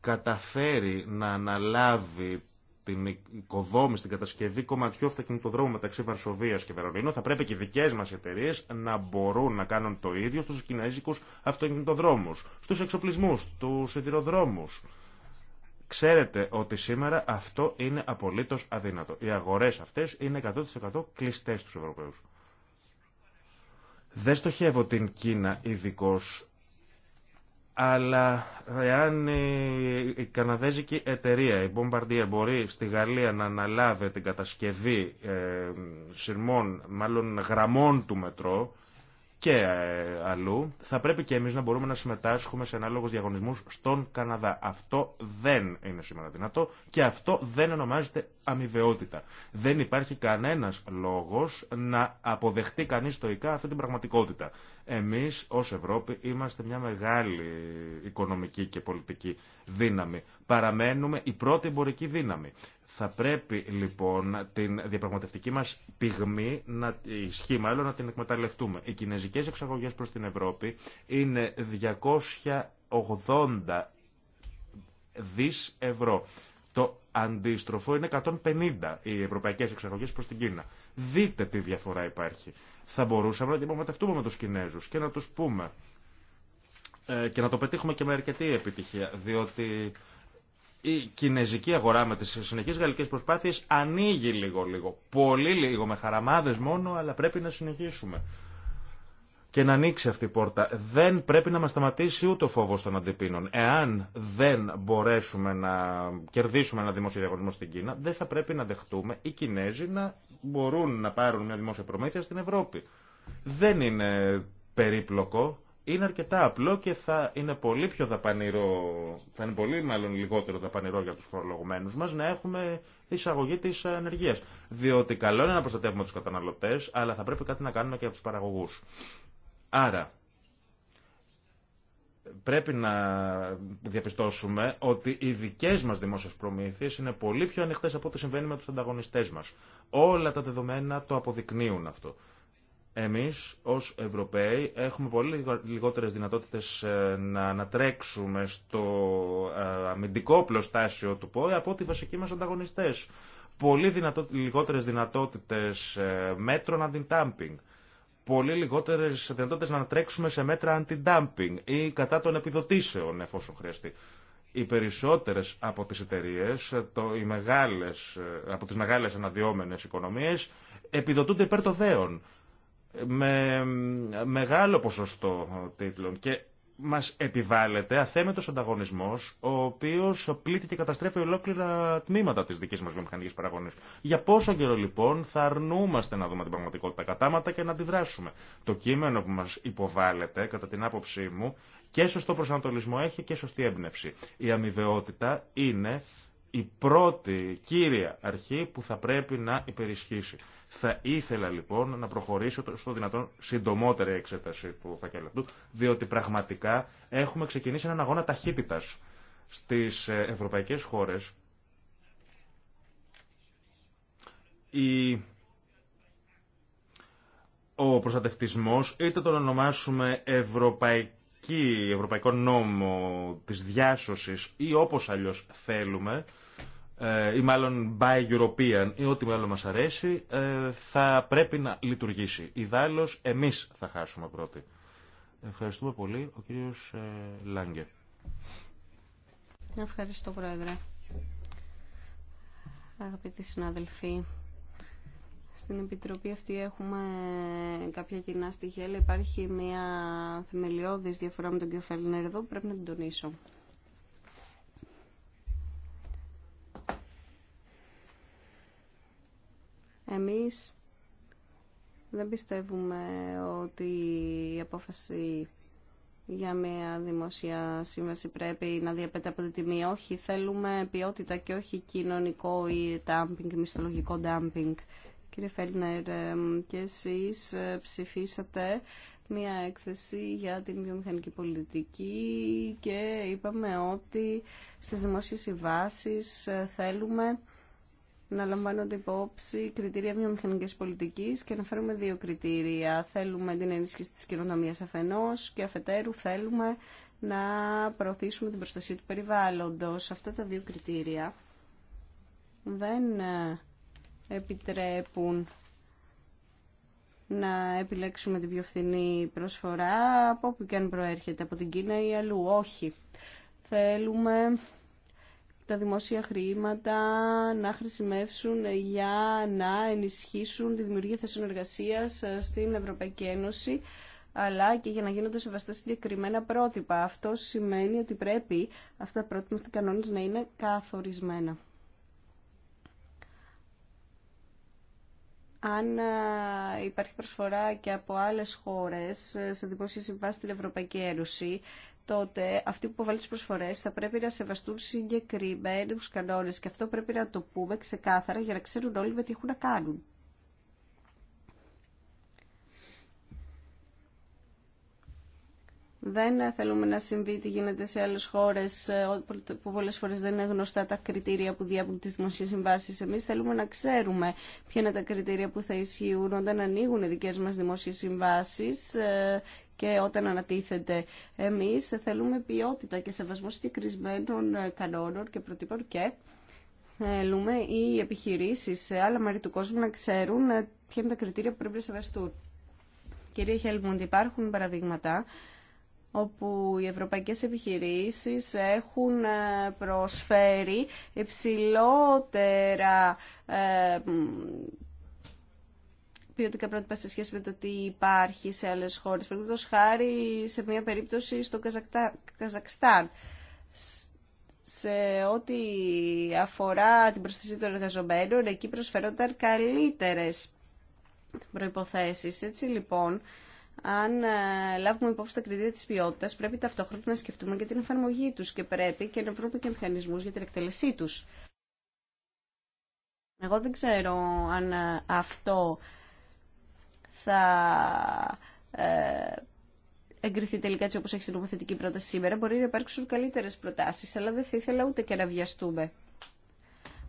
καταφέρει να αναλάβει την οικοδόμηση, την κατασκευή κομματιού αυτοκινητοδρόμου μεταξύ Βαρσοβία και Βερολίνου, θα πρέπει και οι δικέ μα εταιρείε να μπορούν να κάνουν το ίδιο στου κινέζικου αυτοκινητοδρόμου, στου εξοπλισμού, στου σιδηροδρόμου. Ξέρετε ότι σήμερα αυτό είναι απολύτω αδύνατο. Οι αγορέ αυτέ είναι 100% κλειστέ στου Ευρωπαίου. Δεν στοχεύω την Κίνα ειδικώ αλλά εάν η καναδέζικη εταιρεία, η Bombardier, μπορεί στη Γαλλία να αναλάβει την κατασκευή ε, σειρμών, μάλλον γραμμών του μετρό και ε, αλλού, θα πρέπει και εμείς να μπορούμε να συμμετάσχουμε σε ανάλογους διαγωνισμούς στον Καναδά. Αυτό δεν είναι σήμερα δυνατό και αυτό δεν ονομάζεται αμοιβαιότητα. Δεν υπάρχει κανένας λόγος να αποδεχτεί κανείς τοικά αυτή την πραγματικότητα. Εμείς ως Ευρώπη είμαστε μια μεγάλη οικονομική και πολιτική δύναμη. Παραμένουμε η πρώτη εμπορική δύναμη. Θα πρέπει λοιπόν την διαπραγματευτική μας πυγμή, να, η σχήμα, να την εκμεταλλευτούμε. Οι κινέζικες εξαγωγές προς την Ευρώπη είναι 280 δις ευρώ. Αντίστροφο είναι 150 οι ευρωπαϊκές εξαγωγέ προ την Κίνα. Δείτε τι διαφορά υπάρχει. Θα μπορούσαμε να διαπραγματευτούμε με τους Κινέζους και να του πούμε ε, και να το πετύχουμε και με αρκετή επιτυχία, διότι η κινέζικη αγορά με τις συνεχείς γαλλικές προσπάθειες ανοίγει λίγο-λίγο. Πολύ λίγο, με χαραμάδες μόνο, αλλά πρέπει να συνεχίσουμε και να ανοίξει αυτή η πόρτα. Δεν πρέπει να μας σταματήσει ούτε ο φόβος των αντιπίνων. Εάν δεν μπορέσουμε να κερδίσουμε ένα δημόσιο διαγωνισμό στην Κίνα, δεν θα πρέπει να δεχτούμε οι Κινέζοι να μπορούν να πάρουν μια δημόσια προμήθεια στην Ευρώπη. Δεν είναι περίπλοκο, είναι αρκετά απλό και θα είναι πολύ πιο δαπανηρό, θα είναι πολύ μάλλον λιγότερο δαπανηρό για τους φορολογουμένους μας να έχουμε εισαγωγή της ενεργείας. Διότι καλό είναι να προστατεύουμε τους καταναλωτές, αλλά θα πρέπει κάτι να κάνουμε και για τους παραγωγούς. Άρα, πρέπει να διαπιστώσουμε ότι οι δικέ μα δημόσιες προμήθειε είναι πολύ πιο ανοιχτέ από ό,τι συμβαίνει με του ανταγωνιστέ μα. Όλα τα δεδομένα το αποδεικνύουν αυτό. Εμεί ω Ευρωπαίοι έχουμε πολύ λιγότερε δυνατότητε ε, να ανατρέξουμε στο ε, αμυντικό πλωστάσιο του ΠΟΕ από ότι οι βασικοί μα ανταγωνιστέ. Πολύ δυνατό, λιγότερε δυνατότητε ε, μέτρων πολύ λιγότερε δυνατότητε να τρέξουμε σε μέτρα anti-dumping ή κατά των επιδοτήσεων εφόσον χρειαστεί. Οι περισσότερε από τι εταιρείε, από τι μεγάλε αναδυόμενε οικονομίε, επιδοτούνται υπέρ των δέων με μεγάλο ποσοστό τίτλων και μας επιβάλλεται αθέμετος ανταγωνισμός, ο οποίος πλήττει και καταστρέφει ολόκληρα τμήματα της δικής μας βιομηχανικής παραγωγής. Για πόσο καιρό λοιπόν θα αρνούμαστε να δούμε την πραγματικότητα κατάματα και να αντιδράσουμε. Το κείμενο που μας υποβάλλεται, κατά την άποψή μου, και σωστό προσανατολισμό έχει και σωστή έμπνευση. Η αμοιβαιότητα είναι η πρώτη κύρια αρχή που θα πρέπει να υπερισχύσει. Θα ήθελα λοιπόν να προχωρήσω στο δυνατόν συντομότερη εξέταση του φακέλου διότι πραγματικά έχουμε ξεκινήσει έναν αγώνα ταχύτητας στις ε, ευρωπαϊκές χώρες. Η ο προστατευτισμός, είτε τον ονομάσουμε ευρωπαϊκή, ευρωπαϊκό νόμο της διάσωσης ή όπως αλλιώς θέλουμε, ε, ή μάλλον by European ή ό,τι μάλλον μας αρέσει ε, θα πρέπει να λειτουργήσει. Ιδάλλως εμείς θα χάσουμε πρώτοι. Ευχαριστούμε πολύ. Ο κύριος ε, Λάγκε. Ευχαριστώ Πρόεδρε. Αγαπητοί συνάδελφοι, στην Επιτροπή αυτή έχουμε κάποια κοινά στοιχεία, αλλά υπάρχει μια θεμελιώδης διαφορά με τον κύριο Φελνερ που πρέπει να την τονίσω. Εμείς δεν πιστεύουμε ότι η απόφαση για μια δημοσία σύμβαση πρέπει να διαπέτει από την τιμή. Όχι, θέλουμε ποιότητα και όχι κοινωνικό ή dumping, μισθολογικό dumping. Κύριε Φέλνερ, και εσείς ε, ψηφίσατε μια έκθεση για την βιομηχανική πολιτική και είπαμε ότι στις δημόσιες συμβάσεις ε, θέλουμε να λαμβάνονται υπόψη κριτήρια βιομηχανικής πολιτικής και να φέρουμε δύο κριτήρια. Θέλουμε την ενίσχυση της κοινωνία αφενός και αφετέρου θέλουμε να προωθήσουμε την προστασία του περιβάλλοντος. Αυτά τα δύο κριτήρια δεν ε, επιτρέπουν να επιλέξουμε την πιο φθηνή προσφορά από όπου και αν προέρχεται, από την Κίνα ή αλλού. Όχι. Θέλουμε τα δημόσια χρήματα να χρησιμεύσουν για να ενισχύσουν τη δημιουργία θέσεων εργασία ε, στην Ευρωπαϊκή Ένωση αλλά και για να γίνονται σεβαστά συγκεκριμένα πρότυπα. Αυτό σημαίνει ότι πρέπει αυτά τα πρότυπα, αυτά τα κανόνες να είναι καθορισμένα. αν ε, υπάρχει προσφορά και από άλλες χώρες ε, σε δημόσια συμβάσει στην Ευρωπαϊκή Ένωση, τότε αυτοί που υποβάλλουν τι προσφορέ θα πρέπει να σεβαστούν συγκεκριμένου κανόνε. Και αυτό πρέπει να το πούμε ξεκάθαρα για να ξέρουν όλοι με τι έχουν να κάνουν. Δεν θέλουμε να συμβεί τι γίνεται σε άλλες χώρες που πολλές φορές δεν είναι γνωστά τα κριτήρια που διάβουν τις δημοσίες συμβάσεις. Εμείς θέλουμε να ξέρουμε ποια είναι τα κριτήρια που θα ισχύουν όταν ανοίγουν οι δικές μας δημοσίες συμβάσεις και όταν ανατίθεται. Εμείς θέλουμε ποιότητα και σεβασμό συγκεκρισμένων ε, κανόνων και προτύπων και θέλουμε οι επιχειρήσεις σε άλλα μέρη του κόσμου να ξέρουν ε, ποια είναι τα κριτήρια που πρέπει να σεβαστούν. Κύριε Χέλμουντ, υπάρχουν παραδείγματα όπου οι ευρωπαϊκές επιχειρήσεις έχουν ε, προσφέρει υψηλότερα ποιοτικά πρότυπα σε σχέση με το τι υπάρχει σε άλλες χώρες. το χάρη σε μια περίπτωση στο Καζακτα... Καζακστάν σε ό,τι αφορά την προστασία των εργαζομένων, εκεί προσφερόνταν καλύτερες προϋποθέσεις. Έτσι λοιπόν, αν ε, λάβουμε υπόψη τα κριτήρια της ποιότητας, πρέπει ταυτόχρονα να σκεφτούμε και την εφαρμογή τους και πρέπει και να βρούμε και μηχανισμούς για την εκτελεσή τους. Εγώ δεν ξέρω αν ε, αυτό θα ε, εγκριθεί τελικά έτσι όπως έχει την νομοθετική πρόταση σήμερα. Μπορεί να υπάρξουν καλύτερες προτάσεις, αλλά δεν θα ήθελα ούτε και να βιαστούμε.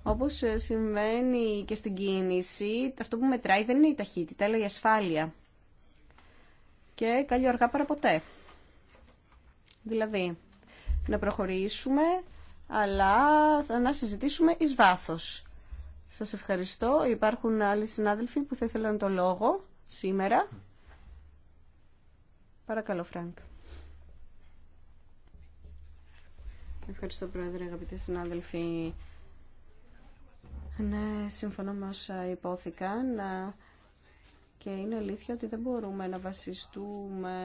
Όπως ε, συμβαίνει και στην κίνηση, αυτό που μετράει δεν είναι η ταχύτητα, αλλά η ασφάλεια. Και καλή οργά παρά ποτέ. Δηλαδή, να προχωρήσουμε, αλλά να συζητήσουμε εις βάθος. Σας ευχαριστώ. Υπάρχουν άλλοι συνάδελφοι που θα ήθελαν το λόγο σήμερα. Παρακαλώ, Φρανκ. Ευχαριστώ, Πρόεδρε, αγαπητοί συνάδελφοι. Ναι, συμφωνώ με όσα υπόθηκαν και είναι αλήθεια ότι δεν μπορούμε να βασιστούμε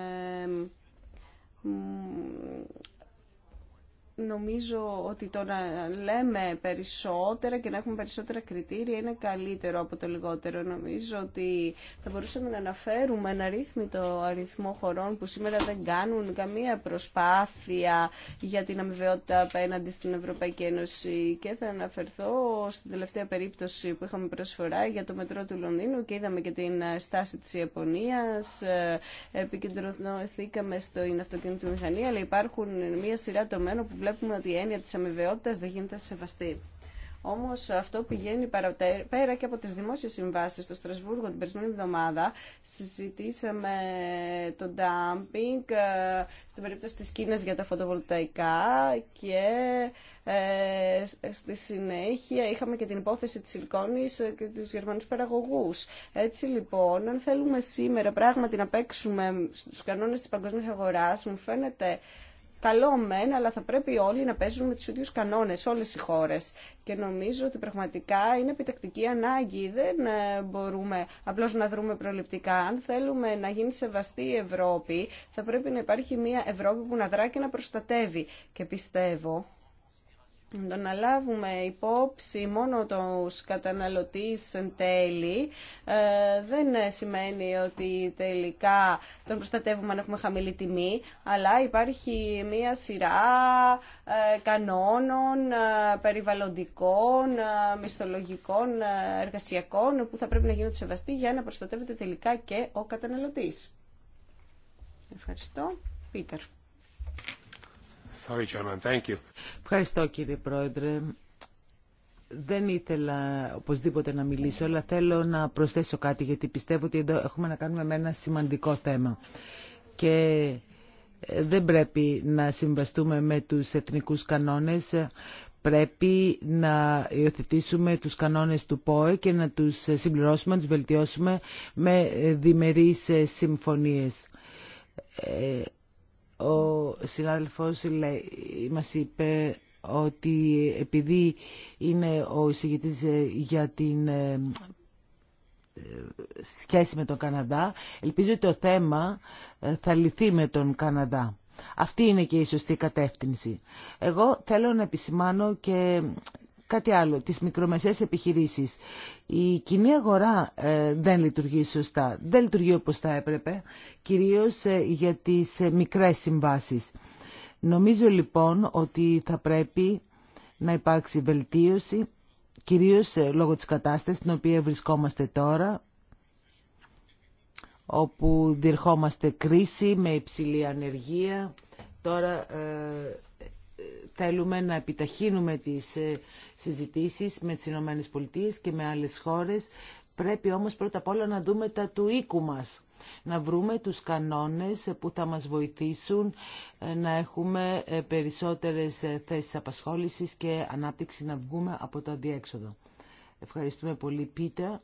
νομίζω ότι το να λέμε περισσότερα και να έχουμε περισσότερα κριτήρια είναι καλύτερο από το λιγότερο. Νομίζω ότι θα μπορούσαμε να αναφέρουμε ένα ρύθμιτο αριθμό χωρών που σήμερα δεν κάνουν καμία προσπάθεια για την αμοιβαιότητα απέναντι στην Ευρωπαϊκή Ένωση και θα αναφερθώ στην τελευταία περίπτωση που είχαμε προσφορά για το μετρό του Λονδίνου και είδαμε και την στάση της Ιαπωνίας. Επικεντρωθήκαμε αυτοκίνητο αυτοκινητομηχανία, αλλά υπάρχουν μια σειρά τομένων που βλέπουμε ότι η έννοια της αμοιβαιότητας δεν γίνεται σεβαστή. Όμω αυτό πηγαίνει πέρα και από τι δημόσιε συμβάσει. Στο Στρασβούργο την περσμένη εβδομάδα συζητήσαμε το dumping ε, στην περίπτωση τη Κίνα για τα φωτοβολταϊκά και ε, στη συνέχεια είχαμε και την υπόθεση της Ιλκόνης και τους γερμανούς παραγωγούς. Έτσι λοιπόν, αν θέλουμε σήμερα πράγματι να παίξουμε στους κανόνες της παγκόσμια αγοράς, μου φαίνεται καλό μεν, αλλά θα πρέπει όλοι να παίζουν με τους ίδιους κανόνες, όλες οι χώρες. Και νομίζω ότι πραγματικά είναι επιτακτική ανάγκη. Δεν ε, μπορούμε απλώς να δρούμε προληπτικά. Αν θέλουμε να γίνει σεβαστή η Ευρώπη, θα πρέπει να υπάρχει μια Ευρώπη που να δρά και να προστατεύει. Και πιστεύω το να λάβουμε υπόψη μόνο τους καταναλωτής εν τέλει ε, δεν σημαίνει ότι τελικά τον προστατεύουμε να έχουμε χαμηλή τιμή αλλά υπάρχει μία σειρά ε, κανόνων ε, περιβαλλοντικών, μισθολογικών, εργασιακών που θα πρέπει να γίνονται σεβαστοί για να προστατεύεται τελικά και ο καταναλωτής. Ευχαριστώ. Πίτερ. Ευχαριστώ κύριε Πρόεδρε. Δεν ήθελα οπωσδήποτε να μιλήσω, αλλά θέλω να προσθέσω κάτι, γιατί πιστεύω ότι εδώ έχουμε να κάνουμε με ένα σημαντικό θέμα. Και ε, δεν πρέπει να συμβαστούμε με τους εθνικούς κανόνες, πρέπει να υιοθετήσουμε τους κανόνες του ΠΟΕ και να τους συμπληρώσουμε, να τους βελτιώσουμε με ε, διμερείς ε, συμφωνίες. Ο συνάδελφος μας είπε ότι επειδή είναι ο εισηγητής ε, για την ε, ε, σχέση με τον Καναδά, ελπίζω ότι το θέμα θα λυθεί με τον Καναδά. Αυτή είναι και η σωστή κατεύθυνση. Εγώ θέλω να επισημάνω και Κάτι άλλο, τις μικρομεσαίες επιχειρήσεις. Η κοινή αγορά ε, δεν λειτουργεί σωστά, δεν λειτουργεί όπως θα έπρεπε, κυρίως ε, για τις ε, μικρές συμβάσεις. Νομίζω λοιπόν ότι θα πρέπει να υπάρξει βελτίωση, κυρίως ε, λόγω της κατάστασης στην οποία βρισκόμαστε τώρα, όπου διερχόμαστε κρίση με υψηλή ανεργία. Τώρα θέλουμε να επιταχύνουμε τις ε, συζητήσεις με τις Ηνωμένες Πολιτείες και με άλλες χώρες. Πρέπει όμως πρώτα απ' όλα να δούμε τα του οίκου μας. Να βρούμε τους κανόνες που θα μας βοηθήσουν ε, να έχουμε ε, περισσότερες θέσεις απασχόλησης και ανάπτυξη να βγούμε από το αντιέξοδο. Ευχαριστούμε πολύ Πίτα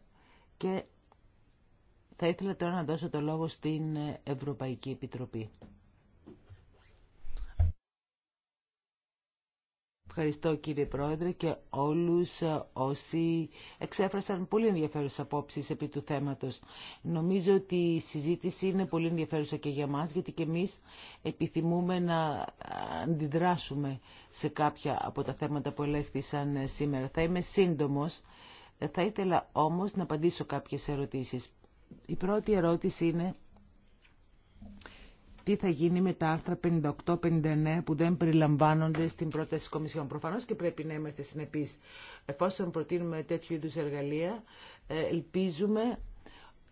και θα ήθελα τώρα να δώσω το λόγο στην Ευρωπαϊκή Επιτροπή. Ευχαριστώ κύριε Πρόεδρε και όλους ε, όσοι εξέφρασαν πολύ ενδιαφέρουσες απόψεις επί του θέματος. Νομίζω ότι η συζήτηση είναι πολύ ενδιαφέρουσα και για μας, γιατί και εμείς επιθυμούμε να αντιδράσουμε σε κάποια από τα θέματα που ελέγχθησαν ε, σήμερα. Θα είμαι σύντομος, ε, θα ήθελα όμως να απαντήσω κάποιες ερωτήσεις. Η πρώτη ερώτηση είναι τι θα γίνει με τα άρθρα 58-59 που δεν περιλαμβάνονται στην πρόταση της Κομισιόν. Προφανώς και πρέπει να είμαστε συνεπείς. Εφόσον προτείνουμε τέτοιου είδου εργαλεία, ε, ελπίζουμε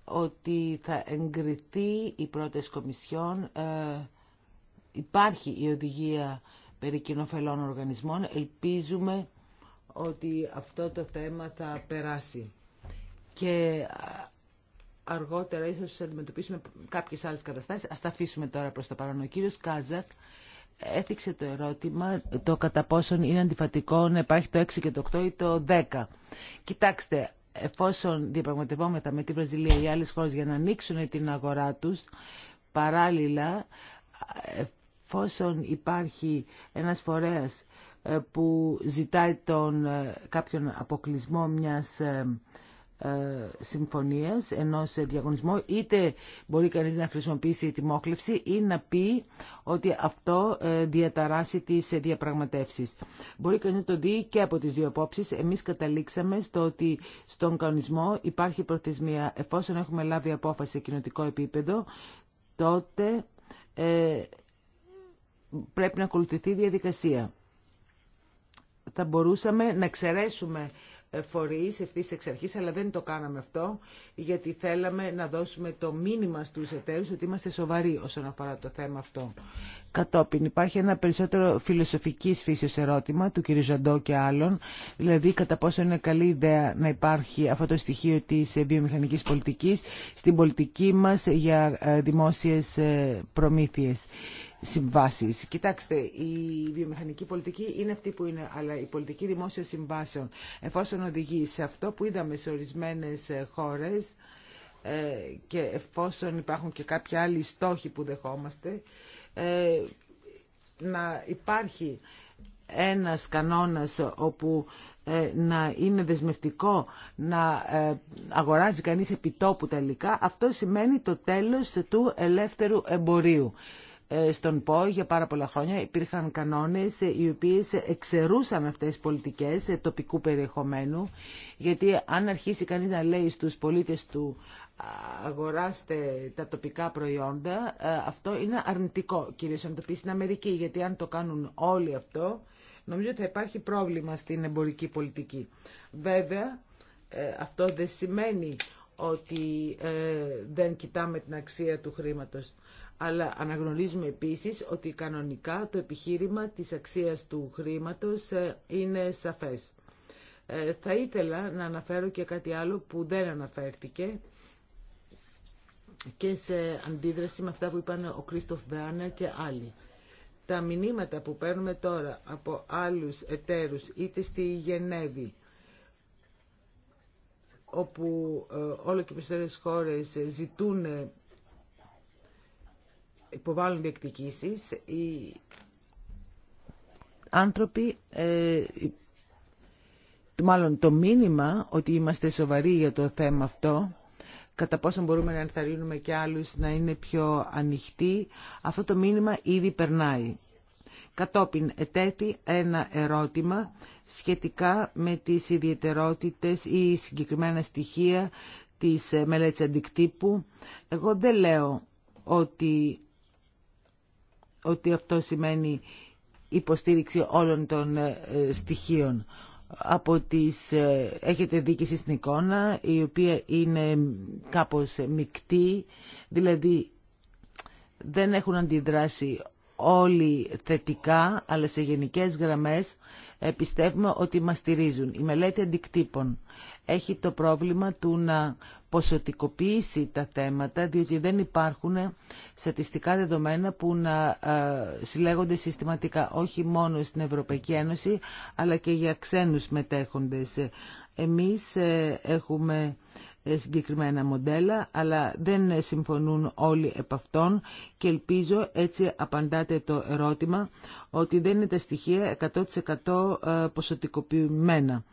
ότι θα εγκριθεί η πρόταση Κομισιόν. Ε, υπάρχει η οδηγία περί κοινοφελών οργανισμών. Ελπίζουμε ότι αυτό το θέμα θα περάσει. Και αργότερα ίσως αντιμετωπίσουμε κάποιες άλλες καταστάσεις. Ας τα αφήσουμε τώρα προς το παρόν. Ο κύριος Κάζακ έθιξε το ερώτημα το κατά πόσον είναι αντιφατικό να υπάρχει το 6 και το 8 ή το 10. Κοιτάξτε, εφόσον διαπραγματευόμεθα με τη Βραζιλία ή άλλες χώρες για να ανοίξουν την αγορά τους, παράλληλα, εφόσον υπάρχει ένας φορέας ε, που ζητάει τον, ε, κάποιον αποκλεισμό μιας ε, ε, συμφωνίας, ενός διαγωνισμού, είτε μπορεί κανείς να χρησιμοποιήσει τη μόχλευση ή να πει ότι αυτό ε, διαταράσει τις διαπραγματεύσεις. Μπορεί κανείς να το δει και από τις δύο απόψεις. Εμείς καταλήξαμε στο ότι στον κανονισμό υπάρχει προθεσμία. Εφόσον έχουμε λάβει απόφαση σε κοινοτικό επίπεδο, τότε ε, πρέπει να ακολουθηθεί διαδικασία. Θα μπορούσαμε να εξαιρέσουμε φορείς ευθύς εξ αρχής, αλλά δεν το κάναμε αυτό, γιατί θέλαμε να δώσουμε το μήνυμα στους εταίρους ότι είμαστε σοβαροί όσον αφορά το θέμα αυτό. Κατόπιν υπάρχει ένα περισσότερο φιλοσοφικής φύσης ερώτημα του κ. Ζαντό και άλλων, δηλαδή κατά πόσο είναι καλή ιδέα να υπάρχει αυτό το στοιχείο της βιομηχανικής πολιτικής στην πολιτική μας για ε, δημόσιες ε, προμήθειες συμβάσεις. Κοιτάξτε, η βιομηχανική πολιτική είναι αυτή που είναι, αλλά η πολιτική δημόσια συμβάσεων, εφόσον οδηγεί σε αυτό που είδαμε σε ορισμένε ε, χώρες ε, και εφόσον υπάρχουν και κάποιοι άλλοι στόχοι που δεχόμαστε, ε, να υπάρχει ένας κανόνας όπου να είναι δεσμευτικό να αγοράζει κανείς επιτόπου τα υλικά, αυτό σημαίνει το τέλος του ελεύθερου εμπορίου. Ε, στον ΠΟ για πάρα πολλά χρόνια υπήρχαν κανόνες οι οποίες εξαιρούσαν αυτές τις πολιτικές ε, τοπικού περιεχομένου γιατί αν αρχίσει κανείς να λέει στους πολίτες του αγοράστε τα τοπικά προϊόντα ε, αυτό είναι αρνητικό κυρίως αν το πει στην Αμερική γιατί αν το κάνουν όλοι αυτό νομίζω ότι θα υπάρχει πρόβλημα στην εμπορική πολιτική. Βέβαια αυτό δεν σημαίνει ότι δεν κοιτάμε την αξία του χρήματος αλλά αναγνωρίζουμε επίσης ότι κανονικά το επιχείρημα της αξίας του χρήματος ε, είναι σαφές. Ε, θα ήθελα να αναφέρω και κάτι άλλο που δεν αναφέρθηκε και σε αντίδραση με αυτά που είπαν ο Κρίστοφ Βεάνερ και άλλοι. Τα μηνύματα που παίρνουμε τώρα από άλλους εταίρους είτε στη Γενέβη όπου ε, όλο και περισσότερες χώρες ζητούν υποβάλλουν διεκδικήσεις, οι άνθρωποι, ε, μάλλον το μήνυμα ότι είμαστε σοβαροί για το θέμα αυτό, κατά πόσο μπορούμε να ενθαρρύνουμε και άλλους να είναι πιο ανοιχτοί, αυτό το μήνυμα ήδη περνάει. Κατόπιν ετέθη ένα ερώτημα σχετικά με τις ιδιαιτερότητες ή συγκεκριμένα στοιχεία της μελέτης αντικτύπου. Εγώ δεν λέω ότι ότι αυτό σημαίνει υποστήριξη όλων των ε, στοιχείων. Από τις, ε, έχετε δίκηση στην εικόνα, η οποία είναι κάπως μεικτή, δηλαδή δεν έχουν αντιδράσει όλοι θετικά, αλλά σε γενικές γραμμές ε, πιστεύουμε ότι μας στηρίζουν. Η μελέτη αντικτύπων έχει το πρόβλημα του να ποσοτικοποιήσει τα θέματα, διότι δεν υπάρχουν στατιστικά δεδομένα που να ε, συλλέγονται συστηματικά, όχι μόνο στην Ευρωπαϊκή Ένωση, αλλά και για ξένους μετέχοντες. Εμείς ε, έχουμε ε, συγκεκριμένα μοντέλα, αλλά δεν συμφωνούν όλοι επ' αυτών και ελπίζω έτσι απαντάτε το ερώτημα ότι δεν είναι τα στοιχεία 100% ποσοτικοποιημένα.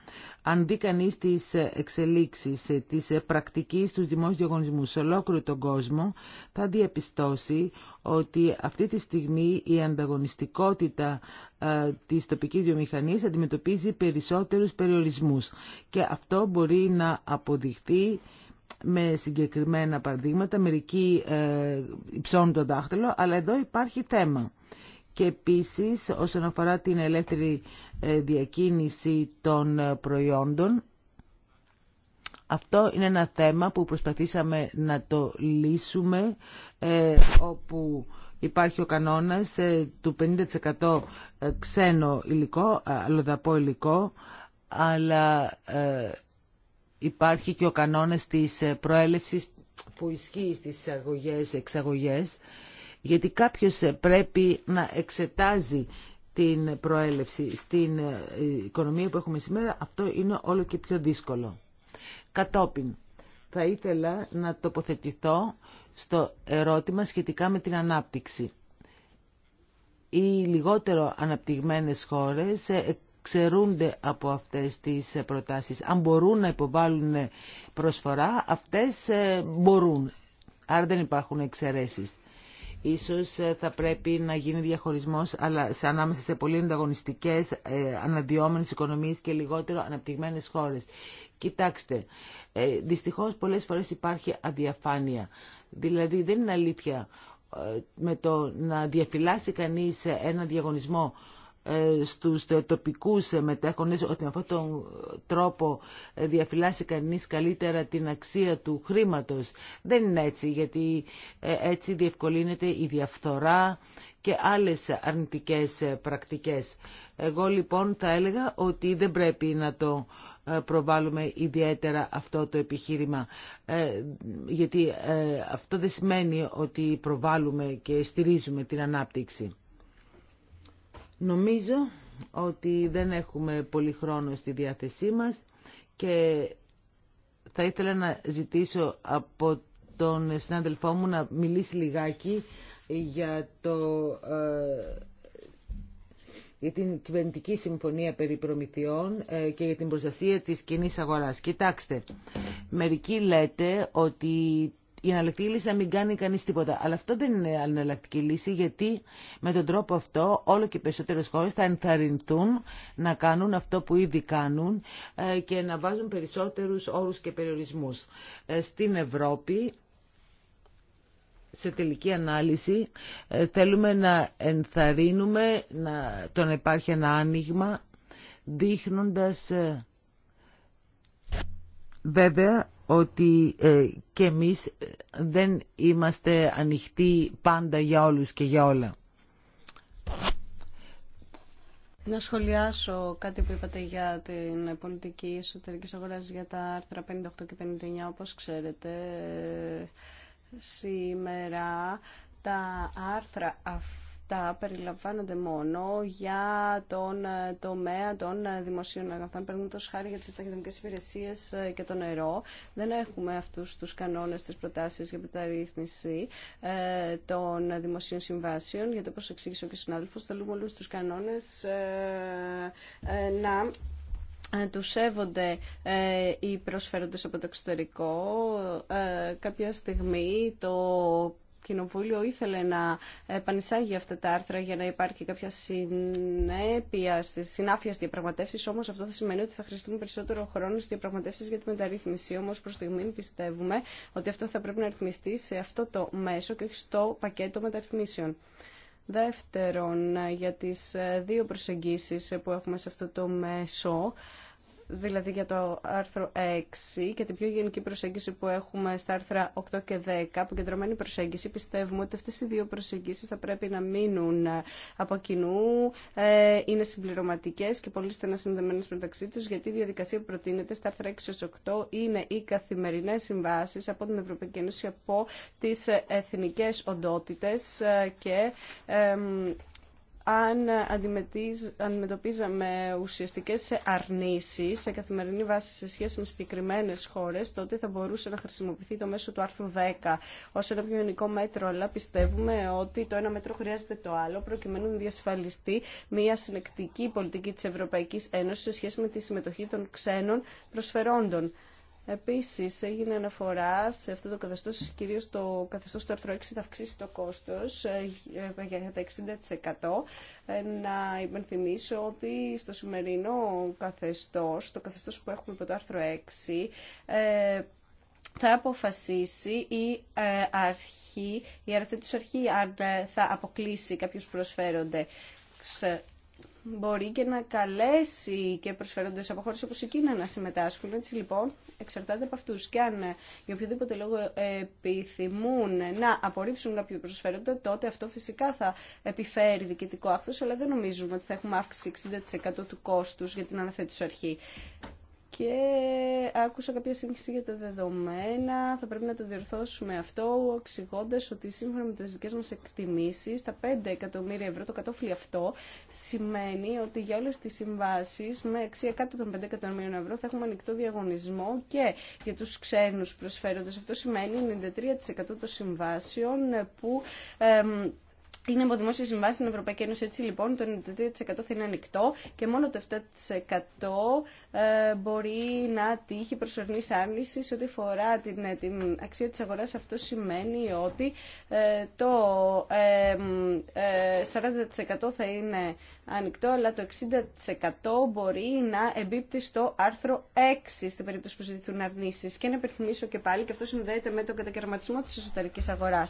Αν δει κανεί τι εξελίξει ε, τη ε, πρακτική στου δημόσιου διαγωνισμού σε ολόκληρο τον κόσμο, θα διαπιστώσει ότι αυτή τη στιγμή η ανταγωνιστικότητα ε, της τοπικής βιομηχανίας αντιμετωπίζει περισσότερους περιορισμούς. Και αυτό μπορεί να αποδειχθεί με συγκεκριμένα παραδείγματα, μερικοί ε, υψώνουν δάχτυλο, αλλά εδώ υπάρχει θέμα και επίσης όσον αφορά την ελεύθερη ε, διακίνηση των ε, προϊόντων. Αυτό είναι ένα θέμα που προσπαθήσαμε να το λύσουμε ε, όπου υπάρχει ο κανόνας του 50% ξένο υλικό, αλλοδαπό υλικό, αλλά υπάρχει και ο κανόνας της προέλευσης που ισχύει στις και εξαγωγες γιατί κάποιος ε, πρέπει να εξετάζει την προέλευση στην ε, οικονομία που έχουμε σήμερα, αυτό είναι όλο και πιο δύσκολο. Κατόπιν, θα ήθελα να τοποθετηθώ στο ερώτημα σχετικά με την ανάπτυξη. Οι λιγότερο αναπτυγμένες χώρες ε, ξερούνται από αυτές τις προτάσεις. Αν μπορούν να υποβάλουν προσφορά, αυτές μπορούν. Άρα δεν υπάρχουν εξαιρέσεις. Ίσως ε, θα πρέπει να γίνει διαχωρισμός αλλά σε ανάμεσα σε πολύ ανταγωνιστικές ε, αναδυόμενες οικονομίες και λιγότερο αναπτυγμένες χώρες. Κοιτάξτε, ε, δυστυχώς πολλές φορές υπάρχει αδιαφάνεια. Δηλαδή δεν είναι αλήθεια ε, με το να διαφυλάσει κανείς ε, ένα διαγωνισμό ε, στους τοπικούς μετέχοντες ότι με αυτόν τον τρόπο ε, διαφυλάσσει κανείς καλύτερα την αξία του χρήματος. Δεν είναι έτσι, γιατί ε, έτσι διευκολύνεται η διαφθορά και άλλες αρνητικές πρακτικές. Εγώ λοιπόν θα έλεγα ότι δεν πρέπει να το προβάλλουμε ιδιαίτερα αυτό το επιχείρημα. Γιατί αυτό δεν σημαίνει ότι προβάλλουμε και στηρίζουμε την ανάπτυξη. Νομίζω ότι δεν έχουμε πολύ χρόνο στη διάθεσή μας και θα ήθελα να ζητήσω από τον συνάδελφό μου να μιλήσει λιγάκι για, το, ε, για την κυβερνητική συμφωνία περί προμηθειών ε, και για την προστασία της κοινή αγοράς. Κοιτάξτε, μερικοί λέτε ότι η εναλλακτική λύση να μην κάνει κανεί τίποτα. Αλλά αυτό δεν είναι εναλλακτική λύση, γιατί με τον τρόπο αυτό όλο και περισσότερε χώρε θα ενθαρρυνθούν να κάνουν αυτό που ήδη κάνουν ε, και να βάζουν περισσότερου όρου και περιορισμού. Ε, στην Ευρώπη, σε τελική ανάλυση, ε, θέλουμε να ενθαρρύνουμε να, το να υπάρχει ένα άνοιγμα, δείχνοντας βέβαια ότι ε, και εμείς ε, δεν είμαστε ανοιχτοί πάντα για όλους και για όλα. Να σχολιάσω κάτι που είπατε για την πολιτική εσωτερική αγορά για τα άρθρα 58 και 59. Όπως ξέρετε, σήμερα τα άρθρα αυτά τα περιλαμβάνονται μόνο για τον ε, τομέα των ε, δημοσίων αγαθών. Παίρνουμε χάρη για τι ταχυδρομικέ υπηρεσίε ε, και το νερό. Δεν έχουμε αυτού τους κανόνες της προτάσει για μεταρρύθμιση των δημοσίων συμβάσεων. Γιατί όπω εξήγησε ο κ. συνάδελφο, θέλουμε όλου τους κανόνες να του σέβονται οι προσφέροντες από το εξωτερικό. Κάποια στιγμή το Κοινοβούλιο ήθελε να επανεισάγει αυτά τα άρθρα για να υπάρχει κάποια συνέπεια στι συνάφειε διαπραγματεύσει. Όμω αυτό θα σημαίνει ότι θα χρειαστούμε περισσότερο χρόνο στι διαπραγματεύσει για τη μεταρρύθμιση. Όμω προ στιγμή πιστεύουμε ότι αυτό θα πρέπει να ρυθμιστεί σε αυτό το μέσο και όχι στο πακέτο μεταρρυθμίσεων. Δεύτερον, για τις ε, δύο προσεγγίσεις που έχουμε σε αυτό το μέσο, δηλαδή για το άρθρο 6 και την πιο γενική προσέγγιση που έχουμε στα άρθρα 8 και 10, αποκεντρωμένη προσέγγιση, πιστεύουμε ότι αυτές οι δύο προσεγγίσεις θα πρέπει να μείνουν ε, από κοινού, ε, είναι συμπληρωματικές και πολύ στενά συνδεμένες μεταξύ τους, γιατί η διαδικασία που προτείνεται στα άρθρα 6 8 είναι οι καθημερινές συμβάσεις από την Ευρωπαϊκή Ένωση από τις εθνικές οντότητες ε, και αν αντιμετωπίζαμε ουσιαστικές αρνήσεις σε καθημερινή βάση σε σχέση με συγκεκριμένε χώρες, τότε θα μπορούσε να χρησιμοποιηθεί το μέσο του άρθρου 10 ως ένα πιο γενικό μέτρο, αλλά πιστεύουμε ότι το ένα μέτρο χρειάζεται το άλλο, προκειμένου να διασφαλιστεί μια συνεκτική πολιτική της Ευρωπαϊκής Ένωσης σε σχέση με τη συμμετοχή των ξένων προσφερόντων. Επίσης έγινε αναφορά σε αυτό το καθεστώς, κυρίως το καθεστώς του άρθρου 6 θα αυξήσει το κόστος ε, ε, για τα 60%. Ε, να υπενθυμίσω ότι στο σημερινό καθεστώς, το καθεστώς που έχουμε από το άρθρο 6, θα αποφασίσει η αρχή, η αρθέτους αρχή, αν θα αποκλείσει κάποιους προσφέρονται μπορεί και να καλέσει και προσφέροντες από χώρες όπως η Κίνα να συμμετάσχουν. Έτσι λοιπόν εξαρτάται από αυτούς και αν ε, για οποιοδήποτε λόγο ε, επιθυμούν να απορρίψουν κάποιο προσφέροντα τότε αυτό φυσικά θα επιφέρει διοικητικό άκθος αλλά δεν νομίζουμε ότι θα έχουμε αύξηση 60% του κόστους για την αναθέτουσα αρχή και άκουσα κάποια σύγχυση για τα δεδομένα. Θα πρέπει να το διορθώσουμε αυτό, εξηγώντα ότι σύμφωνα με τι δικέ μα εκτιμήσει, τα 5 εκατομμύρια ευρώ, το κατόφλι αυτό, σημαίνει ότι για όλε τι συμβάσει με αξία κάτω των 5 εκατομμύριων ευρώ θα έχουμε ανοιχτό διαγωνισμό και για του ξένου προσφέροντε. Αυτό σημαίνει 93% των συμβάσεων που είναι από δημόσια συμβάσει στην Ευρωπαϊκή Ένωση. Έτσι λοιπόν το 93% θα είναι ανοιχτό και μόνο το 7% ε, μπορεί να τύχει προσωρινή άρνηση σε ό,τι αφορά την, ε, την αξία τη αγορά. Αυτό σημαίνει ότι ε, το 40% θα είναι ανοιχτό, αλλά το 60% μπορεί να εμπίπτει στο άρθρο 6 στην περίπτωση που ζητηθούν αρνήσει. Και να υπενθυμίσω και πάλι, και αυτό συνδέεται με τον κατακαιρματισμό τη εσωτερική αγορά.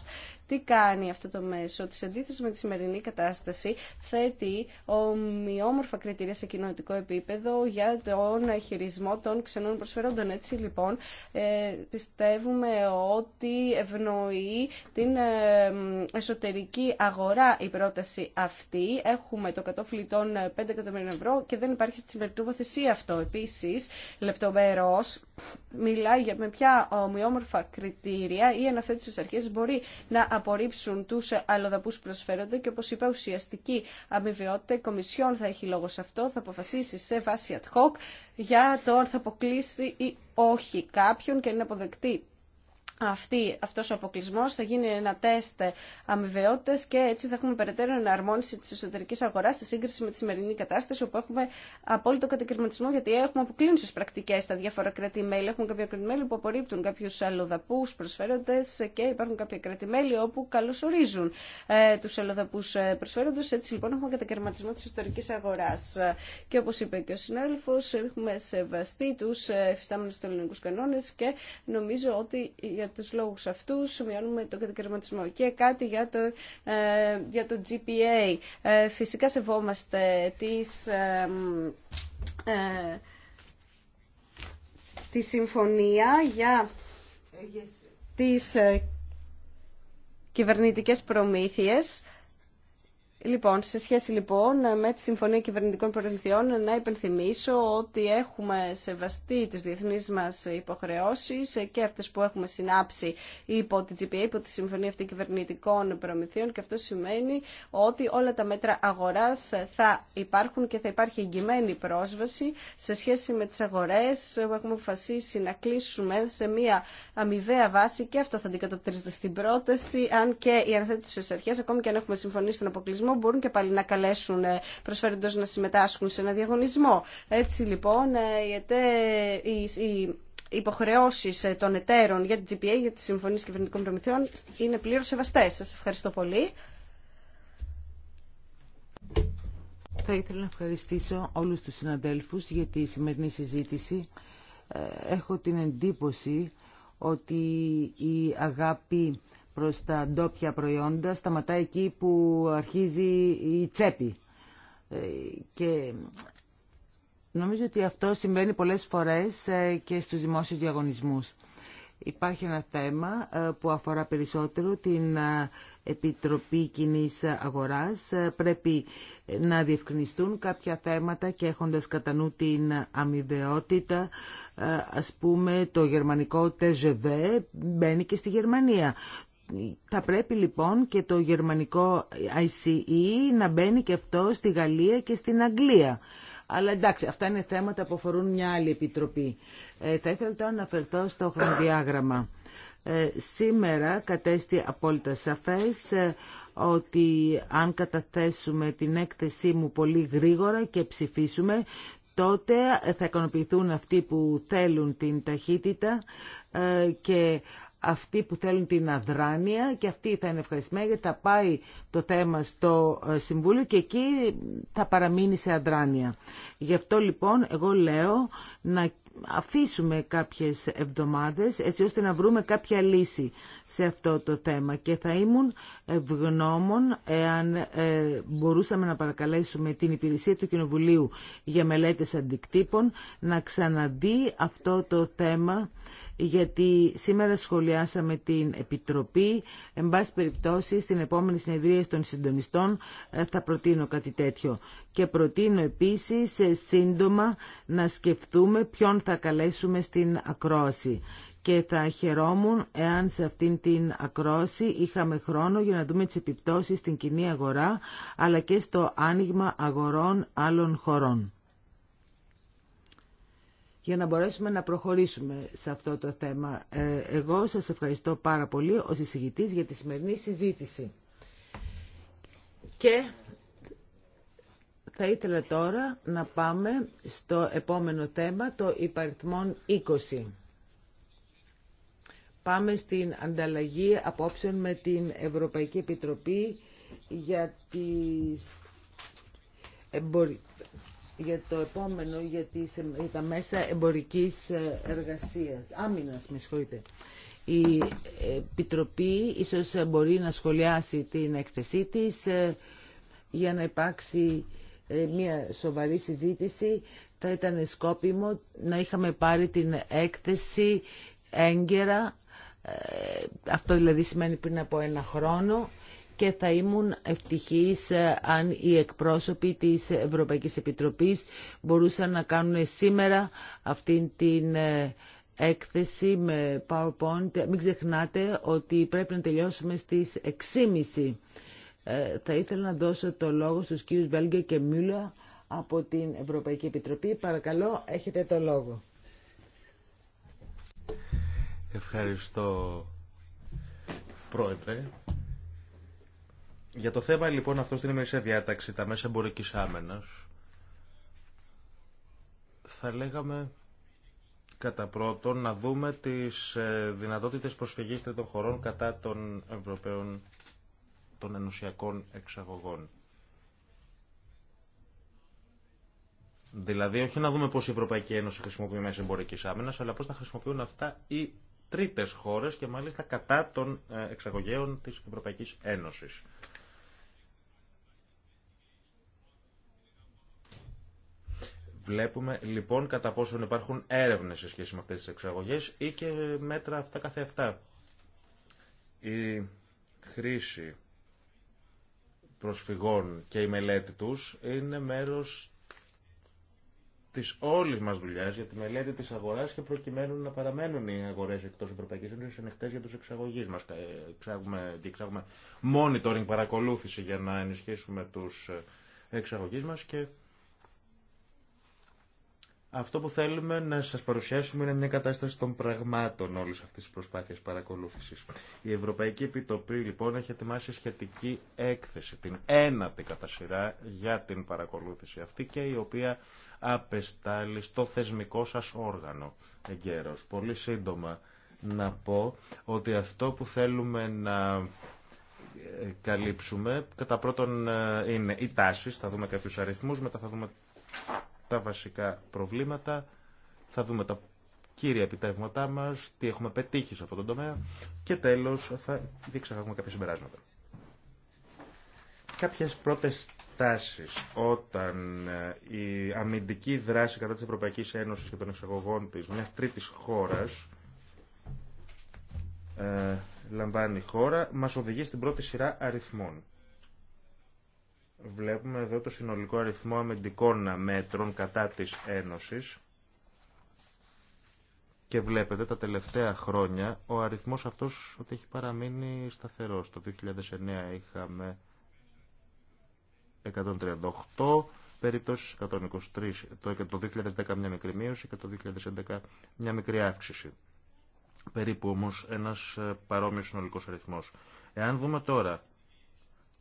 Τι κάνει αυτό το μέσο, τη αντίθεση με τη σημερινή κατάσταση, θέτει ομοιόμορφα κριτήρια σε κοινωνικό επίπεδο για τον χειρισμό των ξενών προσφερόντων. Έτσι λοιπόν, ε, πιστεύουμε ότι ευνοεί την ε, εσωτερική αγορά η πρόταση αυτή. Έχουμε το Φιλιτών 5 ε, εκατομμύρια ευρώ και δεν υπάρχει στην περιτούμαθησία αυτό. Επίση, λεπτομερό, μιλάει για με ποια ομοιόμορφα κριτήρια οι αναθέτουσε αρχε μπορεί να απορρίψουν τους αλλοδαπούς προσφέρονται και οπω είπα ουσιαστική αμοιβαιότητα η Κομισιόν θα έχει λόγο σε αυτό, θα αποφασίσει σε βάση ad hoc για το αν θα αποκλείσει ή όχι κάποιον και είναι αποδεκτή αυτή, αυτός ο αποκλεισμός θα γίνει ένα τεστ αμοιβαιότητας και έτσι θα έχουμε περαιτέρω εναρμόνιση της εσωτερικής αγοράς σε σύγκριση με τη σημερινή κατάσταση όπου έχουμε απόλυτο κατακριματισμό γιατί έχουμε αποκλίνουσες πρακτικές στα διάφορα Έχουμε κάποια που απορρίπτουν κάποιους αλλοδαπούς προσφέροντες και υπάρχουν κάποια όπου καλωσορίζουν ε, τους αλλοδαπούς ε, προσφέροντες. Έτσι λοιπόν έχουμε κατακριματισμό της εσωτερικής αγοράς. Και όπως είπε και ο συνάδελφος, έχουμε σεβαστεί τους ε, εφιστάμενους ελληνικούς κανόνες και νομίζω ότι για τους λόγους αυτούς σημειώνουμε τον κατακαιρματισμό. Και κάτι για το, ε, για το GPA. Ε, φυσικά σεβόμαστε τις... Ε, ε, τη συμφωνία για τις κυβερνητικές προμήθειες Λοιπόν, σε σχέση λοιπόν με τη Συμφωνία Κυβερνητικών Προμηθειών, να υπενθυμίσω ότι έχουμε σεβαστεί τι διεθνεί μα υποχρεώσει και αυτέ που έχουμε συνάψει υπό τη GPA, υπό τη Συμφωνία αυτή Κυβερνητικών Προμηθειών και αυτό σημαίνει ότι όλα τα μέτρα αγορά θα υπάρχουν και θα υπάρχει εγγυημένη πρόσβαση σε σχέση με τι αγορέ, που έχουμε αποφασίσει να κλείσουμε σε μια αμοιβαία βάση και αυτό θα αντικατοπτρίζεται στην πρόταση, αν και οι αναθέτουσες αρχέ, ακόμη και αν έχουμε συμφωνήσει στον αποκλεισμό, μπορούν και πάλι να καλέσουν ε, προσφέροντό να συμμετάσχουν σε ένα διαγωνισμό. Έτσι λοιπόν ε, οι υποχρεώσεις ε, των εταίρων για την GPA, για τις συμφωνίες κυβερνητικών προμηθειών είναι πλήρως σεβαστές. Σας ευχαριστώ πολύ. Θα ήθελα να ευχαριστήσω όλους τους συναντέλφους για τη σημερινή συζήτηση. Έχω την εντύπωση ότι η αγάπη προς τα ντόπια προϊόντα σταματά εκεί που αρχίζει η τσέπη. Ε, και νομίζω ότι αυτό συμβαίνει πολλές φορές ε, και στους δημόσιους διαγωνισμούς. Υπάρχει ένα θέμα ε, που αφορά περισσότερο την Επιτροπή κοινή Αγοράς. Πρέπει να διευκρινιστούν κάποια θέματα και έχοντας κατά νου την αμοιβαιότητα, ας πούμε το γερμανικό TGV μπαίνει και στη Γερμανία θα πρέπει λοιπόν και το γερμανικό ICE να μπαίνει και αυτό στη Γαλλία και στην Αγγλία. Αλλά εντάξει, αυτά είναι θέματα που αφορούν μια άλλη επιτροπή. Ε, θα ήθελα τώρα να αναφερθώ στο χρονοδιάγραμμα. Ε, σήμερα κατέστη απόλυτα σαφές ε, ότι αν καταθέσουμε την έκθεσή μου πολύ γρήγορα και ψηφίσουμε, τότε θα ικανοποιηθούν αυτοί που θέλουν την ταχύτητα και αυτοί που θέλουν την αδράνεια και αυτοί θα είναι ευχαριστημένοι γιατί θα πάει το θέμα στο ε, Συμβούλιο και εκεί θα παραμείνει σε αδράνεια. Γι' αυτό λοιπόν εγώ λέω να αφήσουμε κάποιες εβδομάδες έτσι ώστε να βρούμε κάποια λύση σε αυτό το θέμα και θα ήμουν ευγνώμων εάν ε, μπορούσαμε να παρακαλέσουμε την υπηρεσία του Κοινοβουλίου για μελέτες αντικτύπων να ξαναδεί αυτό το θέμα γιατί σήμερα σχολιάσαμε την Επιτροπή. Εν πάση περιπτώσει, στην επόμενη συνεδρία των συντονιστών ε, θα προτείνω κάτι τέτοιο. Και προτείνω επίσης ε, σύντομα να σκεφτούμε ποιον θα καλέσουμε στην ακρόαση και θα χαιρόμουν εάν σε αυτήν την ακρόαση είχαμε χρόνο για να δούμε τις επιπτώσεις στην κοινή αγορά αλλά και στο άνοιγμα αγορών άλλων χωρών για να μπορέσουμε να προχωρήσουμε σε αυτό το θέμα. Ε, εγώ σας ευχαριστώ πάρα πολύ ως εισηγητής για τη σημερινή συζήτηση. Και θα ήθελα τώρα να πάμε στο επόμενο θέμα, το υπαριθμόν 20. Πάμε στην ανταλλαγή απόψεων με την Ευρωπαϊκή Επιτροπή για τις εμπορικές για το επόμενο για, τα μέσα εμπορικής ε, εργασίας. Άμυνας, με συγχωρείτε. Η Επιτροπή ίσως μπορεί να σχολιάσει την έκθεσή της ε, για να υπάρξει ε, μια σοβαρή συζήτηση. Θα ήταν σκόπιμο να είχαμε πάρει την έκθεση έγκαιρα, αυτό δηλαδή σημαίνει πριν από ένα χρόνο, και θα ήμουν ευτυχής ε, αν οι εκπρόσωποι της Ευρωπαϊκής Επιτροπής μπορούσαν να κάνουν σήμερα αυτήν την ε, έκθεση με PowerPoint. Μην ξεχνάτε ότι πρέπει να τελειώσουμε στις 6.30. Ε, θα ήθελα να δώσω το λόγο στους κύριους Βέλγιο και Μιούλα από την Ευρωπαϊκή Επιτροπή. Παρακαλώ, έχετε το λόγο. Ευχαριστώ, Πρόεδρε. Για το θέμα λοιπόν αυτό στην ημερήσια διάταξη, τα μέσα εμπορικής άμενας, θα λέγαμε κατά πρώτον να δούμε τις ε, δυνατότητες προσφυγής τρίτων χωρών κατά των Ευρωπαίων των ενωσιακών εξαγωγών. Δηλαδή, όχι να δούμε πώ η Ευρωπαϊκή Ένωση χρησιμοποιεί μέσα εμπορική άμενα, αλλά πώ θα χρησιμοποιούν αυτά οι τρίτε χώρε και μάλιστα κατά των ε, εξαγωγέων τη Ευρωπαϊκή Ένωση. Βλέπουμε λοιπόν κατά πόσον υπάρχουν έρευνες σε σχέση με αυτές τις εξαγωγές ή και μέτρα αυτά καθεαυτά. Η και μετρα αυτα αυτα προσφυγών και η μελέτη τους είναι μέρος της όλης μας δουλειάς για τη μελέτη της αγοράς και προκειμένου να παραμένουν οι αγορές εκτός Ευρωπαϊκής Ένωσης ανοιχτές για τους εξαγωγείς μας. Εξάγουμε, διεξάγουμε monitoring, παρακολούθηση για να ενισχύσουμε τους εξαγωγείς μας και αυτό που θέλουμε να σα παρουσιάσουμε είναι μια κατάσταση των πραγμάτων όλη αυτή τη προσπάθεια παρακολούθηση. Η Ευρωπαϊκή Επιτροπή λοιπόν έχει ετοιμάσει σχετική έκθεση, την ένατη κατά σειρά για την παρακολούθηση αυτή και η οποία απεστάλλει στο θεσμικό σα όργανο εγκαίρω. Πολύ σύντομα να πω ότι αυτό που θέλουμε να ε, καλύψουμε κατά πρώτον ε, είναι οι τάσει, θα δούμε κάποιου αριθμού, μετά θα δούμε τα βασικά προβλήματα, θα δούμε τα κύρια επιτεύγματά μας, τι έχουμε πετύχει σε αυτόν τον τομέα και τέλος θα δείξαμε κάποια συμπεράσματα. Κάποιες πρώτες τάσεις όταν ε, η αμυντική δράση κατά της Ευρωπαϊκής Ένωσης και των εξαγωγών της μιας τρίτης χώρας ε, λαμβάνει χώρα, μας οδηγεί στην πρώτη σειρά αριθμών. Βλέπουμε εδώ το συνολικό αριθμό αμυντικών μέτρων κατά της Ένωσης και βλέπετε τα τελευταία χρόνια ο αριθμός αυτός ότι έχει παραμείνει σταθερός. Το 2009 είχαμε 138 περιπτώσεις, 123, το 2010 μια μικρή μείωση και το 2011 μια μικρή αύξηση. Περίπου όμως ένας ε, παρόμοιος συνολικός αριθμός. Εάν δούμε τώρα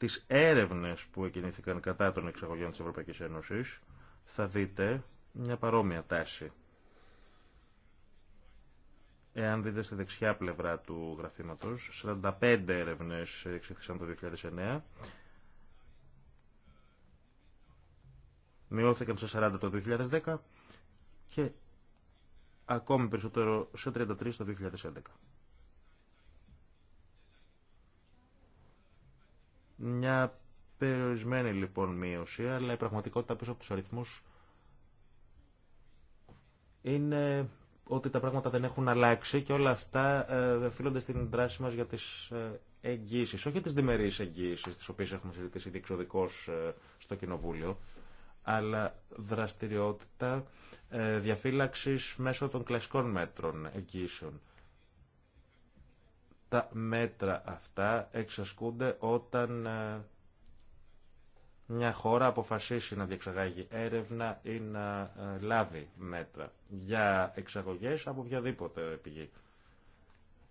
τις έρευνες που εκινήθηκαν κατά των εξαγωγών της Ευρωπαϊκής Ένωσης, θα δείτε μια παρόμοια τάση. Εάν δείτε στη δεξιά πλευρά του γραφήματος, 45 έρευνες εξήχθησαν το 2009, μειώθηκαν σε 40 το 2010 και ακόμη περισσότερο σε 33 το 2011. Μια περιορισμένη λοιπόν μείωση, αλλά η πραγματικότητα πίσω από τους αριθμούς είναι ότι τα πράγματα δεν έχουν αλλάξει και όλα αυτά ε, φύλλονται στην δράση μας για τις ε, εγγύσεις, όχι τις διμερείς εγγύσεις, τις οποίες έχουμε συζητήσει διεξοδικώς ε, στο Κοινοβούλιο, αλλά δραστηριότητα διαφύλαξης μέσω των κλασικών μέτρων εγγύσεων τα μέτρα αυτά εξασκούνται όταν ε, μια χώρα αποφασίσει να διεξαγάγει έρευνα ή να ε, λάβει μέτρα για εξαγωγές από οποιαδήποτε πηγή.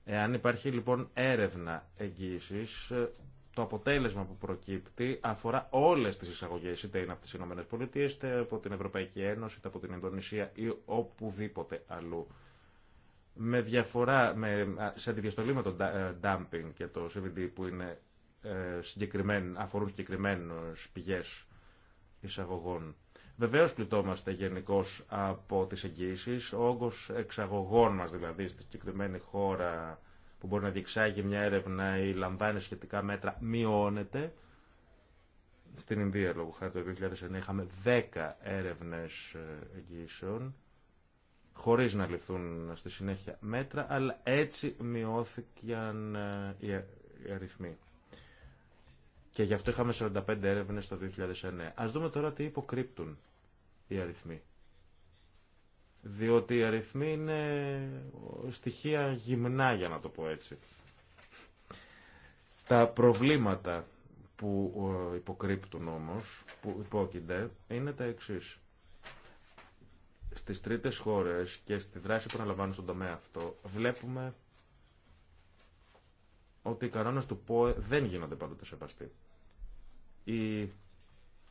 Εάν υπάρχει λοιπόν έρευνα εγγύησης, ε, το αποτέλεσμα που προκύπτει αφορά όλες τις εισαγωγές, είτε είναι από τις ΗΠΑ, είτε από την Ευρωπαϊκή Ένωση, είτε από την Ινδονησία ή οπουδήποτε αλλού με διαφορά, με, σε αντιδιαστολή με το ε, dumping και το CBD που είναι, ε, συγκεκριμένο, αφορούν συγκεκριμένες πηγές εισαγωγών. Βεβαίω πληττόμαστε γενικώ από τι εγγύησει. Ο όγκο εξαγωγών μα, δηλαδή, στη συγκεκριμένη χώρα που μπορεί να διεξάγει μια έρευνα ή λαμβάνει σχετικά μέτρα, μειώνεται. Στην Ινδία, λόγω χάρη, το 2009 είχαμε 10 έρευνε ε, εγγύησεων χωρίς να ληφθούν στη συνέχεια μέτρα, αλλά έτσι μειώθηκαν ε, ε, οι αριθμοί. Και γι' αυτό είχαμε 45 έρευνες το 2009. Ας δούμε τώρα τι υποκρύπτουν οι αριθμοί. Διότι οι αριθμοί είναι στοιχεία γυμνά, για να το πω έτσι. Τα προβλήματα που ε, υποκρύπτουν όμως, που υπόκεινται, είναι τα εξής στις τρίτες χώρες και στη δράση που αναλαμβάνουν στον τομέα αυτό, βλέπουμε ότι οι κανόνες του ΠΟΕ δεν γίνονται πάντοτε σεβαστοί. Η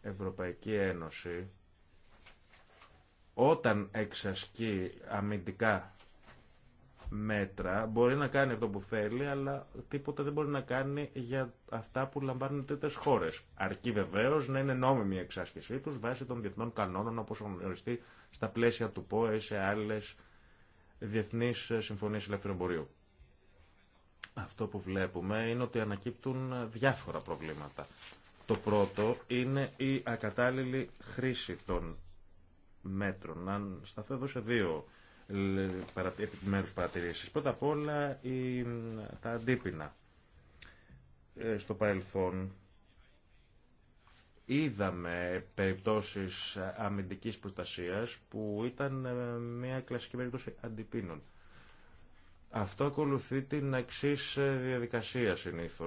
Ευρωπαϊκή Ένωση όταν εξασκεί αμυντικά μέτρα. Μπορεί να κάνει αυτό που θέλει, αλλά τίποτα δεν μπορεί να κάνει για αυτά που λαμβάνουν τρίτε χώρε. Αρκεί βεβαίω να είναι νόμιμη η εξάσκησή του βάσει των διεθνών κανόνων όπω γνωριστεί στα πλαίσια του ΠΟΕ σε άλλε διεθνεί συμφωνίε ελεύθερου εμπορίου. Αυτό που βλέπουμε είναι ότι ανακύπτουν διάφορα προβλήματα. Το πρώτο είναι η ακατάλληλη χρήση των μέτρων. Αν σταθώ εδώ σε δύο επιμέρους παρατηρήσεις. Πρώτα απ' όλα η, τα αντίπεινα. Ε, στο παρελθόν είδαμε περιπτώσεις αμυντικής προστασίας που ήταν ε, μια κλασική περίπτωση αντιπίνων. Αυτό ακολουθεί την εξή ε, διαδικασία συνήθω.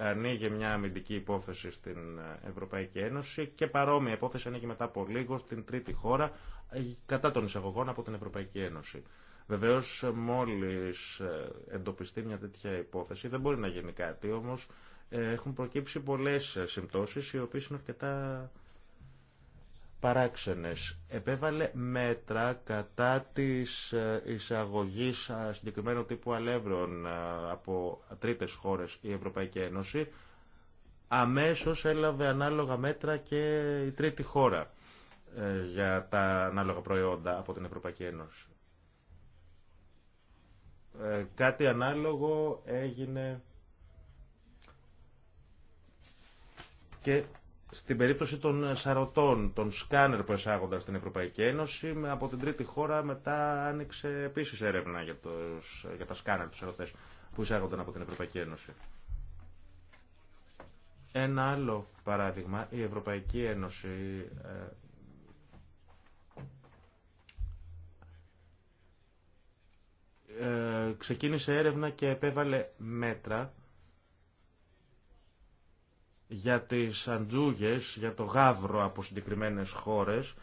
Ανοίγει μια αμυντική υπόθεση στην Ευρωπαϊκή Ένωση και παρόμοια υπόθεση ανοίγει μετά από λίγο στην τρίτη χώρα, κατά των εισαγωγών από την Ευρωπαϊκή Ένωση. Βεβαίω, μόλι ε, εντοπιστεί μια τέτοια υπόθεση, δεν μπορεί να γίνει κάτι, όμω ε, έχουν προκύψει πολλέ ε, συμπτώσει, οι οποίε είναι αρκετά παράξενες. Επέβαλε μέτρα κατά της εισαγωγής συγκεκριμένου τύπου αλεύρων από τρίτες χώρες η Ευρωπαϊκή Ένωση. Αμέσως έλαβε ανάλογα μέτρα και η τρίτη χώρα. Ε, για τα ανάλογα προϊόντα από την Ευρωπαϊκή Ένωση. Ε, κάτι ανάλογο έγινε και στην περίπτωση των σαρωτών, των σκάνερ που εισάγονταν στην Ευρωπαϊκή Ένωση, από την τρίτη χώρα μετά άνοιξε επίσης έρευνα για, τους, για τα σκάνερ, τους σαρωτές που εισάγονταν από την Ευρωπαϊκή Ένωση. Ένα άλλο παράδειγμα, η Ευρωπαϊκή Ένωση ε, Ε, ξεκίνησε έρευνα και επέβαλε μέτρα για τις αντζούγες, για το γάβρο από συγκεκριμένες χώρες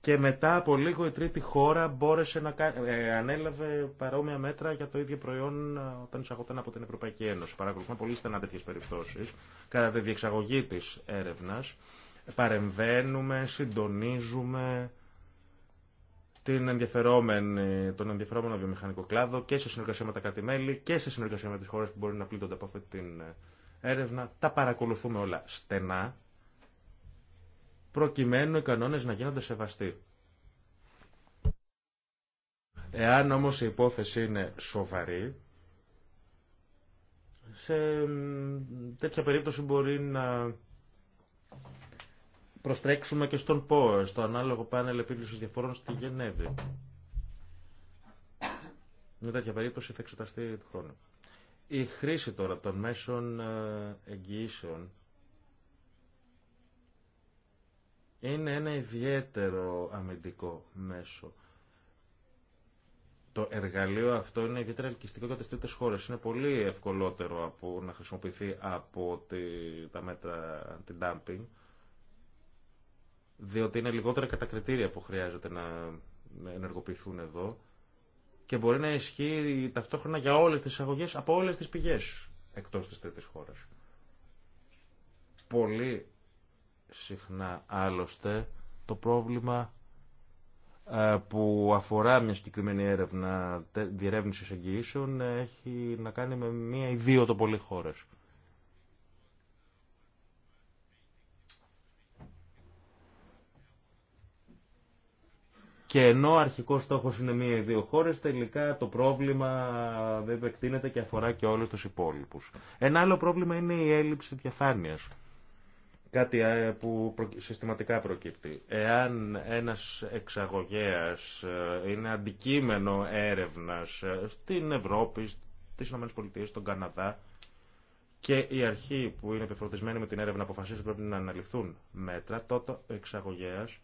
και μετά από λίγο η τρίτη χώρα μπόρεσε να ε, ανέλαβε παρόμοια μέτρα για το ίδιο προϊόν ε, όταν εισαγόταν από την Ευρωπαϊκή Ένωση. Παρακολουθούμε πολύ στενά τέτοιες περιπτώσεις. Κατά τη διεξαγωγή τη έρευνα παρεμβαίνουμε, συντονίζουμε την ενδιαφερόμενη, τον ενδιαφερόμενο βιομηχανικό κλάδο και σε συνεργασία με τα κράτη-μέλη και σε συνεργασία με τις χώρες που μπορεί να πλήττονται από αυτή την ε, έρευνα. Τα παρακολουθούμε όλα στενά, προκειμένου οι κανόνες να γίνονται σεβαστοί. Εάν όμως η υπόθεση είναι σοβαρή, σε τέτοια περίπτωση μπορεί να προστρέξουμε και στον ΠΟΕ, στο ανάλογο πάνελ επίλυση διαφορών στη Γενέβη. Μια τέτοια περίπτωση θα εξεταστεί του χρόνου. Η χρήση τώρα των μέσων ε, εγγυήσεων είναι ένα ιδιαίτερο αμυντικό μέσο. Το εργαλείο αυτό είναι ιδιαίτερα ελκυστικό για τις τρίτες χώρες. Είναι πολύ ευκολότερο από, να χρησιμοποιηθεί από τη, τα μέτρα διότι είναι λιγότερα κατακριτήρια που χρειάζεται να ενεργοποιηθούν εδώ και μπορεί να ισχύει ταυτόχρονα για όλες τις εισαγωγές από όλες τις πηγές εκτός της τρίτης χώρας. Πολύ συχνά άλλωστε το πρόβλημα ε, που αφορά μια συγκεκριμένη έρευνα διερεύνησης εγγυήσεων έχει να κάνει με μία ή δύο το πολύ χώρες. Και ενώ αρχικό στόχο είναι ο μία ή δύο χώρε, τελικά το πρόβλημα δεν επεκτείνεται και αφορά και όλου του υπόλοιπου. Ένα άλλο πρόβλημα είναι η έλλειψη διαφάνεια. Κάτι ε, που συστηματικά προκύπτει. Εάν ένας εξαγωγέας ε, είναι αντικείμενο έρευνας ε, στην Ευρώπη, στις ΗΠΑ, στον Καναδά και η αρχή που είναι επιφροντισμένη με την έρευνα αποφασίζει πρέπει να αναλυθούν μέτρα, τότε ο εξαγωγέας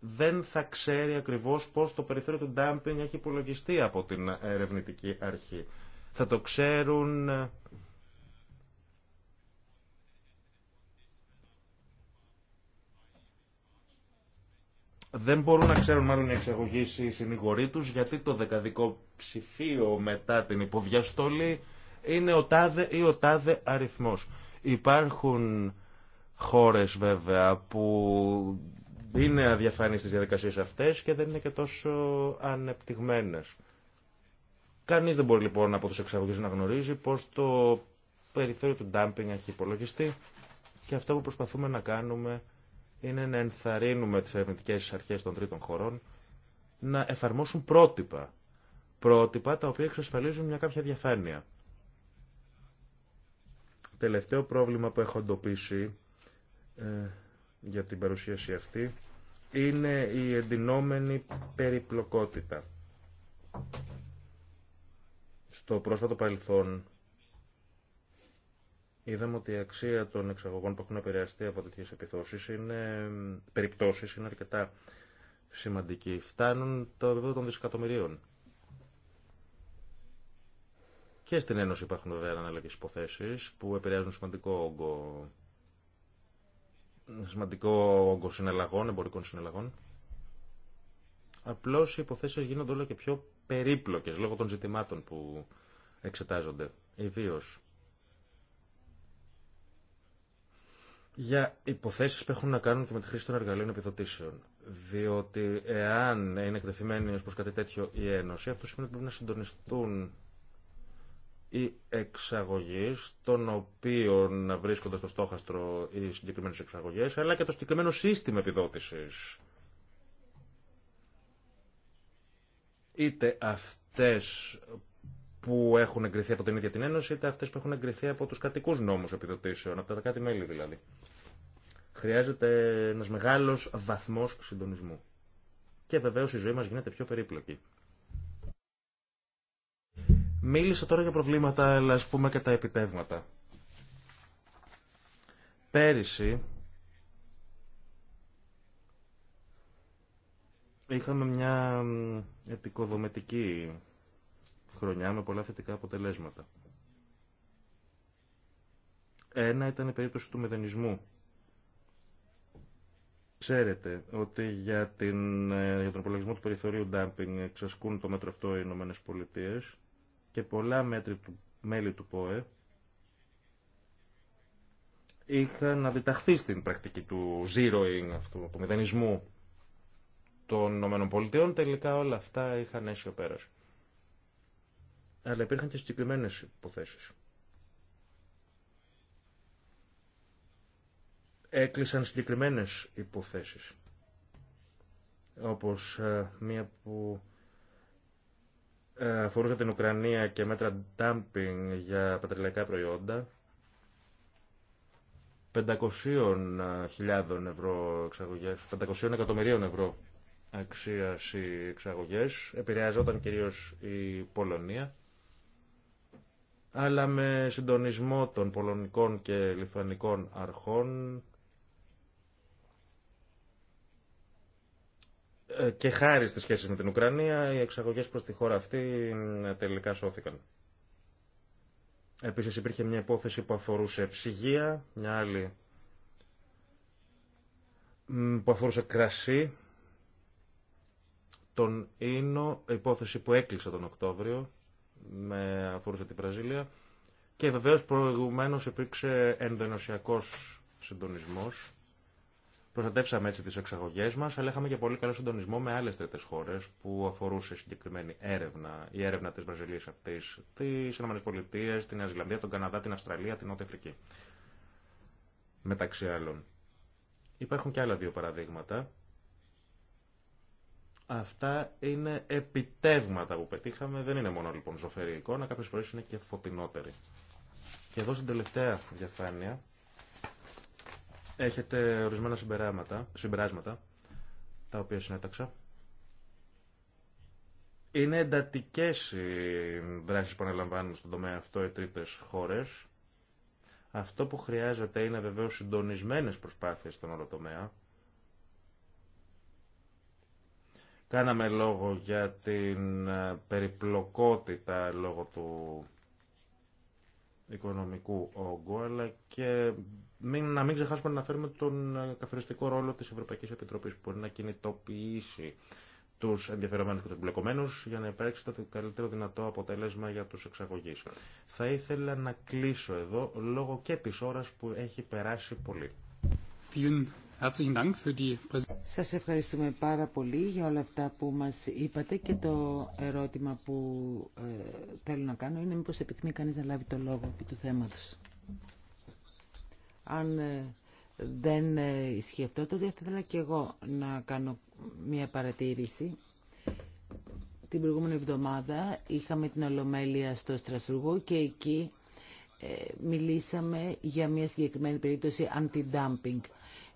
δεν θα ξέρει ακριβώς πώς το περιθώριο του ντάμπινγκ έχει υπολογιστεί από την ερευνητική αρχή. Θα το ξέρουν δεν μπορούν να ξέρουν μάλλον οι εξαγωγείς ή οι συνηγοροί του γιατί το δεκαδικό ψηφίο μετά την υποβιαστολή είναι ο τάδε ή ο τάδε αριθμός. Υπάρχουν χώρες βέβαια που είναι αδιαφανείς τις διαδικασίες αυτές και δεν είναι και τόσο ανεπτυγμένες. Κανείς δεν μπορεί λοιπόν από τους εξαγωγείς να γνωρίζει πώς το περιθώριο του ντάμπινγκ έχει υπολογιστεί και αυτό που προσπαθούμε να κάνουμε είναι να ενθαρρύνουμε τις ερευνητικέ αρχές των τρίτων χωρών να εφαρμόσουν πρότυπα. Πρότυπα τα οποία εξασφαλίζουν μια κάποια διαφάνεια. Τελευταίο πρόβλημα που έχω εντοπίσει ε, για την παρουσίαση αυτή είναι η εντυνόμενη περιπλοκότητα. Στο πρόσφατο παρελθόν είδαμε ότι η αξία των εξαγωγών που έχουν επηρεαστεί από τέτοιε είναι, περιπτώσεις είναι αρκετά σημαντική. Φτάνουν το επίπεδο των δισεκατομμυρίων. Και στην Ένωση υπάρχουν βέβαια αναλλαγές υποθέσεις που επηρεάζουν σημαντικό όγκο σημαντικό όγκο συναλλαγών, εμπορικών συναλλαγών. Απλώ οι υποθέσει γίνονται όλο και πιο περίπλοκε λόγω των ζητημάτων που εξετάζονται. Ιδίω για υποθέσεις που έχουν να κάνουν και με τη χρήση των εργαλείων επιδοτήσεων. Διότι εάν είναι εκτεθειμένη προς κάτι τέτοιο η Ένωση, αυτό σημαίνει ότι πρέπει να συντονιστούν οι εξαγωγείς των οποίων βρίσκονται στο στόχαστρο οι συγκεκριμένε εξαγωγές αλλά και το συγκεκριμένο σύστημα επιδότησης. Είτε αυτές που έχουν εγκριθεί από την ίδια την Ένωση είτε αυτές που έχουν εγκριθεί από τους κατοικούς νόμους επιδοτήσεων, από τα κάτι μέλη δηλαδή. Χρειάζεται ένας μεγάλος βαθμός συντονισμού. Και βεβαίως η ζωή μας γίνεται πιο περίπλοκη. Μίλησα τώρα για προβλήματα, αλλά ας πούμε και τα επιτεύγματα. Πέρυσι είχαμε μια επικοδομητική χρονιά με πολλά θετικά αποτελέσματα. Ένα ήταν η περίπτωση του μεδενισμού. Ξέρετε ότι για, την, ε, για τον απολογισμό του περιθωρίου ντάμπινγκ εξασκούν το μέτρο αυτό οι Ηνωμένε Πολιτείε και πολλά μέτρη του, μέλη του ΠΟΕ είχαν αντιταχθεί στην πρακτική του zeroing αυτού, του μηδενισμού των ΗΠΑ, τελικά όλα αυτά είχαν αίσιο πέρας. Αλλά υπήρχαν και συγκεκριμένε υποθέσεις. Έκλεισαν συγκεκριμένε υποθέσεις. Όπως ε, μία που ε, αφορούσε την Ουκρανία και μέτρα dumping για πετρελαϊκά προϊόντα. 500.000 ευρώ εξαγωγές, 500 εκατομμυρίων ευρώ αξίας οι εξαγωγές. επηρεάζονταν κυρίως η Πολωνία. Αλλά με συντονισμό των πολωνικών και λιθουανικών αρχών Ε, και χάρη στις σχέσεις με την Ουκρανία, οι εξαγωγές προς τη χώρα αυτή τελικά σώθηκαν. Επίσης υπήρχε μια υπόθεση που αφορούσε ψυγεία, μια άλλη που αφορούσε κρασί, τον Ίνο, υπόθεση που έκλεισε τον Οκτώβριο, με αφορούσε την Βραζίλια και βεβαίως προηγουμένως υπήρξε ενδονοσιακός συντονισμός Προστατεύσαμε έτσι τι εξαγωγέ μα, αλλά είχαμε και πολύ καλό συντονισμό με άλλε τρίτε χώρε που αφορούσε συγκεκριμένη έρευνα, η έρευνα τη Βραζιλία αυτή, τι ΗΠΑ, την Αζηλανδία, τον Καναδά, την Αυστραλία, την Νότια Αφρική. Μεταξύ άλλων. Υπάρχουν και άλλα δύο παραδείγματα. Αυτά είναι επιτεύγματα που πετύχαμε, δεν είναι μόνο λοιπόν ζωφερή εικόνα, κάποιε φορέ είναι και φωτεινότερη. Και εδώ στην τελευταία διαφάνεια Έχετε ορισμένα συμπεράσματα, συμπεράσματα τα οποία συνέταξα. Είναι εντατικέ οι δράσει που αναλαμβάνουν στον τομέα αυτό οι τρίτε χώρε. Αυτό που χρειάζεται είναι βεβαίω συντονισμένε προσπάθειε στον όλο τομέα. Κάναμε λόγο για την ε, περιπλοκότητα λόγω του οικονομικού όγκου, αλλά και μην, να μην ξεχάσουμε να αναφέρουμε τον ε, καθοριστικό ρόλο της Ευρωπαϊκής Επιτροπής που μπορεί να κινητοποιήσει τους ενδιαφερομένους και τους εμπλεκομένους για να υπάρξει το καλύτερο δυνατό αποτέλεσμα για τους εξαγωγείς. Θα ήθελα να κλείσω εδώ λόγω και της ώρας που έχει περάσει πολύ. Σας ευχαριστούμε πάρα πολύ για όλα αυτά που μας είπατε και το ερώτημα που ε, θέλω να κάνω είναι μήπως επιθυμεί κανείς να λάβει το λόγο επί του θέματος. Αν ε, δεν ε, ισχύει αυτό, τότε θα ήθελα και εγώ να κάνω μια παρατήρηση. Την προηγούμενη εβδομάδα είχαμε την Ολομέλεια στο Στρασβούργο και εκεί ε, μιλήσαμε για μια συγκεκριμένη περίπτωση anti-dumping.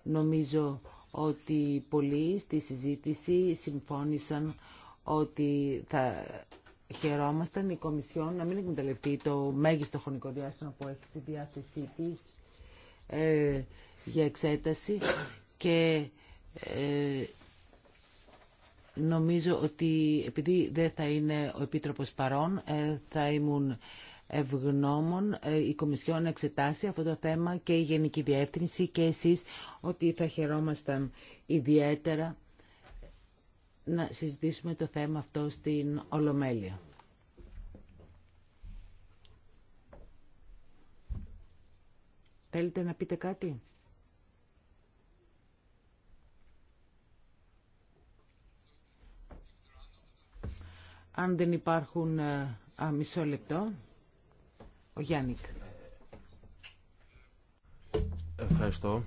Νομίζω ότι πολλοί στη συζήτηση συμφώνησαν ότι θα χαιρόμασταν η Κομισιόν να μην εκμεταλλευτεί το μέγιστο χρονικό διάστημα που έχει στη διάθεσή της ε, για εξέταση και ε, νομίζω ότι επειδή δεν θα είναι ο Επίτροπος παρόν ε, θα ήμουν ευγνώμων η Κομισιόν να εξετάσει αυτό το θέμα και η Γενική Διεύθυνση και εσείς ότι θα χαιρόμασταν ιδιαίτερα να συζητήσουμε το θέμα αυτό στην Ολομέλεια. Θέλετε να πείτε κάτι. Αν δεν υπάρχουν... Ε, α, μισό λεπτό. Ο Γιάννικ. Ευχαριστώ.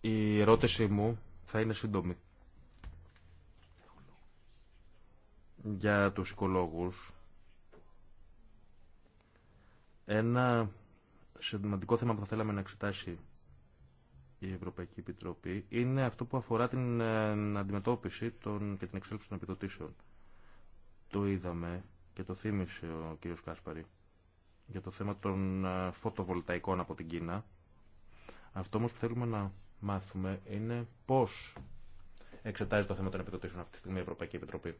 Η ερώτησή μου θα είναι σύντομη. Για τους οικολόγους, ένα σημαντικό θέμα που θα θέλαμε να εξετάσει η Ευρωπαϊκή Επιτροπή είναι αυτό που αφορά την ε, αντιμετώπιση των, και την εξέλιξη των επιδοτήσεων. Το είδαμε και το θύμισε ο κύριος Κάσπαρη για το θέμα των ε, φωτοβολταϊκών από την Κίνα. Αυτό όμως που θέλουμε να μάθουμε είναι πώς εξετάζει το θέμα των επιδοτήσεων αυτή τη στιγμή η Ευρωπαϊκή Επιτροπή.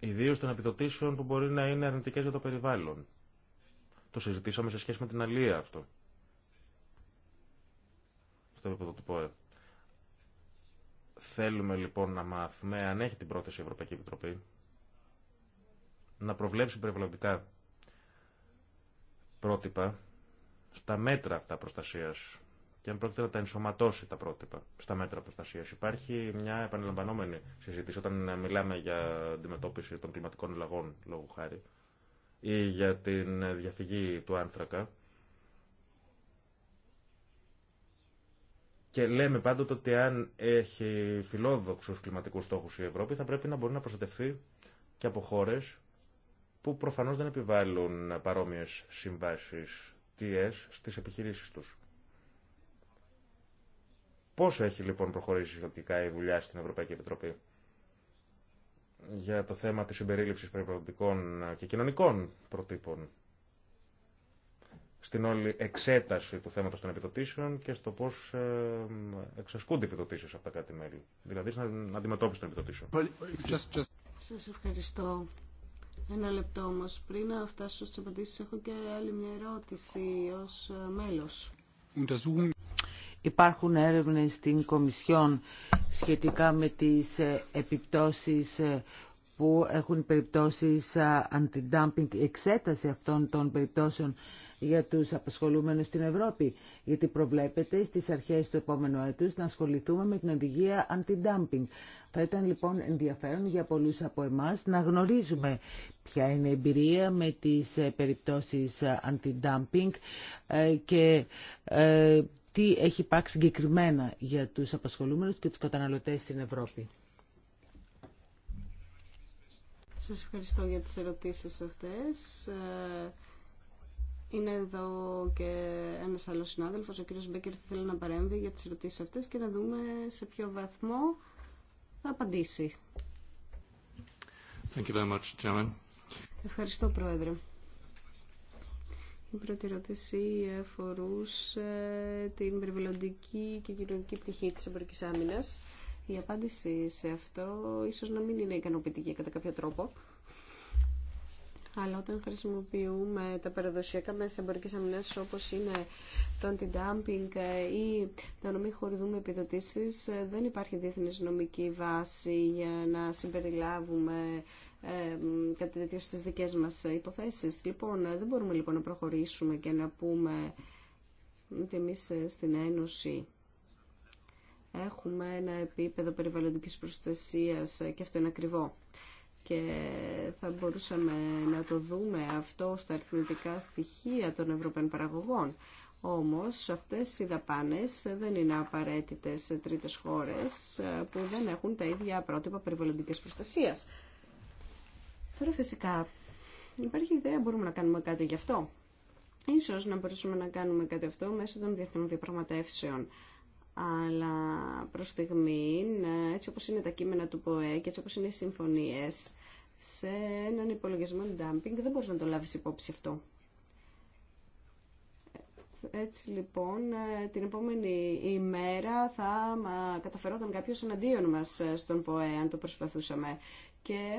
Ιδίω των επιδοτήσεων που μπορεί να είναι αρνητικέ για το περιβάλλον. Το συζητήσαμε σε σχέση με την αλλήλεια αυτό. του Ε. Θέλουμε λοιπόν να μάθουμε αν έχει την πρόθεση η Ευρωπαϊκή Επιτροπή να προβλέψει περιβαλλοντικά πρότυπα στα μέτρα αυτά προστασίας και αν πρόκειται να τα ενσωματώσει τα πρότυπα στα μέτρα προστασία. Υπάρχει μια επαναλαμβανόμενη συζήτηση όταν μιλάμε για αντιμετώπιση των κλιματικών λαγών, λόγου χάρη ή για την διαφυγή του άνθρακα. Και λέμε πάντοτε ότι αν έχει φιλόδοξους κλιματικούς στόχους η Ευρώπη θα πρέπει να μπορεί να προστατευτεί και από χώρε που προφανώς δεν επιβάλλουν παρόμοιες συμβάσεις TS στις επιχειρήσεις τους. Πόσο έχει λοιπόν προχωρήσει σχετικά η δουλειά στην Ευρωπαϊκή Επιτροπή για το θέμα της συμπερίληψης περιβαλλοντικών και κοινωνικών προτύπων στην όλη εξέταση του θέματος των επιδοτήσεων και στο πώς ε, εξασκούνται οι επιδοτήσεις από τα κάτι μέλη. Δηλαδή, στην αντιμετώπιση των επιδοτήσεων. Σας ευχαριστώ. Ένα λεπτό όμω, Πριν να φτάσω στις απαντήσεις, έχω και άλλη μια ερώτηση ως ε, μέλος. Υπάρχουν έρευνες στην Κομισιόν σχετικά με τις ε, επιπτώσεις ε, που έχουν περιπτώσεις ε, αντι-dumping, εξέταση αυτών των περιπτώσεων για τους απασχολούμενους στην Ευρώπη. Γιατί προβλέπεται στις αρχές του επόμενου έτους να ασχοληθούμε με την οδηγία αντι-dumping. Θα ήταν λοιπόν ενδιαφέρον για πολλούς από εμάς να γνωρίζουμε ποια είναι η εμπειρία με τις περιπτώσεις αντι-dumping και τι έχει υπάρξει συγκεκριμένα για τους απασχολούμενους και τους καταναλωτές στην Ευρώπη. Σας ευχαριστώ για τις ερωτήσεις αυτές. Ε, είναι εδώ και ένας άλλος συνάδελφος, ο κύριος Μπέκερ που θέλει να παρέμβει για τις ερωτήσεις αυτές και να δούμε σε ποιο βαθμό θα απαντήσει. Thank you very much, Ευχαριστώ, Πρόεδρε. Η πρώτη ερώτηση αφορούσε την περιβαλλοντική και κοινωνική πτυχή της εμπορικής άμυνας. Η απάντηση σε αυτό ίσως να μην είναι ικανοποιητική κατά κάποιο τρόπο. Αλλά όταν χρησιμοποιούμε τα παραδοσιακά μέσα εμπορικής άμυνας όπως είναι το anti-dumping ή το να μην χορηγούμε επιδοτήσεις, δεν υπάρχει διεθνής νομική βάση για να συμπεριλάβουμε κάτι τέτοιο στις δικές μας υποθέσεις. Λοιπόν, ε, δεν μπορούμε λοιπόν να προχωρήσουμε και να πούμε ότι εμείς ε, στην Ένωση έχουμε ένα επίπεδο περιβαλλοντικής προστασίας ε, και αυτό είναι ακριβό. Και θα μπορούσαμε να το δούμε αυτό στα αριθμητικά στοιχεία των Ευρωπαίων παραγωγών. Όμως αυτές οι δαπάνες δεν είναι απαραίτητες σε τρίτες χώρες που δεν έχουν τα ίδια πρότυπα περιβαλλοντικής προστασίας. Τώρα φυσικά υπάρχει ιδέα, μπορούμε να κάνουμε κάτι γι' αυτό. Ίσως να μπορούσαμε να κάνουμε κάτι αυτό μέσω των διεθνών διαπραγματεύσεων. Αλλά προς στιγμή, ναι, έτσι όπω είναι τα κείμενα του ΠΟΕ και έτσι όπως είναι οι συμφωνίε, σε έναν υπολογισμό dumping δεν μπορεί να το λάβει υπόψη αυτό. Έτσι λοιπόν, την επόμενη ημέρα θα καταφερόταν κάποιο εναντίον μα στον ΠΟΕ, αν το προσπαθούσαμε και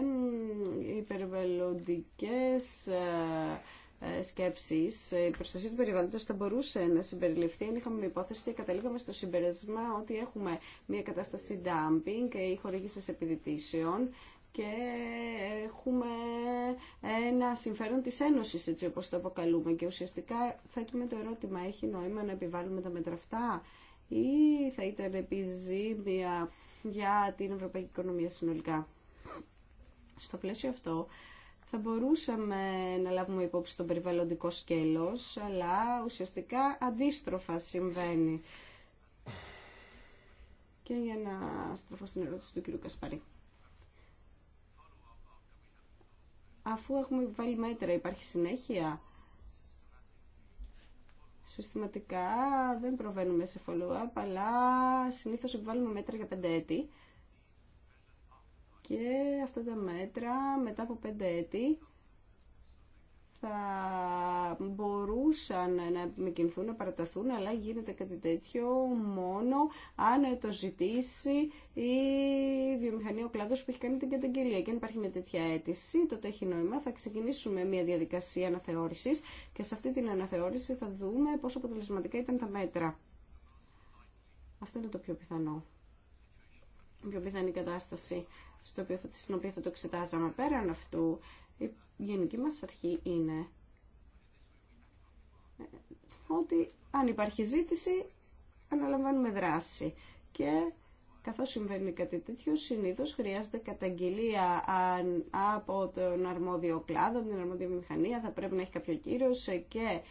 υπερβαλλοντικές ε, ε, σκέψεις. Η προστασία του περιβάλλοντος θα μπορούσε να συμπεριληφθεί αν είχαμε υπόθεση και καταλήγαμε στο συμπερασμά ότι έχουμε μια κατάσταση dumping ή χορήγησης επιδητήσεων και έχουμε ένα συμφέρον της Ένωσης, έτσι όπως το αποκαλούμε. Και ουσιαστικά έχουμε το ερώτημα, έχει νόημα να επιβάλλουμε τα μέτρα αυτά ή θα ήταν επιζήμια για την ευρωπαϊκή οικονομία συνολικά. Στο πλαίσιο αυτό θα μπορούσαμε να λάβουμε υπόψη τον περιβαλλοντικό σκέλος, αλλά ουσιαστικά αντίστροφα συμβαίνει. Και για να στραφώ στην ερώτηση του κ. Κασπαρή. Αφού έχουμε βάλει μέτρα, υπάρχει συνέχεια. Συστηματικά δεν προβαίνουμε σε follow-up, αλλά συνήθως επιβάλλουμε μέτρα για πέντε έτη και αυτά τα μέτρα μετά από πέντε έτη θα μπορούσαν να επιμηκυνθούν, να παραταθούν, αλλά γίνεται κάτι τέτοιο μόνο αν το ζητήσει η βιομηχανία, ο κλάδος που έχει κάνει την καταγγελία. Και αν υπάρχει μια τέτοια αίτηση, τότε έχει νόημα, θα ξεκινήσουμε μια διαδικασία αναθεώρησης και σε αυτή την αναθεώρηση θα δούμε πόσο αποτελεσματικά ήταν τα μέτρα. Αυτό είναι το πιο πιθανό πιο πιθανή κατάσταση στο οποίο θα, στην οποία θα το εξετάζαμε. Πέραν αυτού, η γενική μας αρχή είναι ε, ότι αν υπάρχει ζήτηση, αναλαμβάνουμε δράση. Και καθώς συμβαίνει κάτι τέτοιο, συνήθως χρειάζεται καταγγελία από τον αρμόδιο κλάδο, την αρμόδια μηχανία, θα πρέπει να έχει κάποιο κύρος και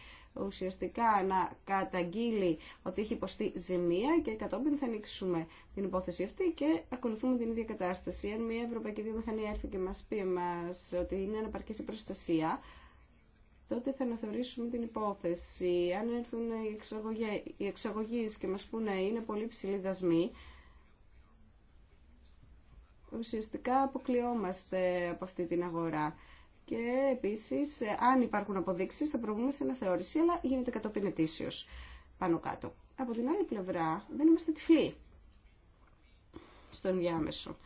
ουσιαστικά να καταγγείλει ότι έχει υποστεί ζημία και κατόπιν θα ανοίξουμε την υπόθεση αυτή και ακολουθούμε την ίδια κατάσταση. Αν μια Ευρωπαϊκή Βιομηχανία έρθει και μας πει μας ότι είναι αναπαρκή η προστασία, τότε θα αναθεωρήσουμε την υπόθεση. Αν έρθουν οι εξαγωγεί και μα πούνε είναι πολύ ψηλή δασμοί, ουσιαστικά αποκλειόμαστε από αυτή την αγορά και επίσης ε, αν υπάρχουν αποδείξεις θα προβούμε σε αναθεώρηση, αλλά γίνεται κατόπιν ετήσιο πάνω κάτω. Από την άλλη πλευρά δεν είμαστε τυφλοί στον διάμεσο.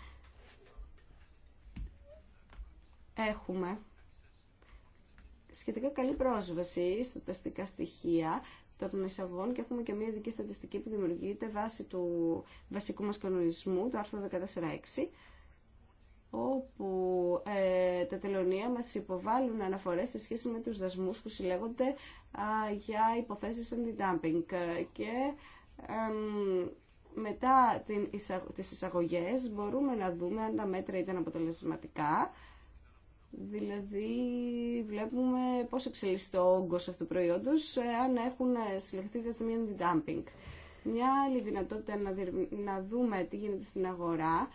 Έχουμε σχετικά καλή πρόσβαση στα ταστικά στοιχεία των εισαγωγών και έχουμε και μια ειδική στατιστική που δημιουργείται βάσει του βασικού μας κανονισμού, του άρθρου 14.6 όπου ε, τα τελωνία μας υποβάλλουν αναφορές σε σχέση με τους δασμούς που συλλέγονται για υποθέσεις αντι-dumping και μετά την, τις εισαγωγές μπορούμε να δούμε αν τα μέτρα ήταν αποτελεσματικά Δηλαδή βλέπουμε πώς εξελίσσεται ο όγκος αυτού του προϊόντος ε, αν έχουν δασμοί δεσμοί αντι-dumping. Μια άλλη δυνατότητα να δούμε τι γίνεται στην αγορά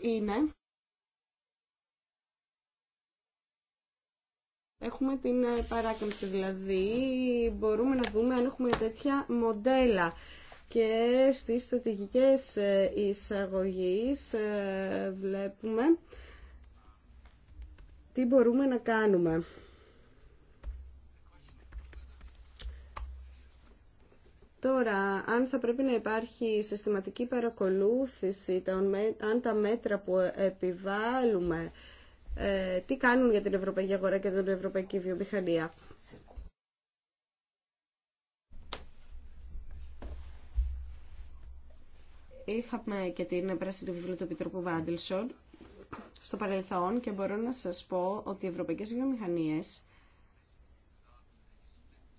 είναι Έχουμε την ε, παράκαμψη δηλαδή, μπορούμε να δούμε αν έχουμε τέτοια μοντέλα και στις στρατηγικές ε, εισαγωγής ε, βλέπουμε τι μπορούμε να κάνουμε. Τώρα, αν θα πρέπει να υπάρχει συστηματική παρακολούθηση, αν τα μέτρα που επιβάλλουμε ε, τι κάνουν για την ευρωπαϊκή αγορά και την ευρωπαϊκή βιομηχανία. Είχαμε και την πράσινη βιβλία του Επιτροπού Βάντελσον στο παρελθόν και μπορώ να σας πω ότι οι ευρωπαϊκές βιομηχανίες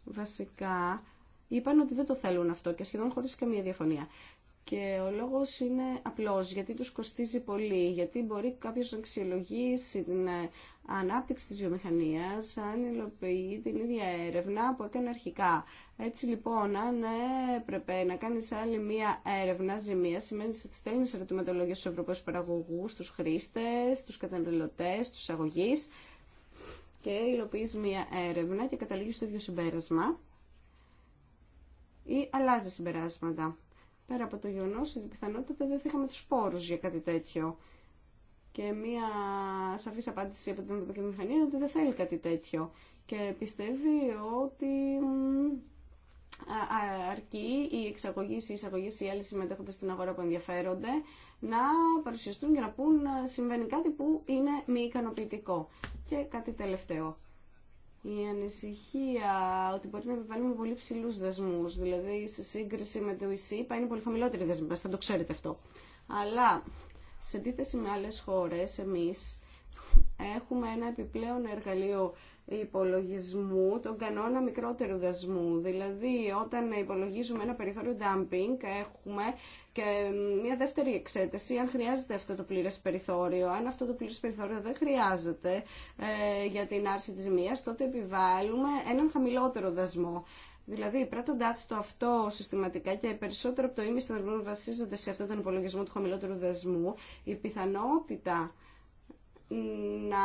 βασικά είπαν ότι δεν το θέλουν αυτό και σχεδόν χωρίς καμία διαφωνία. Και ο λόγος είναι απλός, γιατί τους κοστίζει πολύ, γιατί μπορεί κάποιος να αξιολογήσει την ε, ανάπτυξη της βιομηχανίας, αν υλοποιεί την ίδια έρευνα που έκανε αρχικά. Έτσι λοιπόν, αν έπρεπε να κάνεις άλλη μία έρευνα ζημία, σημαίνει ότι στέλνεις ερωτηματολόγια στους ευρωπαίους παραγωγούς, στους χρήστες, στους καταναλωτές, στους αγωγείς και υλοποιείς μία έρευνα και καταλήγεις στο ίδιο συμπέρασμα ή αλλάζει συμπεράσματα. Πέρα από το γεγονό ότι πιθανότητα δεν θα είχαμε του πόρου για κάτι τέτοιο. Και μία σαφής απάντηση από την Ευρωπαϊκή είναι ότι δεν θέλει κάτι τέτοιο. Και πιστεύει ότι αρκεί οι εξαγωγή, οι ή οι άλλοι συμμετέχοντε στην αγορά που ενδιαφέρονται να παρουσιαστούν και να πούν συμβαίνει κάτι που είναι μη ικανοποιητικό. Και κάτι τελευταίο η ανησυχία ότι μπορεί να επιβάλλουμε πολύ ψηλού δεσμού. Δηλαδή, σε σύγκριση με το ΙΣΥΠΑ είναι πολύ χαμηλότεροι δεσμοί. Θα το ξέρετε αυτό. Αλλά σε αντίθεση με άλλε χώρε, εμεί έχουμε ένα επιπλέον εργαλείο υπολογισμού, τον κανόνα μικρότερου δασμού. Δηλαδή, όταν υπολογίζουμε ένα περιθώριο dumping, έχουμε και μια δεύτερη εξέταση αν χρειάζεται αυτό το πλήρες περιθώριο. Αν αυτό το πλήρες περιθώριο δεν χρειάζεται ε, για την άρση της μίας τότε επιβάλλουμε έναν χαμηλότερο δασμό. Δηλαδή, πράττοντά το αυτό συστηματικά και περισσότερο από το ίμιση των βασίζονται σε αυτόν τον υπολογισμό του χαμηλότερου δασμού, η πιθανότητα να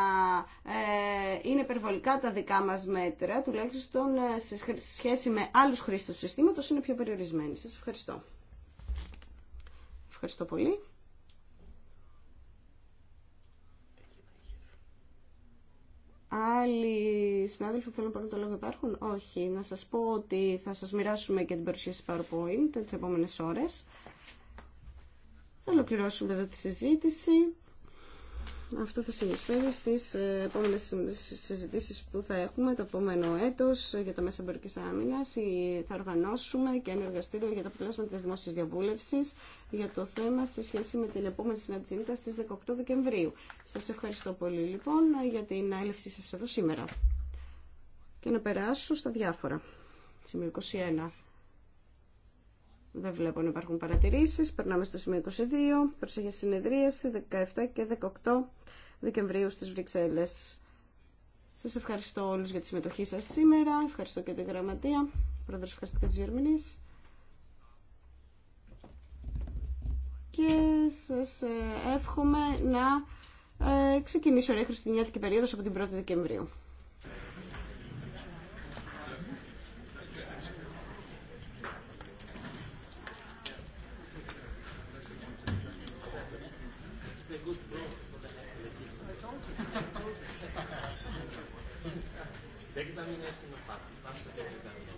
ε, είναι υπερβολικά τα δικά μας μέτρα, τουλάχιστον ε, σε σχέση με άλλους χρήστες του συστήματος, είναι πιο περιορισμένη. Σας ευχαριστώ. Ευχαριστώ πολύ. Άλλοι συνάδελφοι θέλουν να πάρουν το λόγο υπάρχουν. Όχι. Να σας πω ότι θα σας μοιράσουμε και την παρουσίαση PowerPoint τις επόμενες ώρες. Θα ολοκληρώσουμε εδώ τη συζήτηση. Αυτό θα συνεισφέρει στι ε, επόμενε συζητήσει που θα έχουμε το επόμενο έτος για τα μέσα εμπορική άμυνα. Θα οργανώσουμε και ένα εργαστήριο για το πλάσματα τη δημόσια διαβούλευση για το θέμα σε σχέση με την επόμενη συναντησίνητα στι 18 Δεκεμβρίου. Σα ευχαριστώ πολύ λοιπόν για την έλευση σα εδώ σήμερα. Και να περάσω στα διάφορα. Σημείο 21. Δεν βλέπω να υπάρχουν παρατηρήσεις. Περνάμε στο σημείο 22. Προσέχει συνεδρίαση 17 και 18 Δεκεμβρίου στις Βρυξέλλες. Σας ευχαριστώ όλους για τη συμμετοχή σας σήμερα. Ευχαριστώ και τη Γραμματεία. Πρόεδρος, ευχαριστώ και τους Και σας ε, εύχομαι να ε, ξεκινήσει ωραία χριστουγεννιάτικη περίοδος από την 1η Δεκεμβρίου.